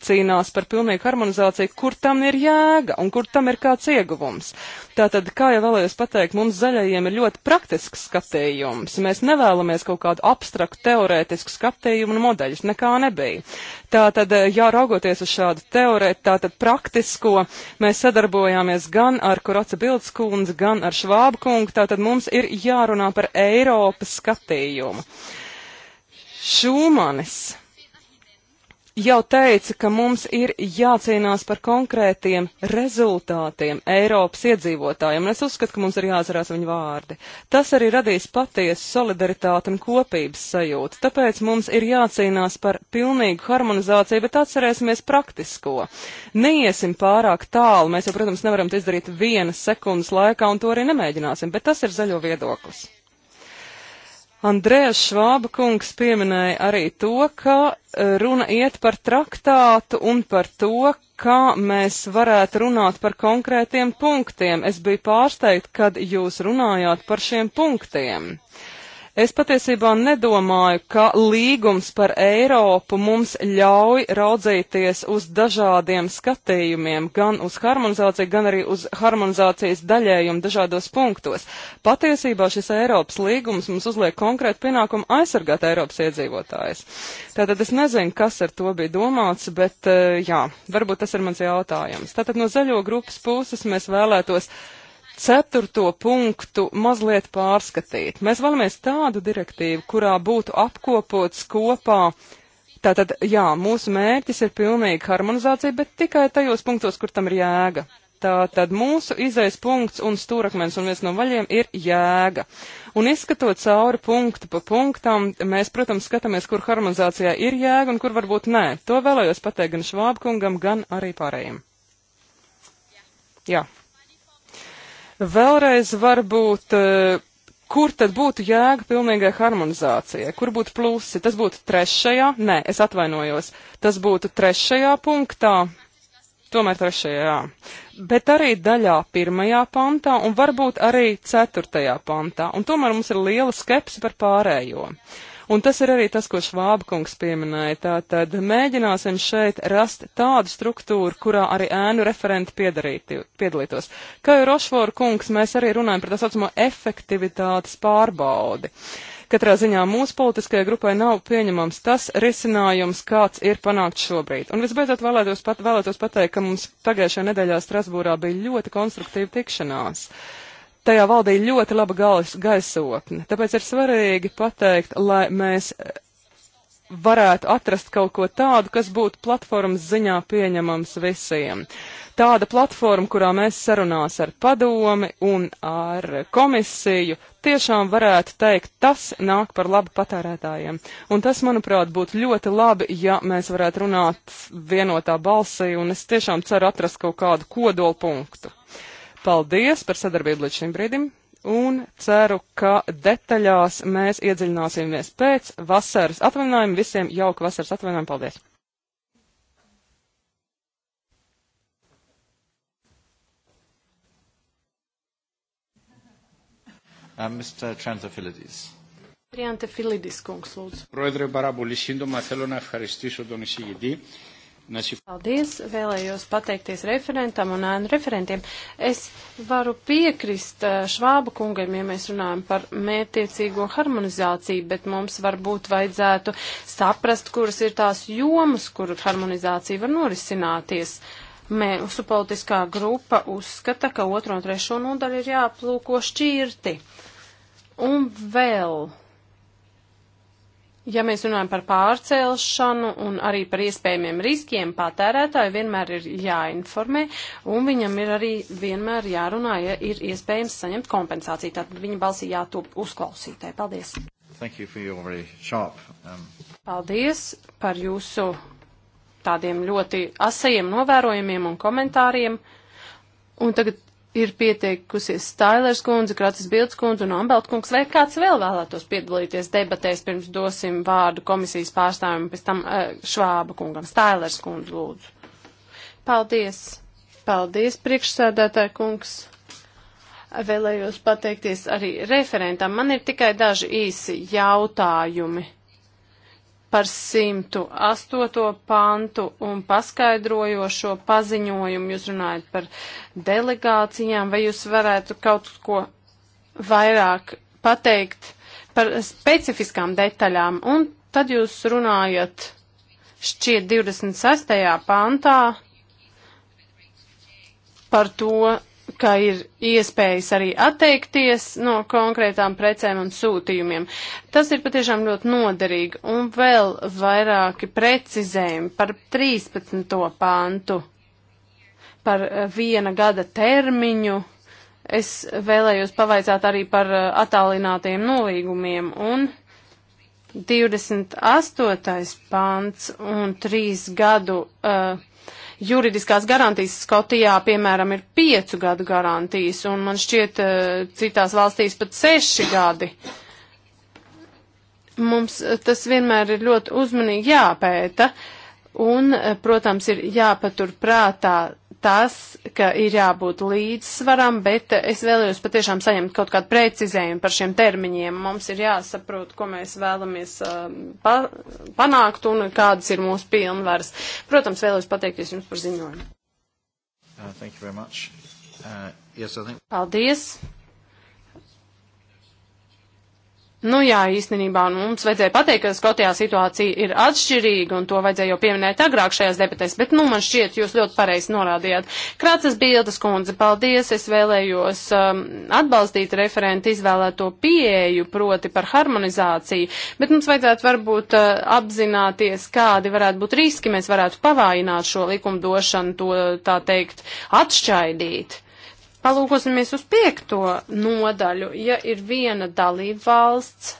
cīnās par pilnīgu harmonizāciju, kur tam ir jēga un kur tam ir kāds ieguvums. Tātad, kā jau vēlējos pateikt, mums zaļajiem ir ļoti praktisks skatījums. Mēs nevēlamies kaut kādu abstraktu teorētisku skatījumu un modeļus. Nekā nebija. Tātad, eh, jā, raugoties uz šādu teorētu, tātad praktisko, mēs sadarbojāmies gan ar Kuraca Bildes kundzi, gan ar Švābu kungu. Tātad mums ir jārunā par Eiropas skatījumu. Šūmanis jau teica, ka mums ir jācīnās par konkrētiem rezultātiem Eiropas iedzīvotājiem, un es uzskatu, ka mums ir jāatcerās viņu vārdi. Tas arī radīs patiesu solidaritāti un kopības sajūtu, tāpēc mums ir jācīnās par pilnīgu harmonizāciju, bet atcerēsimies praktisko. Neiesim pārāk tālu, mēs jau, protams, nevaram to izdarīt vienas sekundes laikā, un to arī nemēģināsim, bet tas ir zaļo viedoklis. Andrēs Švāba kungs pieminēja arī to, ka e, runa iet par traktātu un par to, kā mēs varētu runāt par konkrētiem punktiem. Es biju pārsteigta, kad jūs runājāt par šiem punktiem. Uh, Es patiesībā nedomāju, ka līgums par Eiropu mums ļauj raudzīties uz dažādiem skatījumiem, gan uz harmonizāciju, gan arī uz harmonizācijas daļējumu dažādos punktos. Patiesībā šis Eiropas līgums mums uzliek konkrētu pienākumu aizsargāt Eiropas iedzīvotājus. Tātad es nezinu, kas ar to bija domāts, bet eh, jā, varbūt tas ir mans jautājums. Tātad no zaļo grupas puses mēs vēlētos ceturto punktu mazliet pārskatīt. Mēs vēlamies tādu direktīvu, kurā būtu apkopots kopā. Tātad, jā, mūsu mērķis ir pilnīga harmonizācija, bet tikai tajos punktos, kur tam ir jēga. Tātad mūsu izais punkts un stūrakmens un viens no vaļiem ir jēga. Un izskatot cauri punktu pa punktam, mēs, protams, skatāmies, kur harmonizācijā ir jēga un kur varbūt nē. To vēlējos pateikt gan Švābkungam, gan arī pārējiem. Jā. Yeah. Vēlreiz varbūt, eh, kur tad būtu jēga pilnīgai harmonizācijai, kur būtu plusi? Tas būtu trešajā, nē, es atvainojos, tas būtu trešajā punktā. Tomēr trešajā, jā. Bet arī daļā pirmajā pantā un varbūt arī ceturtajā pantā. Un tomēr mums ir liela skepse par pārējo. Uh, Un tas ir arī tas, ko Švābkungs pieminēja. Tātad mēģināsim šeit rast tādu struktūru, kurā arī ēnu referenti piedalītos. Kā jau Rošvoru kungs, mēs arī runājam par tā saucamo efektivitātes pārbaudi. Katrā ziņā mūsu politiskajai grupai nav pieņemams tas risinājums, kāds ir panākts šobrīd. Un visbeidzot vēlētos, pat, vēlētos pateikt, ka mums pagājušajā nedēļā Strasbūrā bija ļoti konstruktīva tikšanās. Uh, tajā valdīja ļoti laba galis, gaisotne. Tāpēc ir svarīgi pateikt, lai mēs eh, varētu atrast kaut ko tādu, kas būtu platformas ziņā pieņemams visiem. Tāda platforma, kurā mēs sarunās ar padomi un ar komisiju, tiešām varētu teikt, tas nāk par labu patērētājiem. Un tas, manuprāt, būtu ļoti labi, ja mēs varētu runāt vienotā balsī, un es tiešām ceru atrast kaut kādu kodolpunktu. punktu. Paldies par sadarbību līdz šim brīdim un ceru, ka detaļās mēs iedziļināsimies pēc vasaras atvaļinājuma. Visiem jauka vasaras atvaļinājuma. Paldies! Mr. Trantafilidis. Τριαντεφιλίδης, κόγκς, λούτς. Πρόεδρε, πάρα πολύ σύντομα θέλω να ευχαριστήσω τον εισηγητή Paldies, vēlējos pateikties referentam un ēnu referentiem. Es varu piekrist eh, Švāba kungam, ja mēs runājam par mērtiecīgo harmonizāciju, bet mums varbūt vajadzētu saprast, kuras ir tās jomas, kur harmonizācija var norisināties. Mūsu politiskā grupa uzskata, ka otro un trešo nodaļu ir jāplūko šķirti. Un vēl Ja mēs runājam par pārcelšanu un arī par iespējamiem riskiem, patērētāju vienmēr ir jāinformē un viņam ir arī vienmēr jārunā, ja ir iespējams saņemt kompensāciju. Tātad viņa balsī jātop uzklausītē. Paldies! You sharp, um... Paldies par jūsu tādiem ļoti asajiem novērojumiem un komentāriem. Un tagad ir pieteikusies Stailers kundze, Kratis Bildes kundze un Ambelt kungs, vai kāds vēl vēlētos piedalīties debatēs, pirms dosim vārdu komisijas pārstāvjiem, pēc tam eh, Švāba kungam. Stailers kundze, lūdzu. Paldies. Paldies, priekšsēdētāja kungs. Vēlējos pateikties arī referentam. Man ir tikai daži īsi jautājumi par 108. pantu un paskaidrojošo paziņojumu. Jūs runājat par delegācijām, vai jūs varētu kaut ko vairāk pateikt par specifiskām detaļām? Un tad jūs runājat šķiet 26. pantā par to, ka ir iespējas arī atteikties no konkrētām precēm un sūtījumiem. Tas ir patiešām ļoti noderīgi un vēl vairāki precizējumi par 13. pantu, par eh, viena gada termiņu. Es vēlējos pavaicāt arī par eh, attālinātiem nolīgumiem un 28. pants un 3 gadu uh, juridiskās garantijas Skotijā, piemēram, ir piecu gadu garantijas, un man šķiet eh, citās valstīs pat seši gadi. Mums eh, tas vienmēr ir ļoti uzmanīgi jāpēta, un, eh, protams, ir jāpatur prātā tas, ka ir jābūt līdzsvaram, bet es vēlējos patiešām saņemt kaut kādu precizējumu par šiem termiņiem. Mums ir jāsaprot, ko mēs vēlamies uh, pa, panākt un kādas ir mūsu pilnvaras. Protams, vēlējos pateikties jums par ziņojumu. Uh, uh yes, think... Paldies! Nu jā, īstenībā mums vajadzēja pateikt, ka Skotijā situācija ir atšķirīga, un to vajadzēja jau pieminēt agrāk šajās debatēs, bet nu man šķiet, jūs ļoti pareizi norādījāt. Krācas bildes kundze, paldies, es vēlējos um, atbalstīt referentu izvēlēto pieeju, proti par harmonizāciju, bet mums vajadzētu varbūt uh, apzināties, kādi varētu būt riski, mēs varētu pavājināt šo likumdošanu, to tā teikt, atšķaidīt. Uh, Palūkosimies uz piekto nodaļu. Ja ir viena dalība valsts,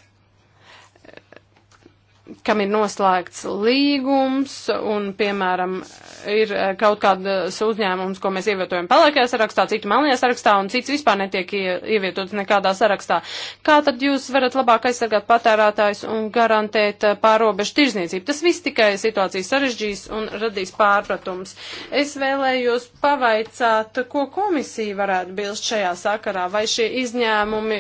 kam ir noslēgts līgums un, piemēram, ir eh, kaut kāds uzņēmums, ko mēs ievietojam pelēkajā sarakstā, citu melnajā sarakstā un cits vispār netiek ievietots nekādā sarakstā. Kā tad jūs varat labāk aizsargāt patērētājs un garantēt eh, pārobežu tirzniecību? Tas viss tikai situācijas sarežģīs un radīs pārpratums. Es vēlējos pavaicāt, ko komisija varētu bilst šajā sakarā, vai šie izņēmumi,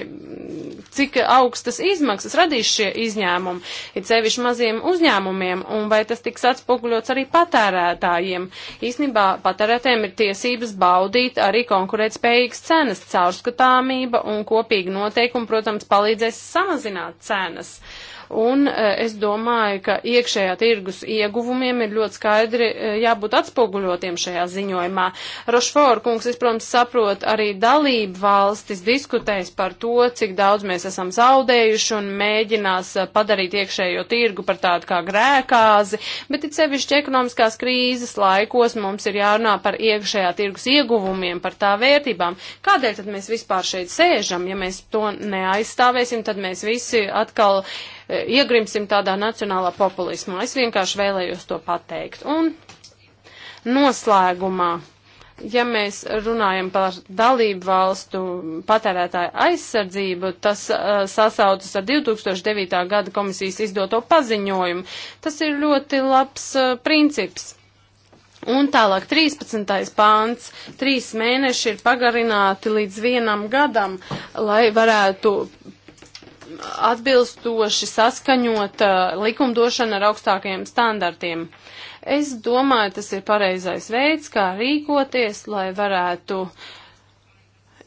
cik augstas izmaksas radīs šie izņēmumi. It sevišķi maziem uzņēmumiem, un vai tas tiks atspoguļots arī patērētājiem. Īsnībā patērētājiem ir tiesības baudīt arī konkurētspējīgas cenas, caurskatāmība un kopīgi noteikumi, protams, palīdzēs samazināt cenas. Uh, un eh, es domāju, ka iekšējā tirgus ieguvumiem ir ļoti skaidri eh, jābūt atspoguļotiem šajā ziņojumā. Rošfor kungs, es, protams, saprot, arī dalību valstis diskutēs par to, cik daudz mēs esam zaudējuši un mēģinās eh, padarīt iekšējo tirgu par tādu kā grēkāzi, bet it sevišķi ekonomiskās krīzes laikos mums ir jārunā par iekšējā tirgus ieguvumiem, par tā vērtībām. Kādēļ tad mēs vispār šeit sēžam, ja mēs to neaizstāvēsim, tad mēs visi atkal uh, E, iegrimsim tādā nacionālā populismā. Es vienkārši vēlējos to pateikt. Un noslēgumā ja mēs runājam par dalību valstu patērētāju aizsardzību, tas uh, sasaucas ar 2009. gada komisijas izdoto paziņojumu. Tas ir ļoti labs uh, princips. Un tālāk 13. pāns, trīs mēneši ir pagarināti līdz vienam gadam, lai varētu atbilstoši saskaņot uh, likumdošana ar augstākajiem standartiem. Es domāju, tas ir pareizais veids, kā rīkoties, lai varētu uh,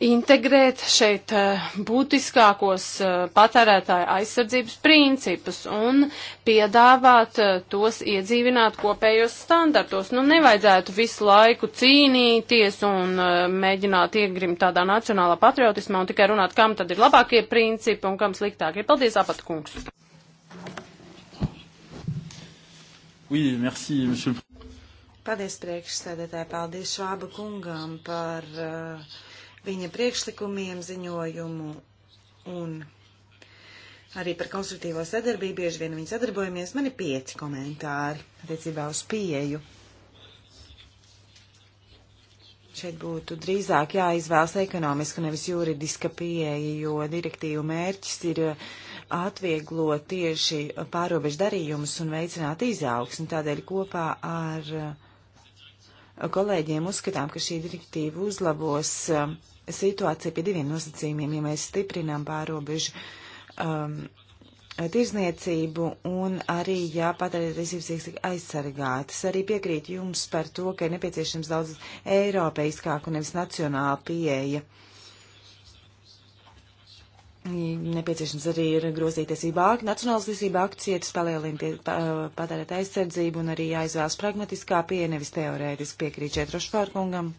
integrēt šeit eh, būtiskākos eh, patērētāju aizsardzības principus un piedāvāt eh, tos iedzīvināt kopējos standartos. Nu, nevajadzētu visu laiku cīnīties un mēģināt iegrimt tādā nacionālā patriotismā un tikai runāt, kam tad ir labākie principi un kam sliktākie. Paldies, apat kungs! Oui, merci, monsieur. Paldies, priekšsēdētāji, paldies Švāba kungam par uh, viņa priekšlikumiem, ziņojumu un arī par konstruktīvo sadarbību. Bieži vien viņi sadarbojamies. Man ir pieci komentāri attiecībā uz pieeju. Šeit būtu drīzāk jāizvēlas ekonomiska, nevis juridiska pieeja, jo direktīvu mērķis ir atvieglot tieši pārobežu darījumus un veicināt izaugsmu. Tādēļ kopā ar kolēģiem uzskatām, ka šī direktīva uzlabos uh, situācija pie diviem nosacījumiem, ja mēs stiprinām pārobežu um, tirzniecību un arī, ja patērētiesības tiek aizsargātas. Arī piekrīt jums par to, ka ir nepieciešams daudz eiropeiskāk un nevis nacionāla pieeja. Nepieciešams arī ir grozīt tiesību aktu, nacionālas tiesību aktu cietas palielina pie, pa, patērēt aizsardzību un arī jāizvēlas pragmatiskā pieeja, nevis teorētiski piekrīt Četrošvārkungam.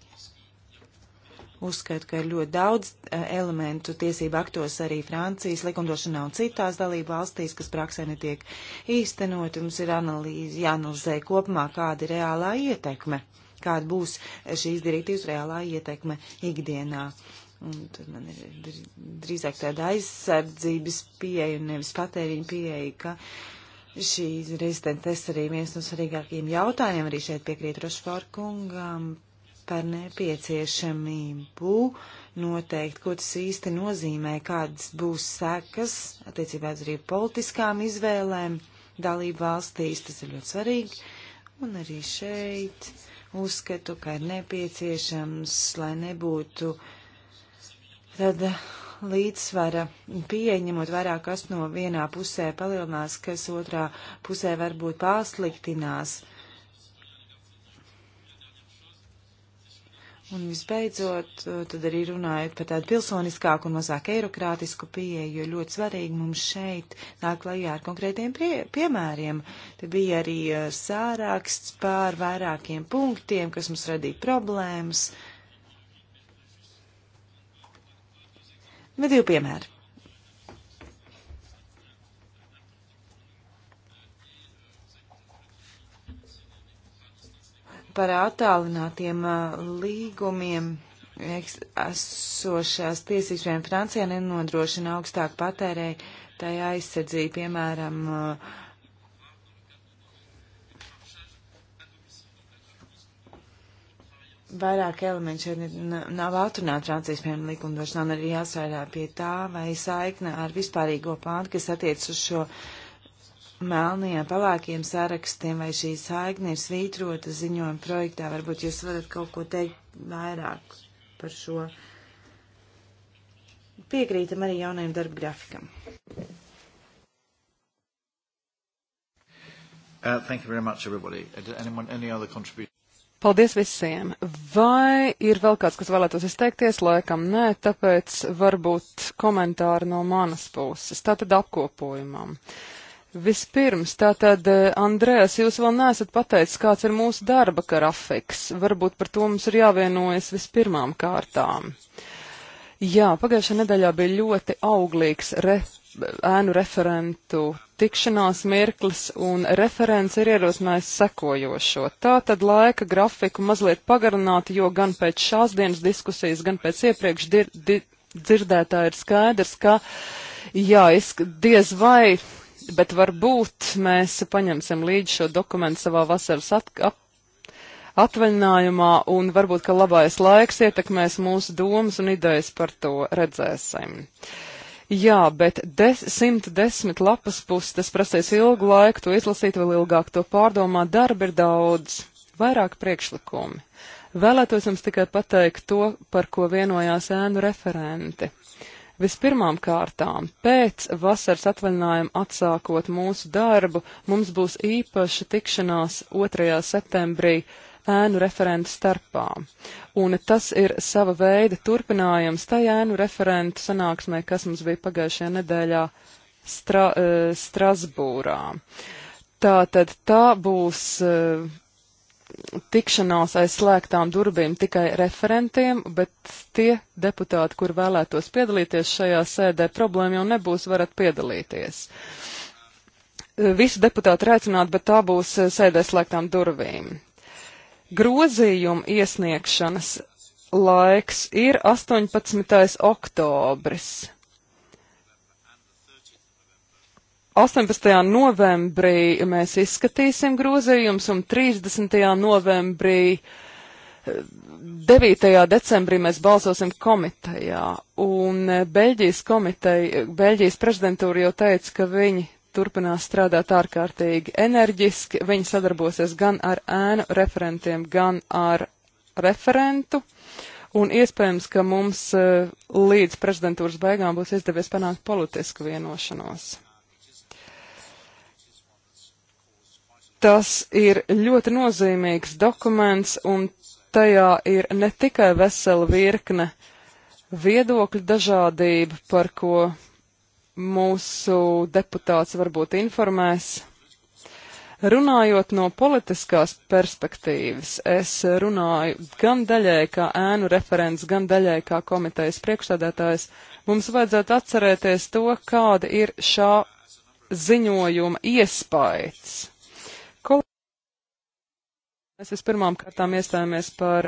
Uzskatu, ka ir ļoti daudz eh, elementu tiesību aktos arī Francijas likumdošanā un citās dalību valstīs, kas praksē netiek īstenoti. Mums ir analīze, jāanalizē kopumā, kāda ir reālā ietekme, kāda būs šīs direktīvas reālā ietekme ikdienā. Un tad man ir drīzāk tāda aizsardzības pieeja un nevis patēriņa pieeja, ka šī rezidenta tests arī viens no svarīgākajiem jautājumiem. Arī šeit piekrīt Rošforkungam par nepieciešamību noteikt, ko tas īsti nozīmē, kādas būs sekas attiecībā uz arī politiskām izvēlēm dalību valstīs. Tas ir ļoti svarīgi. Un arī šeit uzskatu, ka ir nepieciešams, lai nebūtu tāda līdzsvara pieņemot vairāk, kas no vienā pusē palielinās, kas otrā pusē varbūt pārsliktinās. Uh, Un visbeidzot, tad arī runājot par tādu pilsoniskāku un mazāk eirokrātisku pieeju, jo ļoti svarīgi mums šeit nāk klajā ar konkrētiem prie, piemēriem. Te bija arī eh, sāraksts pār vairākiem punktiem, kas mums radīja problēmas. Bet divi piemēri. par attālinātiem līgumiem esošās tiesības vien Francijā nenodrošina augstāk patērēji tajā aizsardzību, piemēram, Vairāk elementi šeit nav atrunāti Francijas piemēram likumdošanā, un arī jāsvērā pie tā, vai saikna ar vispārīgo pāntu, kas attiec uz šo uh, melniem palākiem sarakstiem vai šī saikne ir svītrota ziņojuma projektā. Varbūt jūs varat kaut ko teikt vairāk par šo. Piekrītam arī jaunajam darba grafikam. Uh, thank you very much, everybody. Did uh, anyone, any other contribution? Paldies visiem! Vai ir vēl kāds, kas vēlētos izteikties? Laikam nē, tāpēc varbūt komentāri no manas puses. Tātad apkopojumam. Uh, Vispirms, tātad, eh, Andrēs, jūs vēl neesat pateicis, kāds ir mūsu darba karafiks. Varbūt par to mums ir jāvienojas vispirmām kārtām. Jā, pagājušā nedēļā bija ļoti auglīgs re, ēnu referentu tikšanās mirklis, un referents ir ierosinājis sekojošo. Tātad laika grafiku mazliet pagarināt, jo gan pēc šās dienas diskusijas, gan pēc iepriekš dir, di, dzirdētā ir skaidrs, ka, jā, es diez vai bet varbūt mēs paņemsim līdzi šo dokumentu savā vasaras atkāpē atvaļinājumā, un varbūt, ka labais laiks ietekmēs mūsu domas un idejas par to redzēsim. Jā, bet 110 lapas puses, tas prasīs ilgu laiku, to izlasīt vēl ilgāk, to pārdomāt, darba ir daudz, vairāk priekšlikumi. Vēlētos jums tikai pateikt to, par ko vienojās ēnu referenti. Vispirmām kārtām, pēc vasaras atvaļinājuma atsākot mūsu darbu, mums būs īpaša tikšanās 2. septembrī ēnu referentu starpā. Un tas ir sava veida turpinājums tai ēnu referentu sanāksmē, kas mums bija pagājušajā nedēļā Stra eh, Strasbūrā. Tātad tā būs eh, tikšanās aizslēgtām durvīm tikai referentiem, bet tie deputāti, kur vēlētos piedalīties šajā sēdē, problēma jau nebūs, varat piedalīties. Visi deputāti ir aicināti, bet tā būs eh, sēdē slēgtām durvīm. Grozījumu iesniegšanas laiks ir 18. oktobris. 18. novembrī mēs izskatīsim grozījumus un 30. novembrī, 9. decembrī mēs balsosim komitejā. Un eh, Beļģijas komiteja, Beļģijas prezidentūra jau teica, ka viņi turpinās strādāt ārkārtīgi enerģiski. Viņi sadarbosies gan ar ēnu referentiem, gan ar referentu. Un iespējams, ka mums eh, līdz prezidentūras beigām būs izdevies panākt politisku vienošanos. Tas ir ļoti nozīmīgs dokuments, un tajā ir ne tikai vesela virkne viedokļu dažādība, par ko mūsu deputāts varbūt informēs. Runājot no politiskās perspektīvas, es runāju gan daļai kā ēnu referents, gan daļai kā komitejas priekšsādātājs. Mums vajadzētu atcerēties to, kāda ir šā ziņojuma iespējas. Mēs vispirmām kārtām iestājāmies par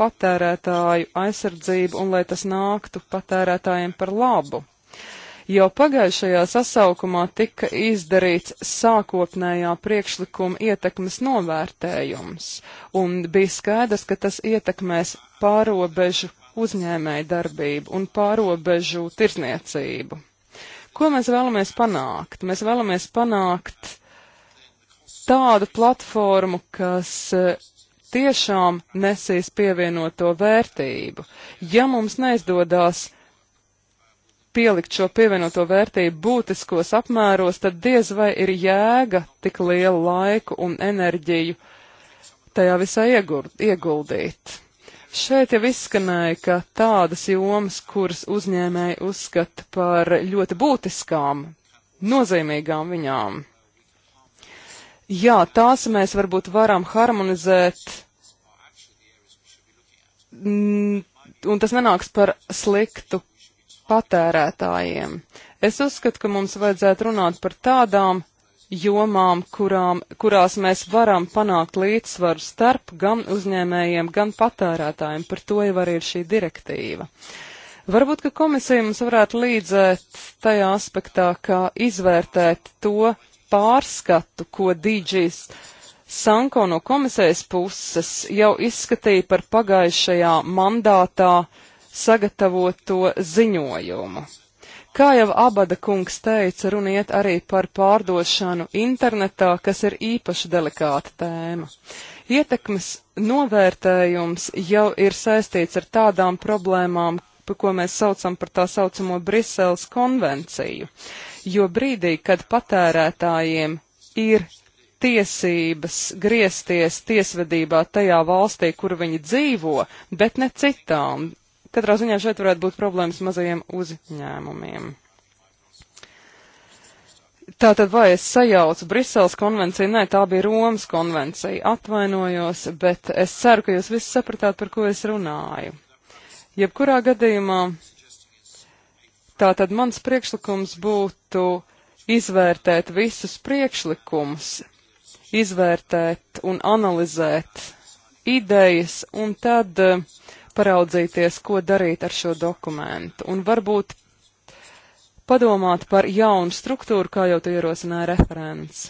patērētāju aizsardzību un lai tas nāktu patērētājiem par labu. Jau pagājušajā sasaukumā tika izdarīts sākotnējā priekšlikuma ietekmes novērtējums, un bija skaidrs, ka tas ietekmēs pārobežu uzņēmēju darbību un pārobežu tirzniecību. Ko mēs vēlamies panākt? Mēs vēlamies panākt tādu platformu, kas eh, tiešām nesīs pievienoto vērtību. Ja mums neizdodas pielikt šo pievienoto vērtību būtiskos apmēros, tad diez vai ir jēga tik lielu laiku un enerģiju tajā visā ieguldīt. Šeit jau izskanēja, ka tādas jomas, kuras uzņēmēji uzskata par ļoti būtiskām, nozīmīgām viņām, Jā, tās mēs varbūt varam harmonizēt, un tas nenāks par sliktu patērētājiem. Es uzskatu, ka mums vajadzētu runāt par tādām jomām, kurām, kurās mēs varam panākt līdzsvaru starp gan uzņēmējiem, gan patērētājiem. Par to jau arī ir šī direktīva. Varbūt, ka komisija mums varētu līdzēt tajā aspektā, kā izvērtēt to, pārskatu, ko DJs Sanko no komisijas puses jau izskatīja par pagājušajā mandātā sagatavoto ziņojumu. Kā jau Abada kungs teica, runiet arī par pārdošanu internetā, kas ir īpaši delikāta tēma. Ietekmes novērtējums jau ir saistīts ar tādām problēmām, pa ko mēs saucam par tā saucamo Briseles konvenciju. Jo brīdī, kad patērētājiem ir tiesības griezties tiesvedībā tajā valstī, kur viņi dzīvo, bet ne citām. Katrā ziņā šeit varētu būt problēmas mazajiem uzņēmumiem. Tātad vai es sajaucu Briseles konvenciju? Nē, tā bija Romas konvencija. Atvainojos, bet es ceru, ka jūs visi sapratāt, par ko es runāju. Jebkurā gadījumā tātad mans priekšlikums būtu izvērtēt visus priekšlikumus, izvērtēt un analizēt idejas un tad eh, paraudzīties, ko darīt ar šo dokumentu. Un varbūt padomāt par jaunu struktūru, kā jau tu ierosināji referents.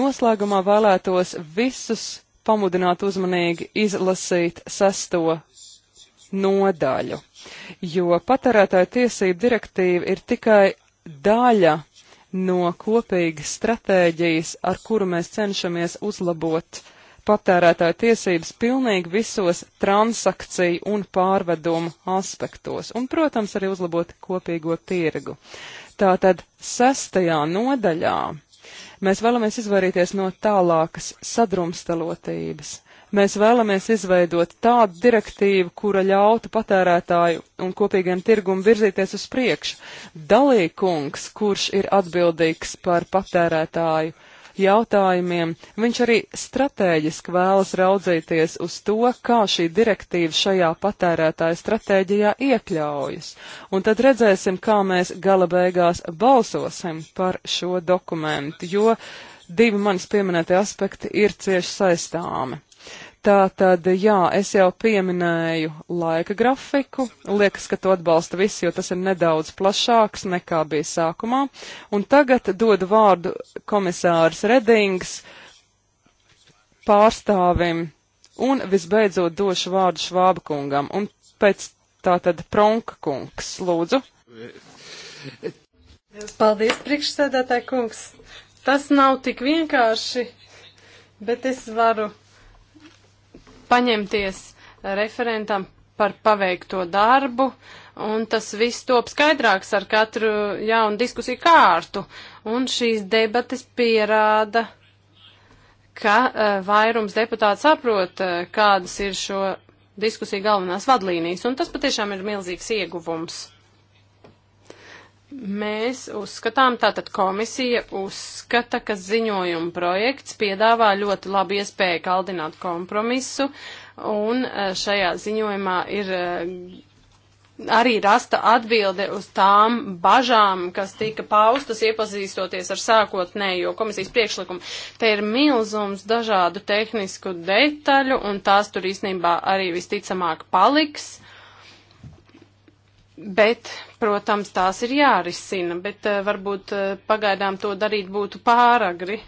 Noslēgumā vēlētos visus pamudināt uzmanīgi izlasīt sesto nodaļu, jo patērētāja tiesība direktīva ir tikai daļa no kopīgas stratēģijas, ar kuru mēs cenšamies uzlabot patērētāja tiesības pilnīgi visos transakciju un pārvedumu aspektos, un, protams, arī uzlabot kopīgo tirgu. Tātad sestajā nodaļā mēs vēlamies izvairīties no tālākas sadrumstalotības. Mēs vēlamies izveidot tādu direktīvu, kura ļautu patērētāju un kopīgiem tirgumu virzīties uz priekšu. Dalīkungs, kurš ir atbildīgs par patērētāju jautājumiem, viņš arī strateģiski vēlas raudzīties uz to, kā šī direktīva šajā patērētāja stratēģijā iekļaujas. Un tad redzēsim, kā mēs gala beigās balsosim par šo dokumentu, jo divi manis pieminētie aspekti ir cieši saistāmi. Tā tad, jā, es jau pieminēju laika grafiku. Liekas, ka to atbalsta visi, jo tas ir nedaudz plašāks nekā bija sākumā. Un tagad dodu vārdu komisārs Redings pārstāvim un visbeidzot došu vārdu Švāba kungam. Un pēc tā tad Pronka kungs, lūdzu. Paldies, priekšsēdētāji kungs. Tas nav tik vienkārši, bet es varu paņemties referentam par paveikto darbu, un tas viss top skaidrāks ar katru jaunu diskusiju kārtu. Un šīs debates pierāda, ka uh, vairums deputāti saprot, uh, kādas ir šo diskusiju galvenās vadlīnijas, un tas patiešām ir milzīgs ieguvums. Mēs uzskatām, tātad komisija uzskata, ka ziņojuma projekts piedāvā ļoti labu iespēju kaldināt kompromisu, un e, šajā ziņojumā ir e, arī rasta atbilde uz tām bažām, kas tika paustas iepazīstoties ar sākotnējo komisijas priekšlikumu. Te ir milzums dažādu tehnisku detaļu, un tās tur īstenībā arī visticamāk paliks. Bet protams, tās ir jārisina, bet eh, varbūt eh, pagaidām to darīt būtu pāragri.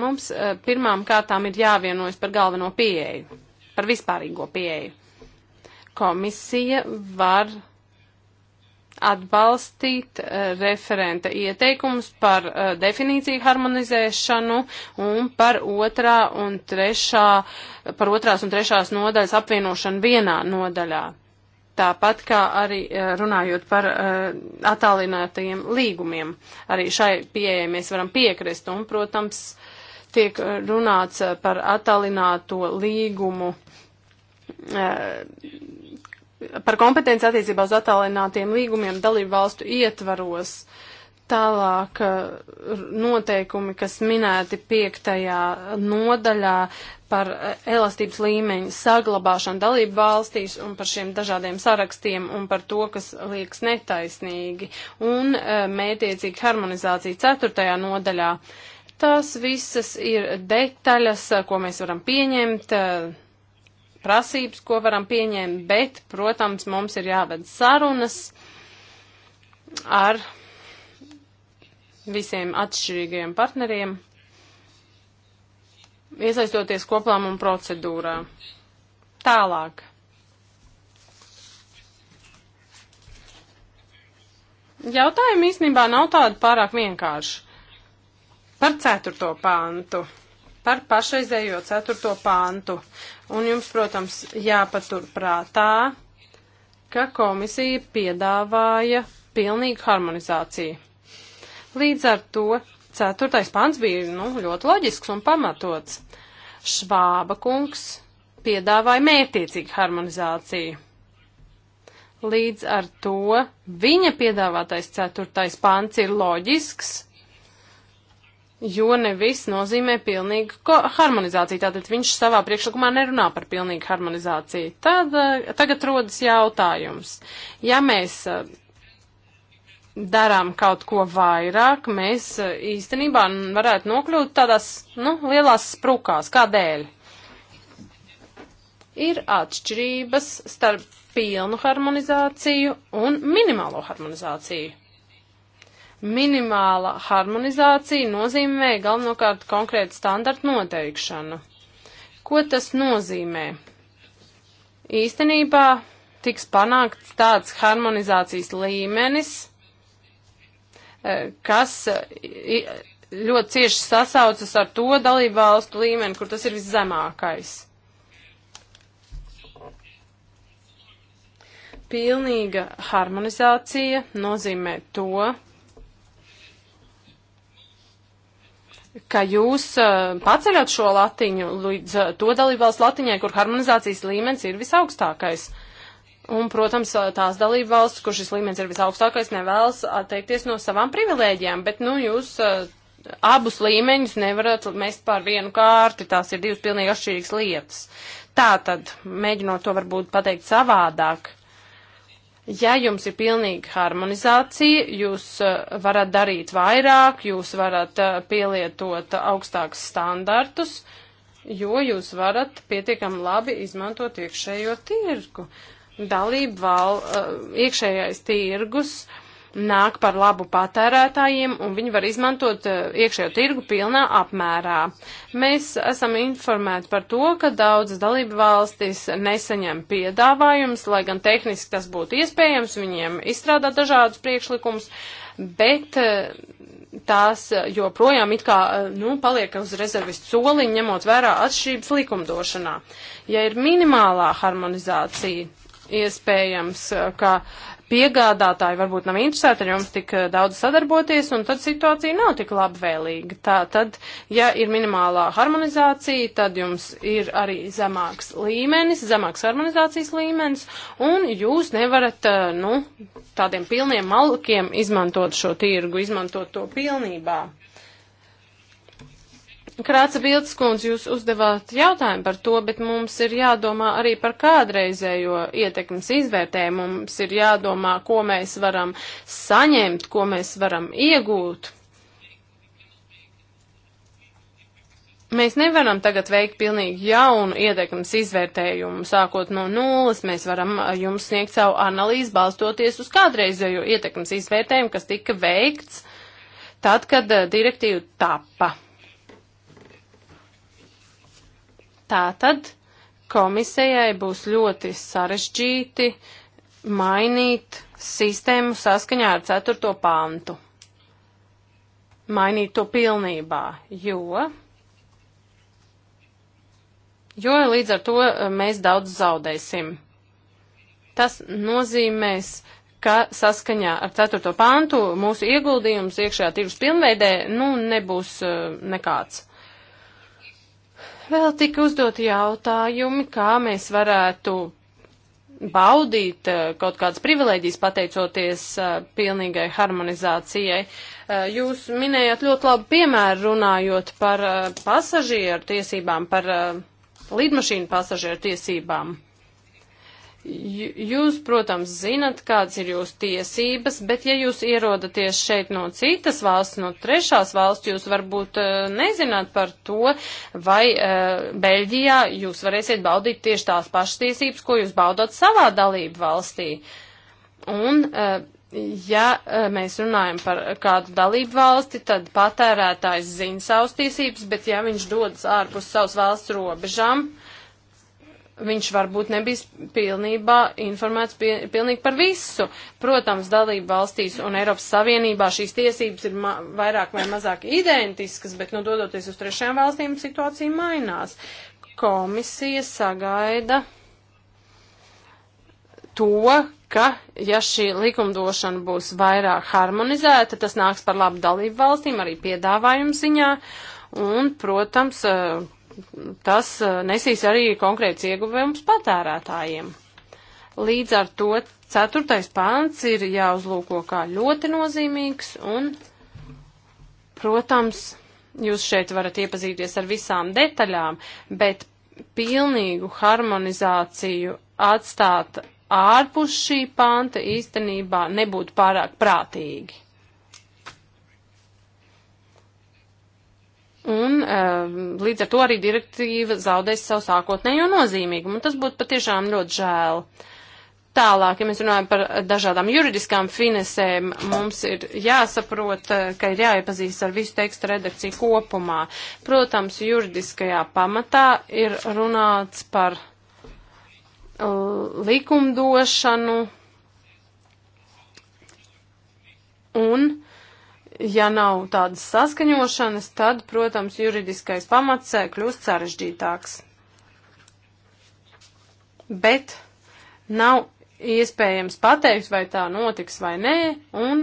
Mums eh, pirmām kārtām ir jāvienojas par galveno pieeju, par vispārīgo pieeju. Komisija var atbalstīt uh, referenta ieteikumus par uh, definīciju harmonizēšanu un par otrā un trešā, par otrās un trešās nodaļas apvienošanu vienā nodaļā. Tāpat kā arī eh, runājot par uh, attālinātajiem līgumiem, arī šai pieejai mēs varam piekrist. Un, protams, tiek eh, runāts par attālināto līgumu, uh, par kompetenci attiecībā uz attālinātiem līgumiem dalību valstu ietvaros. Uh, Tālāk eh, noteikumi, kas minēti piektajā nodaļā par eh, elastības līmeņu saglabāšanu dalību valstīs un par šiem dažādiem sarakstiem un par to, kas liekas netaisnīgi un eh, mētiecīgi harmonizācija ceturtajā nodaļā. Tās visas ir detaļas, ko mēs varam pieņemt, prasības, ko varam pieņemt, bet, protams, mums ir jāved sarunas ar visiem atšķirīgajiem partneriem, iesaistoties koplāmuma procedūrā. Tālāk. Jautājumi īstenībā nav tādi pārāk vienkārši. Par ceturto pāntu, par pašreizējo ceturto pāntu. Un jums, protams, jāpatur prātā, ka komisija piedāvāja pilnīgu harmonizāciju. Līdz ar to ceturtais pants bija nu, ļoti loģisks un pamatots. Švāba kungs piedāvāja mētiecīgu harmonizāciju. Līdz ar to viņa piedāvātais ceturtais pants ir loģisks, jo ne viss nozīmē pilnīgu harmonizāciju. Tātad viņš savā priekšlikumā nerunā par pilnīgu harmonizāciju. Tad, eh, tagad rodas jautājums. Ja mēs eh, darām kaut ko vairāk, mēs e, īstenībā varētu nokļūt tādās, nu, lielās sprukās. Kādēļ? Ir atšķirības starp pilnu harmonizāciju un minimālo harmonizāciju. Minimāla harmonizācija nozīmē galvenokārt konkrētu standartu noteikšanu. Ko tas nozīmē? Īstenībā tiks panākts tāds harmonizācijas līmenis, kas ļoti cieši sasaucas ar to dalību valstu līmeni, kur tas ir viszemākais. Pilnīga harmonizācija nozīmē to, ka jūs uh, paceļat šo latiņu līdz uh, to dalībvalsts latiņai, kur harmonizācijas līmenis ir visaugstākais. Uh, Un, protams, tās dalība valsts, kur šis līmenis ir visaugstākais, nevēlas atteikties no savām privilēģijām, bet, nu, jūs eh, abus līmeņus nevarat mest pār vienu kārti, tās ir divas pilnīgi atšķirīgas lietas. Tā tad, mēģinot to varbūt pateikt savādāk, Ja jums ir pilnīga harmonizācija, jūs eh, varat darīt vairāk, jūs varat eh, pielietot augstākus standartus, jo jūs varat pietiekami labi izmantot iekšējo tirgu dalību val, uh, iekšējais tirgus nāk par labu patērētājiem un viņi var izmantot uh, iekšējo tirgu pilnā apmērā. Mēs esam informēti par to, ka daudzas dalību valstis nesaņem piedāvājumus, lai gan tehniski tas būtu iespējams, viņiem izstrādā dažādus priekšlikumus, bet uh, tās joprojām it kā, nu, paliek uz rezervistu soliņa, ņemot vērā atšķirības likumdošanā. Ja ir minimālā harmonizācija, iespējams, eh, ka piegādātāji varbūt nav interesēti ar jums tik eh, daudz sadarboties, un tad situācija nav tik labvēlīga. Tā tad, ja ir minimālā harmonizācija, tad jums ir arī zemāks līmenis, zemāks harmonizācijas līmenis, un jūs nevarat, eh, nu, tādiem pilniem malkiem izmantot šo tirgu, izmantot to pilnībā. Krāca Bildskundze, jūs uzdevāt jautājumu par to, bet mums ir jādomā arī par kādreizējo ietekmes izvērtējumu. Mums ir jādomā, ko mēs varam saņemt, ko mēs varam iegūt. Mēs nevaram tagad veikt pilnīgi jaunu ietekmes izvērtējumu, sākot no nulles. Mēs varam jums sniegt savu analīzi, balstoties uz kādreizējo ietekmes izvērtējumu, kas tika veikts tad, kad direktīva tappa. Tātad komisijai būs ļoti sarežģīti mainīt sistēmu saskaņā ar 4. pāntu. Mainīt to pilnībā, jo, jo līdz ar to eh, mēs daudz zaudēsim. Tas nozīmēs, ka saskaņā ar 4. pāntu mūsu ieguldījums iekšējā tirgus pilnveidē nu, nebūs eh, nekāds. Vēl tika uzdot jautājumi, kā mēs varētu baudīt eh, kaut kādas privilēģijas pateicoties eh, pilnīgai harmonizācijai. Eh, jūs minējat ļoti labu piemēru runājot par pasažieru tiesībām, par lidmašīnu pasažieru tiesībām. Jūs, protams, zinat, kādas ir jūsu tiesības, bet ja jūs ierodaties šeit no citas valsts, no trešās valsts, jūs varbūt eh, nezināt par to, vai uh, Beļģijā jūs varēsiet baudīt tieši tās pašas tiesības, ko jūs baudat savā dalību valstī. Un, uh, ja mēs runājam par kādu dalību valsti, tad patērētājs zina savas tiesības, bet ja viņš dodas ārpus savas valsts robežām, uh, viņš varbūt nebija pilnībā informēts pie, pilnīgi par visu. Protams, dalību valstīs un Eiropas Savienībā šīs tiesības ir vairāk vai mazāk identiskas, bet, nu, dodoties uz trešajām valstīm, situācija mainās. Komisija sagaida to, ka, ja šī likumdošana būs vairāk harmonizēta, tas nāks par labu dalību valstīm arī piedāvājumu ziņā. Un, protams, uh, tas eh, nesīs arī konkrēts ieguvums patērētājiem. Līdz ar to ceturtais pants ir jāuzlūko kā ļoti nozīmīgs un, protams, jūs šeit varat iepazīties ar visām detaļām, bet pilnīgu harmonizāciju atstāt ārpus šī panta īstenībā nebūtu pārāk prātīgi. Un eh, līdz ar to arī direktīva zaudēs savu sākotnējo nozīmīgumu. Un tas būtu patiešām ļoti žēl. Tālāk, ja mēs runājam par dažādām juridiskām finesēm, mums ir jāsaprot, eh, ka ir jāiepazīst ar visu tekstu redakciju kopumā. Protams, juridiskajā pamatā ir runāts par eh, likumdošanu un uh, ja nav tādas saskaņošanas, tad, protams, juridiskais pamats kļūst sarežģītāks. Bet nav iespējams pateikt, vai tā notiks vai nē, un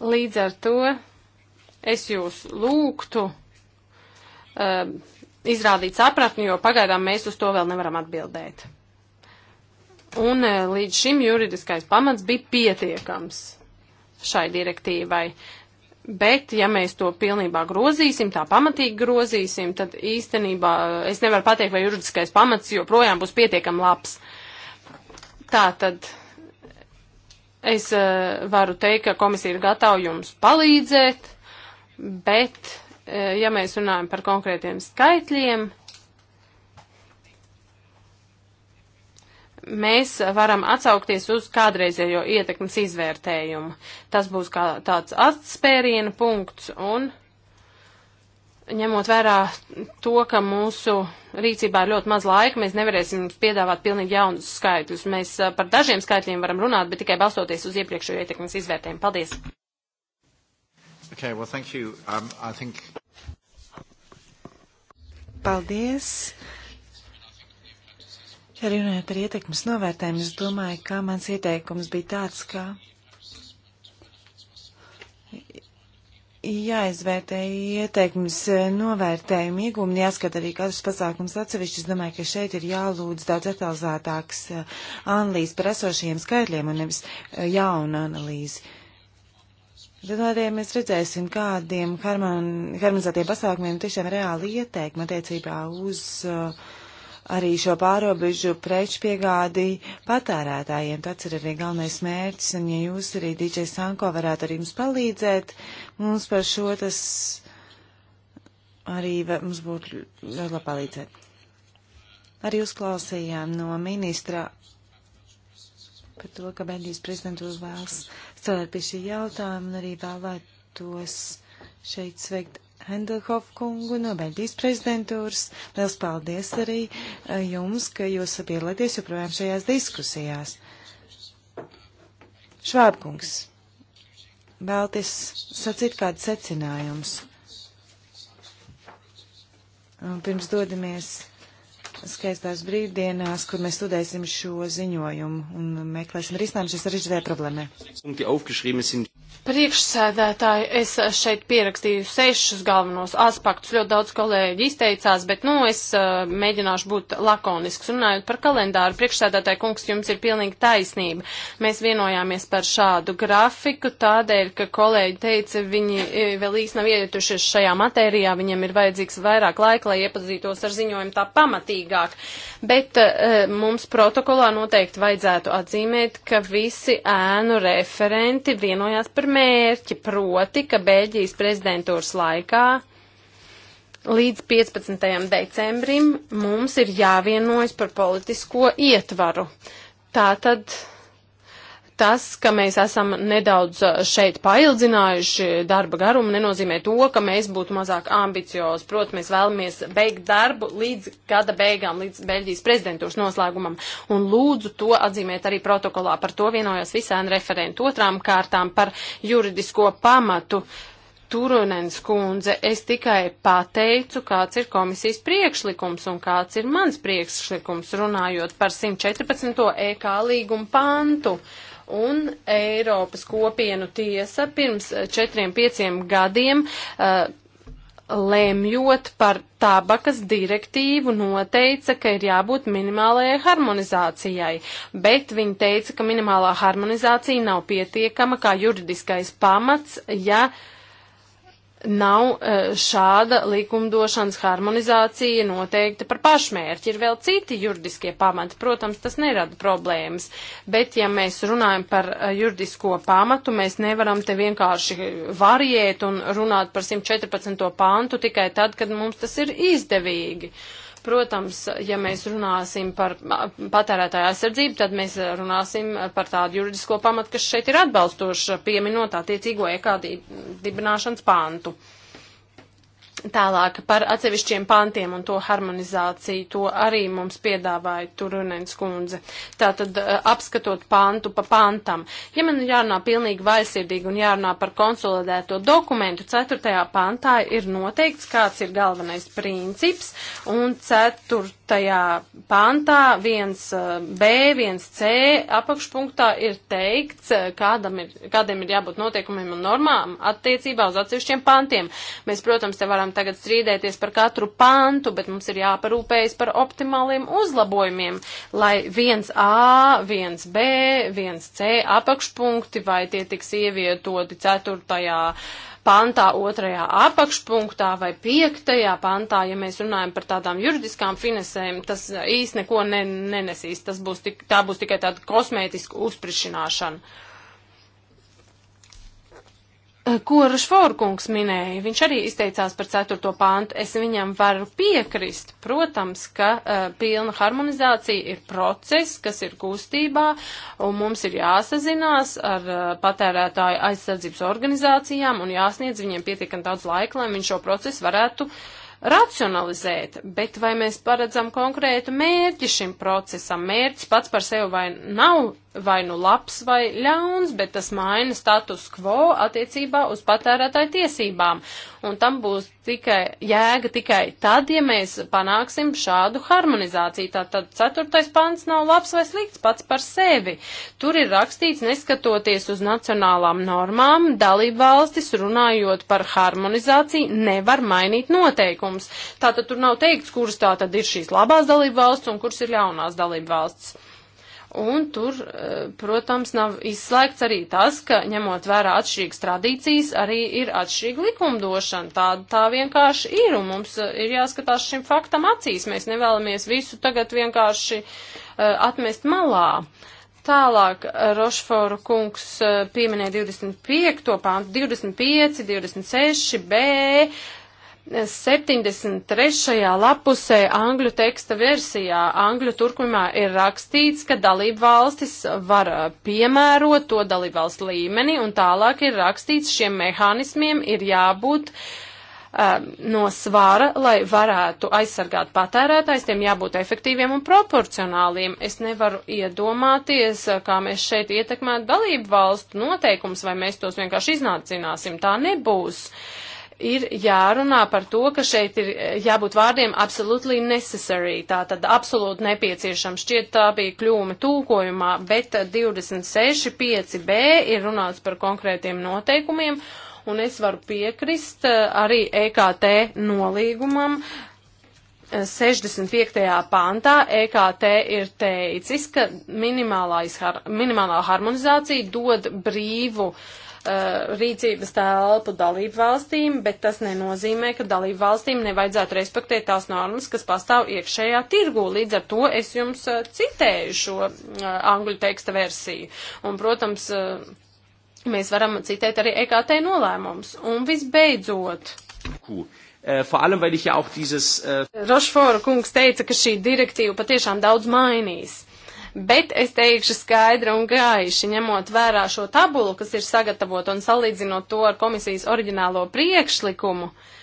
līdz ar to es jūs lūgtu uh, izrādīt sapratni, jo pagaidām mēs uz to vēl nevaram atbildēt. Un uh, līdz šim juridiskais pamats bija pietiekams šai direktīvai. Bet, ja mēs to pilnībā grozīsim, tā pamatīgi grozīsim, tad īstenībā eh, es nevaru pateikt, vai juridiskais pamats joprojām būs pietiekam labs. Tā tad es uh, varu teikt, ka komisija ir gatava jums palīdzēt, bet, uh, ja mēs runājam par konkrētiem skaitļiem, mēs varam atsaukties uz kādreizējo ietekmes izvērtējumu. Tas būs kā tāds atspēriena punkts un ņemot vērā to, ka mūsu rīcībā ir ļoti maz laika, mēs nevarēsim jums piedāvāt pilnīgi jaunus skaitļus. Mēs eh, par dažiem skaitļiem varam runāt, bet tikai balstoties uz iepriekšējo ietekmes izvērtējumu. Paldies! Okay, well, thank you. Um, I think... Paldies! Ja runājot par ietekmes novērtējumu, es domāju, ka mans ieteikums bija tāds, ka jāizvērtē ieteikums novērtējumu iegūmi, jāskata arī katrs pasākums atsevišķi. Es domāju, ka šeit ir jālūdz daudz detalizētāks eh, analīzes par esošajiem skaitļiem un nevis eh, jauna analīze. Tad arī mēs redzēsim, kādiem harmonizētiem pasākumiem tiešām reāli ieteikumi attiecībā uz uh, arī šo pārobežu preču piegādi patērētājiem. Tāds ir arī galvenais mērķis, un ja jūs arī DJ Sanko varētu arī mums palīdzēt, mums par šo tas arī mums būtu ļoti labi palīdzēt. Arī uzklausījām no ministra par to, ka Beļģijas prezidentūra vēlas strādāt pie šī jautājuma un arī vēlētos šeit sveikt Hendelhof kungu no Beļģijas prezidentūras. Liels paldies arī eh, jums, ka jūs piedalāties joprojām šajās diskusijās. Švābkungs, vēlties sacīt kādu secinājumus. Pirms dodamies skaistās brīvdienās, kur mēs studēsim šo ziņojumu un meklēsim risinājumu šai sarežģītajai problēmai. Priekšsēdētāji, es eh, šeit pierakstīju sešus galvenos aspektus. Ļoti daudz kolēģi izteicās, bet, nu, es uh, mēģināšu būt lakonisks. Runājot par kalendāru, priekšsēdētāji kungs, jums ir pilnīgi taisnība. Mēs vienojāmies par šādu grafiku tādēļ, ka kolēģi teica, viņi eh, vēl īsti nav iejutušies šajā matērijā, viņiem ir vajadzīgs vairāk laika, lai iepazītos ar ziņojumu tā pamatīgi svarīgāk. Bet uh, mums protokolā noteikti vajadzētu atzīmēt, ka visi ēnu referenti vienojās par mērķi, proti, ka Bēļģijas prezidentūras laikā līdz 15. decembrim mums ir jāvienojas par politisko ietvaru. Tātad. tad tas, ka mēs esam nedaudz uh, šeit paildzinājuši darba garumu, nenozīmē to, ka mēs būtu mazāk ambiciozi. Protams, mēs vēlamies beigt darbu līdz gada beigām, līdz Beļģijas prezidentūras noslēgumam. Un lūdzu to atzīmēt arī protokolā. Par to vienojos visēn referentu otrām kārtām par juridisko pamatu. Turunens kundze, es tikai pateicu, kāds ir komisijas priekšlikums un kāds ir mans priekšlikums, runājot par 114. EK līgumu pantu. Uh, un Eiropas kopienu tiesa pirms četriem, pieciem gadiem uh, lemjot par tabakas direktīvu, noteica, ka ir jābūt minimālajai harmonizācijai, bet viņi teica, ka minimālā harmonizācija nav pietiekama kā juridiskais pamats, ja uh, nav e, šāda likumdošanas harmonizācija noteikta par pašmērķi. Ir vēl citi juridiskie pamati. Protams, tas nerada problēmas, bet ja mēs runājam par e, juridisko pamatu, mēs nevaram te vienkārši variēt un runāt par 114. pantu tikai tad, kad mums tas ir izdevīgi. Uh, Protams, ja mēs runāsim par patērētāju aizsardzību, tad mēs runāsim par tādu juridisko pamatu, kas šeit ir atbalstoša, pieminot attiecīgo ekādī dibināšanas pāntu. Uh, Tālāk par atsevišķiem pantiem un to harmonizāciju, to arī mums piedāvāja Turunens kundze. Tātad eh, apskatot pantu pa pantam. Ja man jārunā pilnīgi vaisirdīgi un jārunā par konsolidēto dokumentu, 4. pantā ir noteikts, kāds ir galvenais princips, un 4. pantā 1b, eh, 1c apakšpunktā ir teikts, eh, kādam ir, kādiem ir jābūt noteikumiem un normām attiecībā uz atsevišķiem pantiem. Mēs, protams, te varam nevaram tagad strīdēties par katru pantu, bet mums ir jāparūpējas par optimāliem uzlabojumiem, lai 1A, 1B, 1C apakšpunkti vai tie tiks ievietoti 4 pantā, otrajā apakšpunktā vai piektajā pantā, ja mēs runājam par tādām juridiskām finesēm, tas īsti neko ne, nenesīs. Tas būs tik, tā būs tikai tāda kosmētiska uzprišināšana. Eh, ko Rašforkungs minēja, viņš arī izteicās par 4. pāntu. Es viņam varu piekrist, protams, ka uh, pilna harmonizācija ir process, kas ir kustībā, un mums ir jāsazinās ar uh, patērētāju aizsardzības organizācijām un jāsniedz viņiem pietiekami daudz laika, lai viņi šo procesu varētu racionalizēt, bet vai mēs paredzam konkrētu mērķi šim procesam? Mērķis pats par sevi vai nav vai nu labs vai ļauns, bet tas maina status quo attiecībā uz patērētāju tiesībām. Un tam būs tikai jēga tikai tad, ja mēs panāksim šādu harmonizāciju. Tātad ceturtais pants nav labs vai slikts pats par sevi. Tur ir rakstīts, neskatoties uz nacionālām normām, dalībvalstis runājot par harmonizāciju nevar mainīt noteikums. Tātad tur nav teikts, kuras tātad ir šīs labās dalībvalsts un kuras ir ļaunās dalībvalsts. Un tur, e, protams, nav izslēgts arī tas, ka ņemot vērā atšķirīgas tradīcijas, arī ir atšķirīga likumdošana. Tā, tā vienkārši ir, un mums e, ir jāskatās šim faktam acīs. Mēs nevēlamies visu tagad vienkārši uh, atmest malā. Tālāk Rošforu kungs pieminēja 25. pāntu, 25, 26b, 73. lapusē angļu teksta versijā angļu turkumā ir rakstīts, ka dalību valstis var uh, piemērot to dalību valstu līmeni, un tālāk ir rakstīts, šiem mehānismiem ir jābūt uh, no svara, lai varētu aizsargāt patērētājs, tiem jābūt efektīviem un proporcionāliem. Es nevaru iedomāties, uh, kā mēs šeit ietekmētu dalību valstu noteikums, vai mēs tos vienkārši iznācināsim. Tā nebūs. Uh, ir jārunā par to, ka šeit ir jābūt vārdiem absolutely necessary, tā tad absolūti nepieciešams. Šķiet, tā bija kļūme tūkojumā, bet 26.5b ir runāts par konkrētiem noteikumiem, un es varu piekrist eh, arī EKT nolīgumam, 65. Eh, pantā EKT ir teicis, ka minimālā harmonizācija dod brīvu uh, rīcības telpu dalību valstīm, bet tas nenozīmē, ka dalību valstīm nevajadzētu respektēt tās normas, kas pastāv iekšējā tirgū. Līdz ar to es jums uh, citēju šo uh, angļu teksta versiju. Un, protams, uh, mēs varam citēt arī EKT nolēmums. Un visbeidzot. Cool. Eh, vor allem, weil ich ja auch dieses. Eh, Rošfora kungs teica, ka šī direktīva patiešām daudz mainīs bet es teikšu skaidri un gaiši, ņemot vērā šo tabulu, kas ir sagatavota un salīdzinot to ar komisijas oriģinālo priekšlikumu. Uh,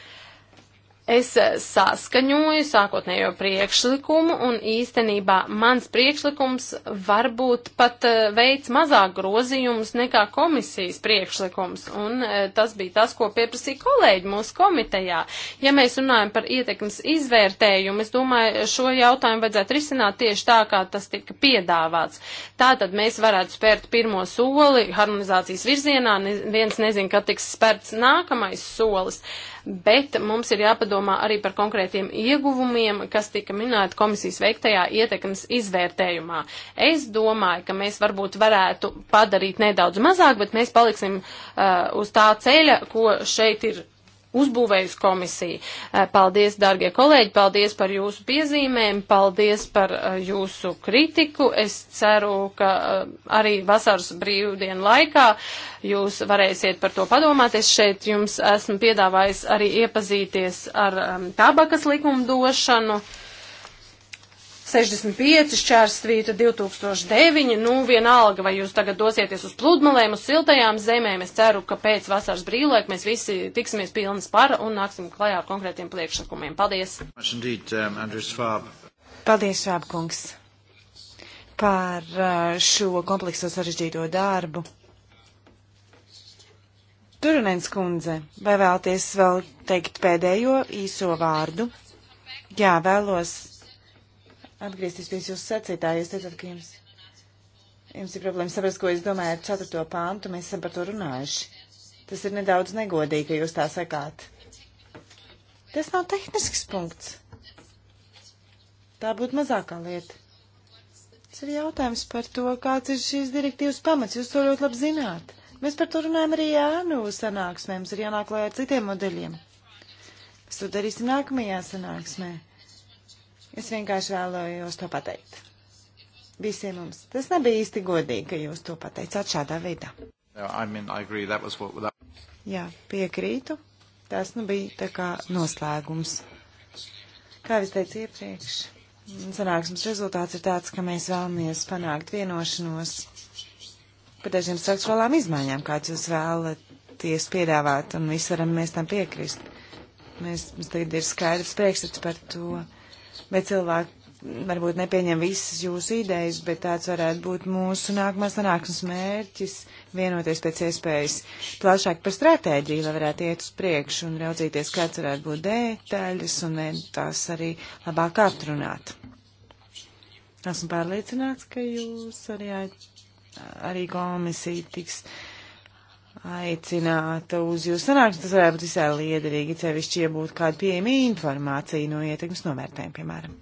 es eh, saskaņoju sākotnējo priekšlikumu, un īstenībā mans priekšlikums varbūt pat eh, veids mazāk grozījumus nekā komisijas priekšlikums, un eh, tas bija tas, ko pieprasīja kolēģi mūsu komitejā. Ja mēs runājam par ietekmes izvērtējumu, es domāju, šo jautājumu vajadzētu risināt tieši tā, kā tas tika piedāvāts. Tātad mēs varētu spērt pirmo soli harmonizācijas virzienā, ne, viens nezin, kad tiks spērts nākamais solis, bet mums ir jāpadomā, jādomā arī par konkrētiem ieguvumiem, kas tika minēti komisijas veiktajā ietekmes izvērtējumā. Es domāju, ka mēs varbūt varētu padarīt nedaudz mazāk, bet mēs paliksim uh, uz tā ceļa, ko šeit ir uzbūvējas komisija. Eh, paldies, dārgie kolēģi, paldies par jūsu piezīmēm, paldies par eh, jūsu kritiku. Es ceru, ka eh, arī vasaras brīvdienu laikā jūs varēsiet par to padomāt. Es šeit jums esmu piedāvājis arī iepazīties ar tabakas likumdošanu. došanu 65 šķērsvīta 2009, nu vienalga, vai jūs tagad dosieties uz pludmalēm, uz siltajām zemēm, es ceru, ka pēc vasaras brīvlaika mēs visi tiksimies pilni spara un nāksim klajā ar konkrētiem priekšlikumiem. Paldies! Um, Paldies, Šābkungs, par uh, šo komplekso sarežģīto darbu. Turunens kundze, vai vēlties vēl teikt pēdējo īso vārdu? Jā, vēlos atgriezties pie jūsu sacītā. Jūs teicat, ka jums, jums ir problēma saprast, ko jūs domājat 4. pāntu. Mēs esam par to runājuši. Tas ir nedaudz negodīgi, ka jūs tā sakāt. Tas nav tehnisks punkts. Tā būtu mazākā lieta. Tas ir jautājums par to, kāds ir šīs direktīvas pamats. Jūs to ļoti labi zināt. Mēs par to runājam arī Jānu sanāksmē. Mums ir jānāk lai ar citiem modeļiem. Mēs to darīsim nākamajā sanāksmē. Es vienkārši vēlējos to pateikt. Visiem mums. Tas nebija īsti godīgi, ka jūs to pateicāt šādā veidā. I mean, I agree, that was what, that... Jā, piekrītu. Tas nu bija tā kā noslēgums. Kā es teicu iepriekš, sanāksmes rezultāts ir tāds, ka mēs vēlamies panākt vienošanos par dažiem seksuālām izmaiņām, kāds jūs vēlaties piedāvāt, un visi varam mēs tam piekrist. Mēs, mums tagad ir skaidrs priekšstats par to, bet cilvēki varbūt nepieņem visas jūsu idejas, bet tāds varētu būt mūsu nākamās sanāksmes mērķis - vienoties pēc iespējas plašāk par stratēģiju, lai varētu iet uz priekšu un raudzīties, kāds varētu būt detaļas un tās arī labāk atrunāt. Esmu pārliecināts, ka jūs arī, arī komisija tiks. Uh, aicināta uz jūsu sanāksmi, tas varētu būt visai liederīgi, cevišķi, ja būtu kāda pieejama informācija no ietekmes novērtējuma, piemēram.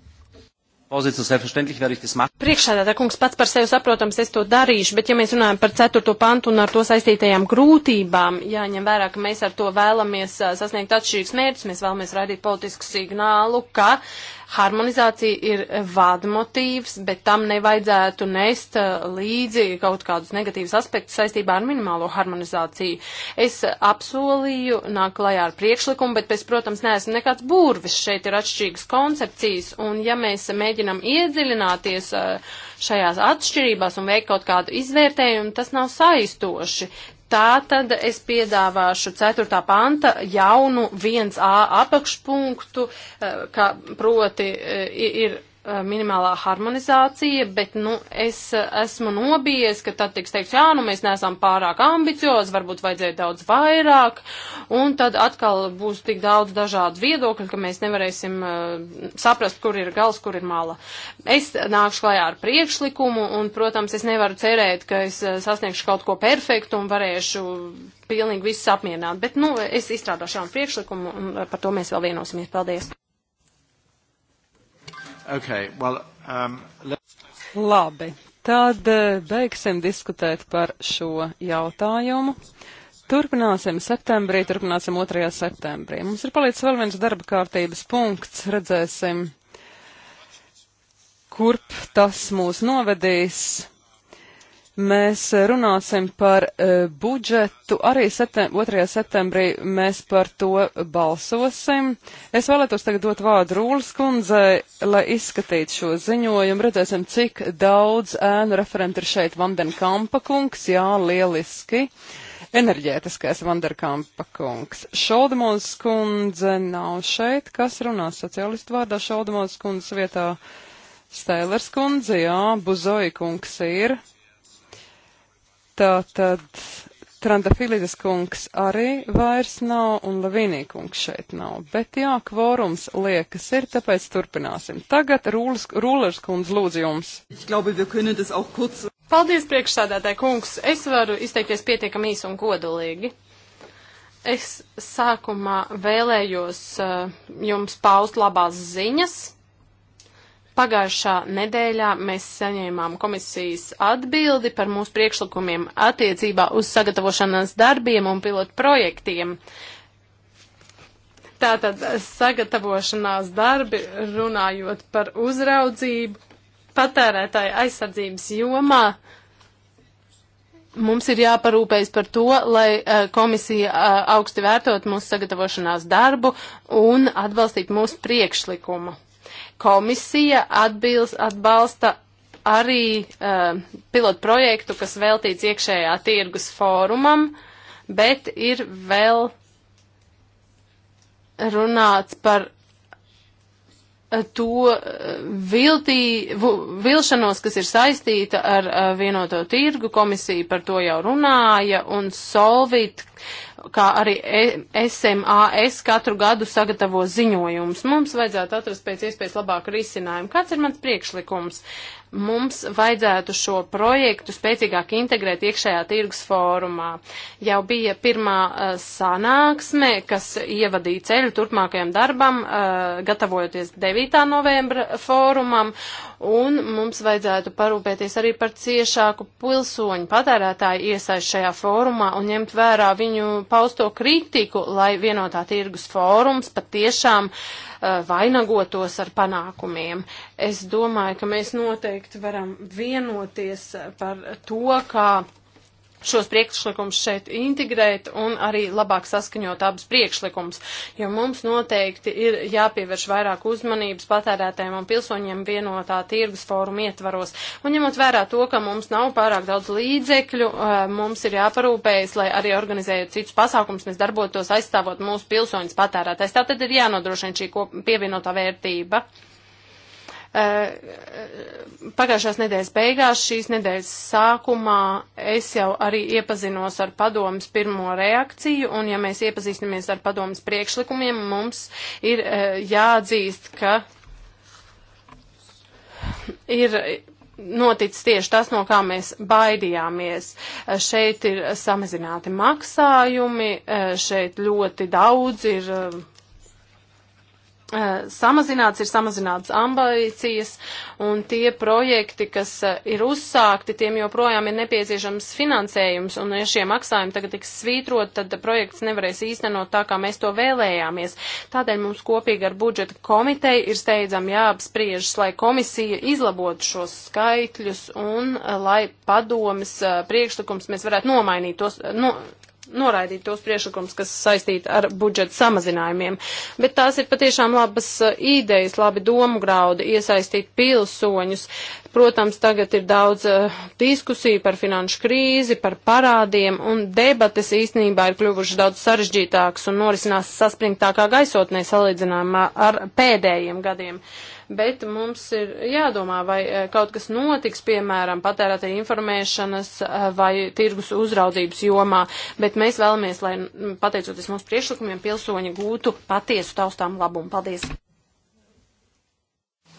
Priekšsēdētā kungs pats par sevi saprotams, es to darīšu, bet ja mēs runājam par 4. pantu un ar to saistītajām grūtībām, jāņem vērā, ka mēs ar to vēlamies sasniegt atšķirīgs mērķis, mēs vēlamies raidīt politisku signālu, ka uh, Harmonizācija ir vadmotīvs, bet tam nevajadzētu nest uh, līdzi kaut kādus negatīvus aspektus saistībā ar minimālo harmonizāciju. Es apsolīju nāk klajā ar priekšlikumu, bet, pēc, protams, neesmu nekāds būrvis. Šeit ir atšķirīgas koncepcijas, un ja mēs mēģinam iedziļināties uh, šajās atšķirībās un veikt kaut kādu izvērtējumu, tas nav saistoši. Tā tad es piedāvāšu 4. panta jaunu 1a apakšpunktu, eh, ka proti eh, ir Eh, minimālā harmonizācija, bet, nu, es esmu nobijies, ka tad tiks teiks, jā, nu, mēs neesam pārāk ambiciozi, varbūt vajadzēja daudz vairāk, un tad atkal būs tik daudz dažādu viedokļu, ka mēs nevarēsim uh, saprast, kur ir gals, kur ir mala. Es nākšu klajā ar priekšlikumu, un, protams, es nevaru cerēt, ka es eh, sasniegšu kaut ko perfektu un varēšu pilnīgi visus apmierināt, bet, nu, es izstrādāšu jaunu priekšlikumu, un par to mēs vēl vienosimies. Paldies! Okay, well, um, let's... Labi, tad eh, beigsim diskutēt par šo jautājumu. Turpināsim septembrī, turpināsim 2. septembrī. Mums ir palicis vēl viens darba kārtības punkts, redzēsim, kurp tas mūs novedīs. Mēs eh, runāsim par uh, budžetu. Arī septem 2. septembrī mēs par to balsosim. Es vēlētos tagad dot vārdu Rūlas kundzei, lai izskatītu šo ziņojumu. Redzēsim, cik daudz ēnu referenti ir šeit. Vandenkampa kungs, jā, lieliski. Enerģētiskais Vandenkampa kungs. Šoldemons kundze nav šeit. Kas runās socialistu vārdā Šoldemons kundzes vietā? Stēlers kundze, jā, Buzoja kungs ir. Tā tad Trandafilidis kungs arī vairs nav un Lavīnī kungs šeit nav. Bet jā, kvorums liekas ir, tāpēc turpināsim. Tagad Rūles, Rūlers kundz lūdzu jums. Paldies, priekšsādātāji kungs. Es varu izteikties pietiekami īsi un godolīgi. Es sākumā vēlējos uh, jums paust labās ziņas Pagājušā nedēļā mēs saņēmām komisijas atbildi par mūsu priekšlikumiem attiecībā uz sagatavošanās darbiem un pilotu projektiem. Tātad sagatavošanās darbi, runājot par uzraudzību, patērētāju aizsardzības jomā, mums ir jāparūpējas par to, lai eh, komisija eh, augsti vērtot mūsu sagatavošanās darbu un atbalstītu mūsu priekšlikumu. Komisija atbils, atbalsta arī uh, um, pilotu projektu, kas veltīts iekšējā tirgus fórumam, bet ir vēl runāts par uh, to uh, viltī, vilšanos, kas ir saistīta ar uh, vienoto tirgu, komisija par to jau runāja, un Solvit kā arī SMAS e, katru gadu sagatavo ziņojumus. Mums vajadzētu atrast pēc iespējas labāku risinājumu. Kāds ir mans priekšlikums? Mums vajadzētu šo projektu spēcīgāk integrēt iekšējā tirgus fórumā. Jau bija pirmā uh, sanāksme, kas ievadīja ceļu turpmākajam darbam, uh, gatavojoties 9. novembra fórumam, un mums vajadzētu parūpēties arī par ciešāku pilsoņu patērētāju iesaist šajā fórumā un ņemt vērā viņu pausto kritiku, lai vienotā tirgus fórums patiešām uh, vainagotos ar panākumiem. Es domāju, ka mēs noteikti varam vienoties par to, kā šos priekšlikumus šeit integrēt un arī labāk saskaņot abus priekšlikumus, jo mums noteikti ir jāpievērš vairāk uzmanības patērētājiem un pilsoņiem vienotā tirgus fóruma ietvaros. Un ņemot vērā to, ka mums nav pārāk daudz līdzekļu, eh, mums ir jāparūpējas, lai arī organizējot citus pasākumus, mēs darbotos aizstāvot mūsu pilsoņus patērētājs. Tātad ir jānodrošina šī pienovienotā vērtība. Eh, pagājušās nedēļas beigās, šīs nedēļas sākumā es jau arī iepazinos ar padomas pirmo reakciju, un ja mēs iepazīstamies ar padomas priekšlikumiem, mums ir eh, jāatzīst, ka ir noticis tieši tas, no kā mēs baidījāmies. Eh, šeit ir samazināti maksājumi, šeit ļoti daudz ir Eh, samazināts, ir samazināts ambīcijas, un tie projekti, kas eh, ir uzsākti, tiem joprojām ir nepieciešams finansējums, un ja šie maksājumi tagad tiks svītrot, tad projekts nevarēs īstenot tā, kā mēs to vēlējāmies. Tādēļ mums kopīgi ar budžeta komiteju ir steidzam jāapspriežas, lai komisija izlabotu šos skaitļus un eh, lai padomas priekšlikums mēs varētu nomainīt tos, no, noraidīt tos priešlikums, kas saistīti ar budžeta samazinājumiem. Bet tās ir patiešām labas uh, idejas, labi domu graudi, iesaistīt pilsoņus. Protams, tagad ir daudz uh, diskusiju par finanšu krīzi, par parādiem, un debates īstenībā ir kļuvušas daudz sarežģītākas un norisinās saspringtākā gaisotnē salīdzinājumā ar pēdējiem gadiem. Uh, bet mums ir jādomā, vai eh, kaut kas notiks, piemēram, patērētāja informēšanas eh, vai tirgus uzraudzības jomā, bet mēs vēlamies, lai mm, pateicoties mūsu priešlikumiem, pilsoņi gūtu patiesu taustām labumu. Paldies!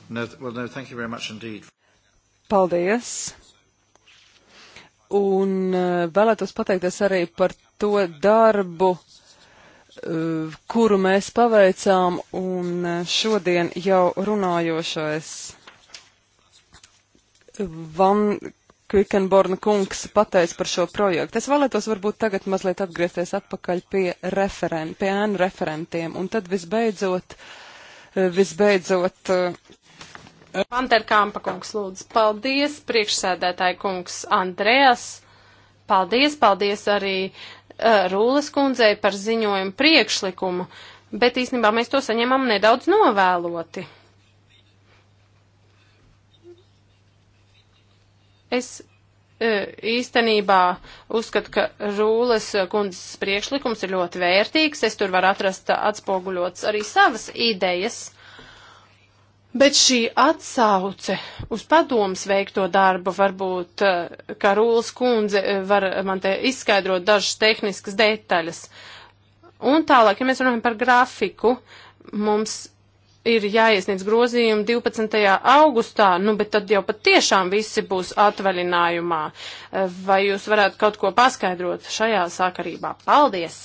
No, well, no, thank you very much indeed. Paldies! Un eh, vēlētos pateikties arī par to darbu, Eh, kuru mēs paveicām, un eh, šodien jau runājošais Van Kvikenborna kungs pateica par šo projektu. Es vēlētos varbūt tagad mazliet atgriezties atpakaļ pie, referen, pie ēnu referentiem, un tad visbeidzot, eh, visbeidzot. Panterkampa kungs lūdzu, paldies, priekšsēdētāji kungs Andrejas. Paldies, paldies arī Uh, Rūles kundzei par ziņojumu priekšlikumu, bet īstenībā mēs to saņemam nedaudz novēloti. Es uh, īstenībā uzskatu, ka Rūles kundzes priekšlikums ir ļoti vērtīgs. Es tur varu atrast atspoguļots arī savas idejas. Bet šī atsauce uz padomus veikto darbu varbūt, eh, kā Rūlas kundze eh, var man te izskaidrot dažas tehniskas detaļas. Un tālāk, ja mēs runājam par grafiku, mums ir jāiesniedz grozījumi 12. augustā, nu, bet tad jau patiešām visi būs atvaļinājumā. Eh, vai jūs varētu kaut ko paskaidrot šajā sākarībā? Paldies!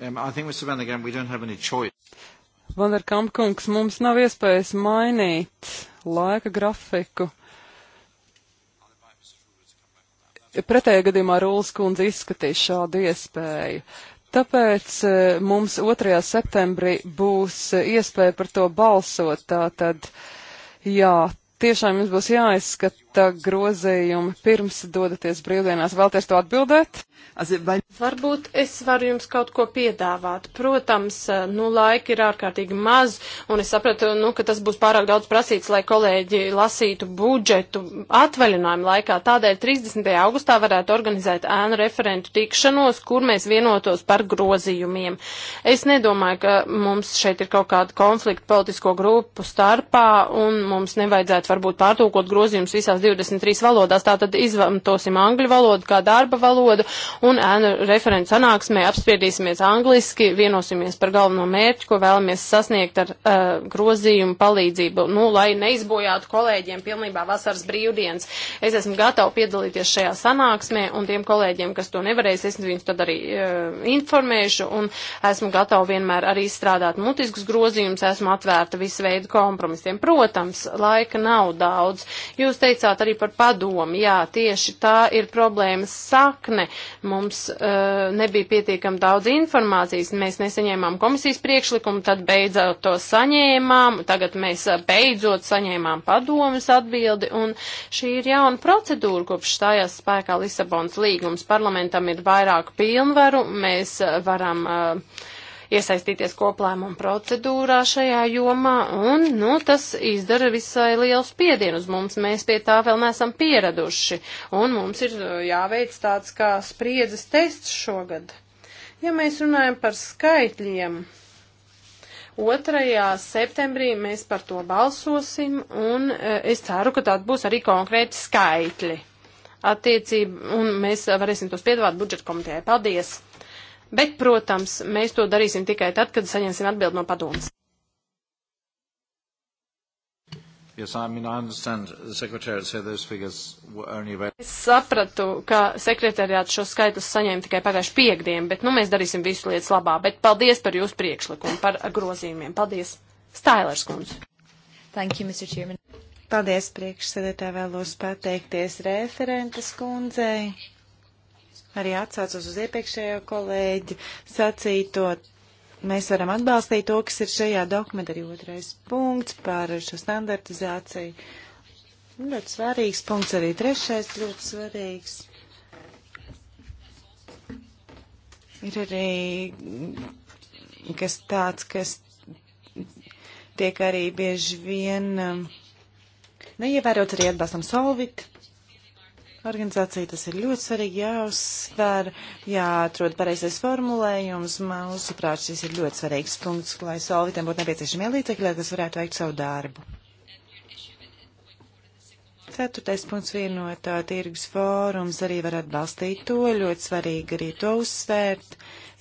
Um, I think, Mr. Vanderkamp, we don't have any choice. Vanderkamp kungs, mums nav iespējas mainīt laika grafiku. Pretējā gadījumā Rūlas kundze izskatīs šādu iespēju. Tāpēc eh, mums 2. septembrī būs eh, iespēja par to balsot. Tātad, jā, tiešām jums būs jāizskata budžeta grozījumi pirms dodaties brīvdienās. Vēlties to atbildēt? Varbūt es varu jums kaut ko piedāvāt. Protams, eh, nu laika ir ārkārtīgi maz, un es sapratu, nu, ka tas būs pārāk daudz prasīts, lai kolēģi lasītu budžetu atvaļinājumu laikā. Tādēļ 30. augustā varētu organizēt ēnu referentu tikšanos, kur mēs vienotos par grozījumiem. Es nedomāju, ka mums šeit ir kaut kāda konflikta politisko grupu starpā, un mums nevajadzētu varbūt pārtūkot grozījumus visās visās 23 valodās, tātad izmantosim angļu valodu kā darba valodu un ēnu referents sanāksmē apspriedīsimies angliski, vienosimies par galveno mērķu, ko vēlamies sasniegt ar uh, grozījumu palīdzību, nu, lai neizbojātu kolēģiem pilnībā vasaras brīvdienas. Es esmu gatava piedalīties šajā sanāksmē un tiem kolēģiem, kas to nevarēs, es viņus tad arī uh, informēšu un esmu gatava vienmēr arī strādāt mutiskus grozījumus, esmu atvērta visu veidu kompromisiem. Protams, laika nav daudz. Jūs teicāt, maksāt arī par padomu. Jā, tieši tā ir problēmas sakne. Mums uh, nebija pietiekam daudz informācijas, mēs nesaņēmām komisijas priekšlikumu, tad beidzot to saņēmām, tagad mēs eh, beidzot saņēmām padomas atbildi, un šī ir jauna procedūra, kopš stājās spēkā Lisabons līgums. Parlamentam ir vairāk pilnvaru, mēs eh, varam. Uh, iesaistīties koplēmuma procedūrā šajā jomā, un, nu, tas izdara visai lielu spiedienu uz mums. Mēs pie tā vēl neesam pieraduši, un mums ir uh, jāveic tāds kā spriedzes tests šogad. Ja mēs runājam par skaitļiem, 2. septembrī mēs par to balsosim, un uh, es ceru, ka tāda būs arī konkrēti skaitļi attiecību, un mēs varēsim tos piedāvāt budžeta komitejai. Paldies! Bet, protams, mēs to darīsim tikai tad, kad saņemsim atbildi no padomas. Yes, I mean, I understand the secretary said those figures were only available. Es sapratu, ka sekretariāts šo skaitus saņēma tikai pagājuši piekdien, bet nu mēs darīsim visu lietas labā. Bet paldies par jūsu priekšlikumu, par grozījumiem. Paldies. Stailers kundze. Thank you, Mr. Chairman. Paldies priekšsēdētāji vēlos pateikties referentes kundzei arī atsācos uz iepriekšējo kolēģi sacīto. Mēs varam atbalstīt to, kas ir šajā dokumentā arī otrais punkts par šo standartizāciju. Ļoti svarīgs punkts, arī trešais ļoti svarīgs. Ir arī kas tāds, kas tiek arī bieži vien um, neievērots arī atbalstam solvit organizācija tas ir ļoti svarīgi jāuzsver, jāatrod pareizais formulējums. Mūsuprāt, šis ir ļoti svarīgs punkts, lai solvitiem būtu nepieciešami līdzekļi, lai tas varētu veikt savu darbu. Ceturtais punkts vienotā tirgus fórums arī var atbalstīt to, ļoti svarīgi arī to uzsvērt.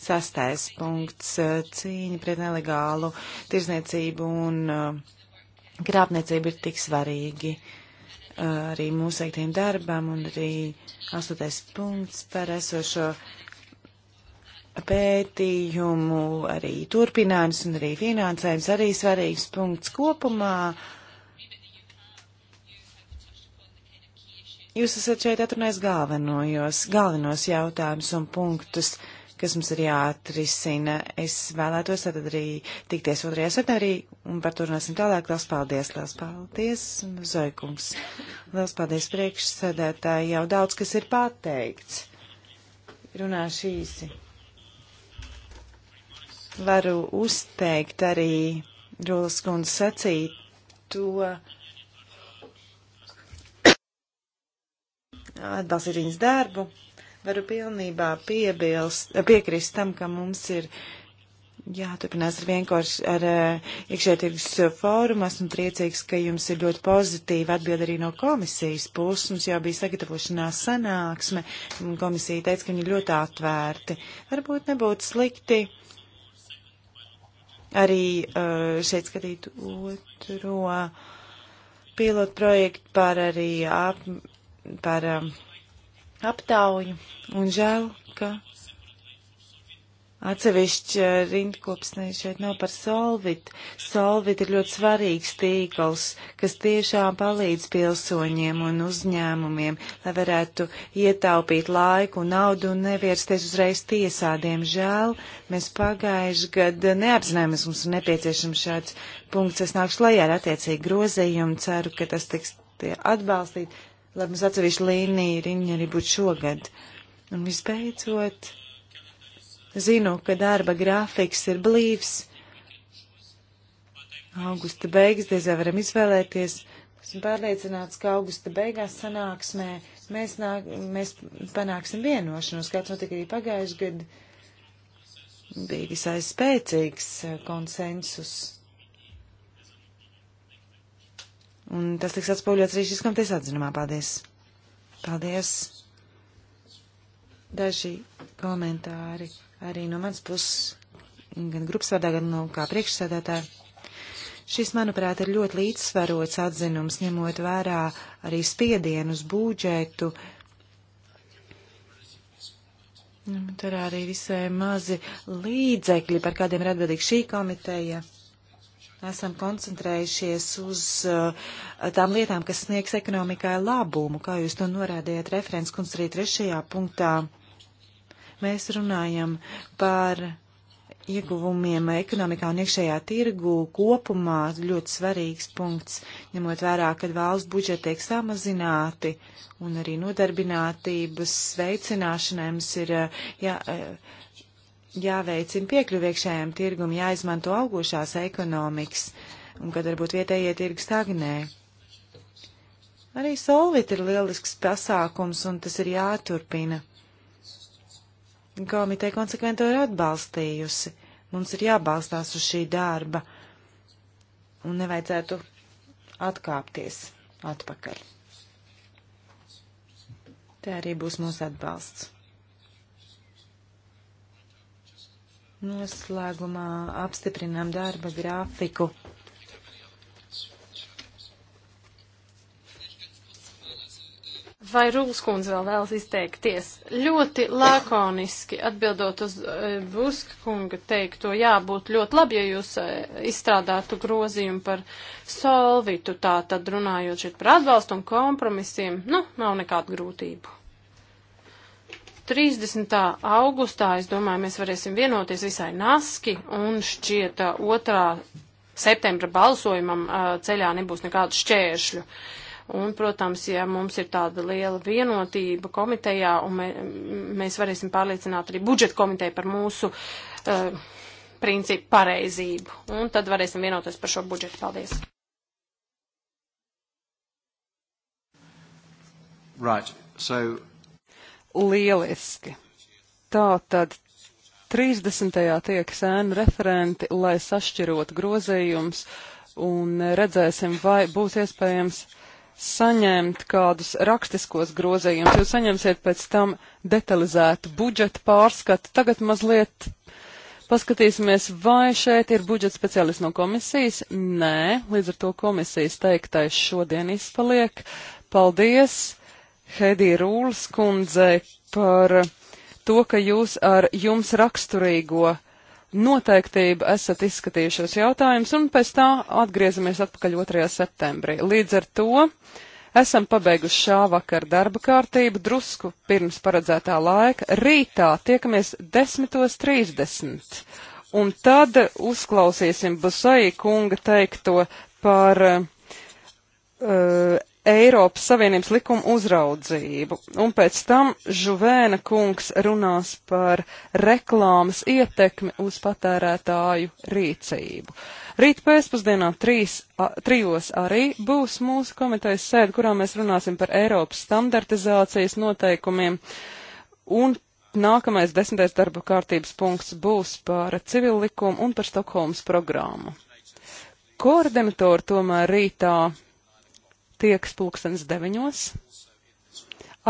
Sastais punkts - cīņa pret nelegālu tirzniecību un uh, krāpniecību ir tik svarīgi. Uh, arī mūsu veiktiem darbam un arī astotais punkts par esošo pētījumu, arī turpinājums un arī finansējums, arī svarīgs punkts kopumā. Jūs esat šeit atrunājis galvenojos, galvenos jautājumus un punktus. Uh, kas mums ir jāatrisina. Es vēlētos tad arī tikties 2. septembrī un par to runāsim tālāk. Liels paldies, liels paldies, Zoikungs. Liels paldies priekšsēdētāji, jau daudz kas ir pateikts. Runāšu īsi. Varu uzteikt arī Rūlas kundze sacīt to. atbalstīt viņas darbu. Varu pilnībā piebilst, piekrist tam, ka mums ir jāturpinās ar vienkārši ar uh, eh, iekšētirgus fórumu. Esmu priecīgs, ka jums ir ļoti pozitīva atbild arī no komisijas puses. Mums jau bija sagatavošanās sanāksme, un komisija teica, ka viņi ir ļoti atvērti. Varbūt nebūtu slikti arī uh, šeit skatīt otro pilotu projektu par arī ap, par um, aptauju un žēl, ka Atsevišķi eh, rindkopsnē šeit nav par solvit. Solvit ir ļoti svarīgs tīkls, kas tiešām palīdz pilsoņiem un uzņēmumiem, lai varētu ietaupīt laiku un naudu un nevērsties uzreiz tiesā. Diemžēl mēs pagājuši gadu neapzināmies, mums ir nepieciešams šāds punkts. Es nākšu lajā ar attiecīgi grozījumu, ceru, ka tas tiks atbalstīt lai mums atsevišķa līnija riņa arī būtu šogad. Un visbeidzot, zinu, ka darba grafiks ir blīvs. Augusta beigas diez vai varam izvēlēties. Esmu pārliecināts, ka augusta beigās sanāksmē mēs, nāk, mēs panāksim vienošanos, kāds notika arī pagājuši gadu. Bija visai spēcīgs konsensus Un tas tiks atspoguļots arī šis komitejas atzinumā. Paldies! Paldies! Daži komentāri arī no manas puses, gan grupas vārdā, gan no kā priekšsēdētāja. Šis, manuprāt, ir ļoti līdzsvarots atzinums, ņemot vērā arī spiedienu uz būdžetu. Tur arī visai mazi līdzekļi, par kādiem ir atbildīga šī komiteja esam koncentrējušies uz uh, tām lietām, kas sniegs ekonomikai labumu, kā jūs to norādījāt referents kundz arī trešajā punktā. Mēs runājam par ieguvumiem ekonomikā un iekšējā tirgu kopumā ļoti svarīgs punkts, ņemot vērā, kad valsts budžeti tiek samazināti un arī nodarbinātības veicināšanai mums ir eh, jā, eh, jāveicina piekļuviekšējiem tirgum, jāizmanto augušās ekonomikas, un kad varbūt vietējie tirgi stagnē. Arī solvit ir lielisks pasākums, un tas ir jāturpina. Komiteja konsekventi to ir atbalstījusi. Mums ir jābalstās uz šī darba, un nevajadzētu atkāpties atpakaļ. Te arī būs mūsu atbalsts. Noslēgumā apstiprinām darba grafiku. Vai Rūlas kundze vēl vēlas izteikties? Ļoti lakoniski atbildot uz eh, Buska kunga teikto, jā, būtu ļoti labi, ja jūs eh, izstrādātu grozījumu par solvitu, tā tad runājot šeit par atbalstu un kompromisiem, nu, nav nekādu grūtību. 30. augustā, es domāju, mēs varēsim vienoties visai naski un šķiet 2. septembra balsojumam ceļā nebūs nekādu šķēršļu. Un, protams, ja mums ir tāda liela vienotība komitejā un mē, mēs varēsim pārliecināt arī budžeta komiteju par mūsu uh, principu pareizību, un tad varēsim vienoties par šo budžetu. Paldies! Right. So Lieliski. Tā tad 30. tiek sēna referenti, lai sašķirot grozējums un redzēsim, vai būs iespējams saņemt kādus rakstiskos grozējumus. Jūs saņemsiet pēc tam detalizētu budžeta pārskatu. Tagad mazliet paskatīsimies, vai šeit ir budžeta speciālists no komisijas. Nē, līdz ar to komisijas teiktais šodien izpaliek. Paldies! Heidī Rūls kundzei par to, ka jūs ar jums raksturīgo noteiktību esat izskatījušos jautājumus, un pēc tā atgriezamies atpakaļ 2. septembrī. Līdz ar to esam pabeiguši šā vakara darba kārtību drusku pirms paredzētā laika. Rītā tiekamies 10.30, un tad uzklausīsim Busai kunga teikto par uh, Eiropas Savienības likuma uzraudzību. Un pēc tam Žuvēna kungs runās par reklāmas ietekmi uz patērētāju rīcību. Rīt pēcpusdienā trīs, a, trijos arī būs mūsu komitejas sēde, kurā mēs runāsim par Eiropas standartizācijas noteikumiem. Un nākamais desmitais darba kārtības punkts būs par civilu likumu un par Stokholmas programmu. Koordinatori tomēr rītā tieks pulkstens deviņos,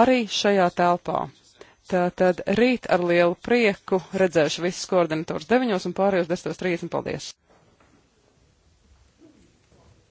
arī šajā telpā. Tātad rīt ar lielu prieku redzēšu visus koordinators deviņos un pārējos 10.30. Paldies!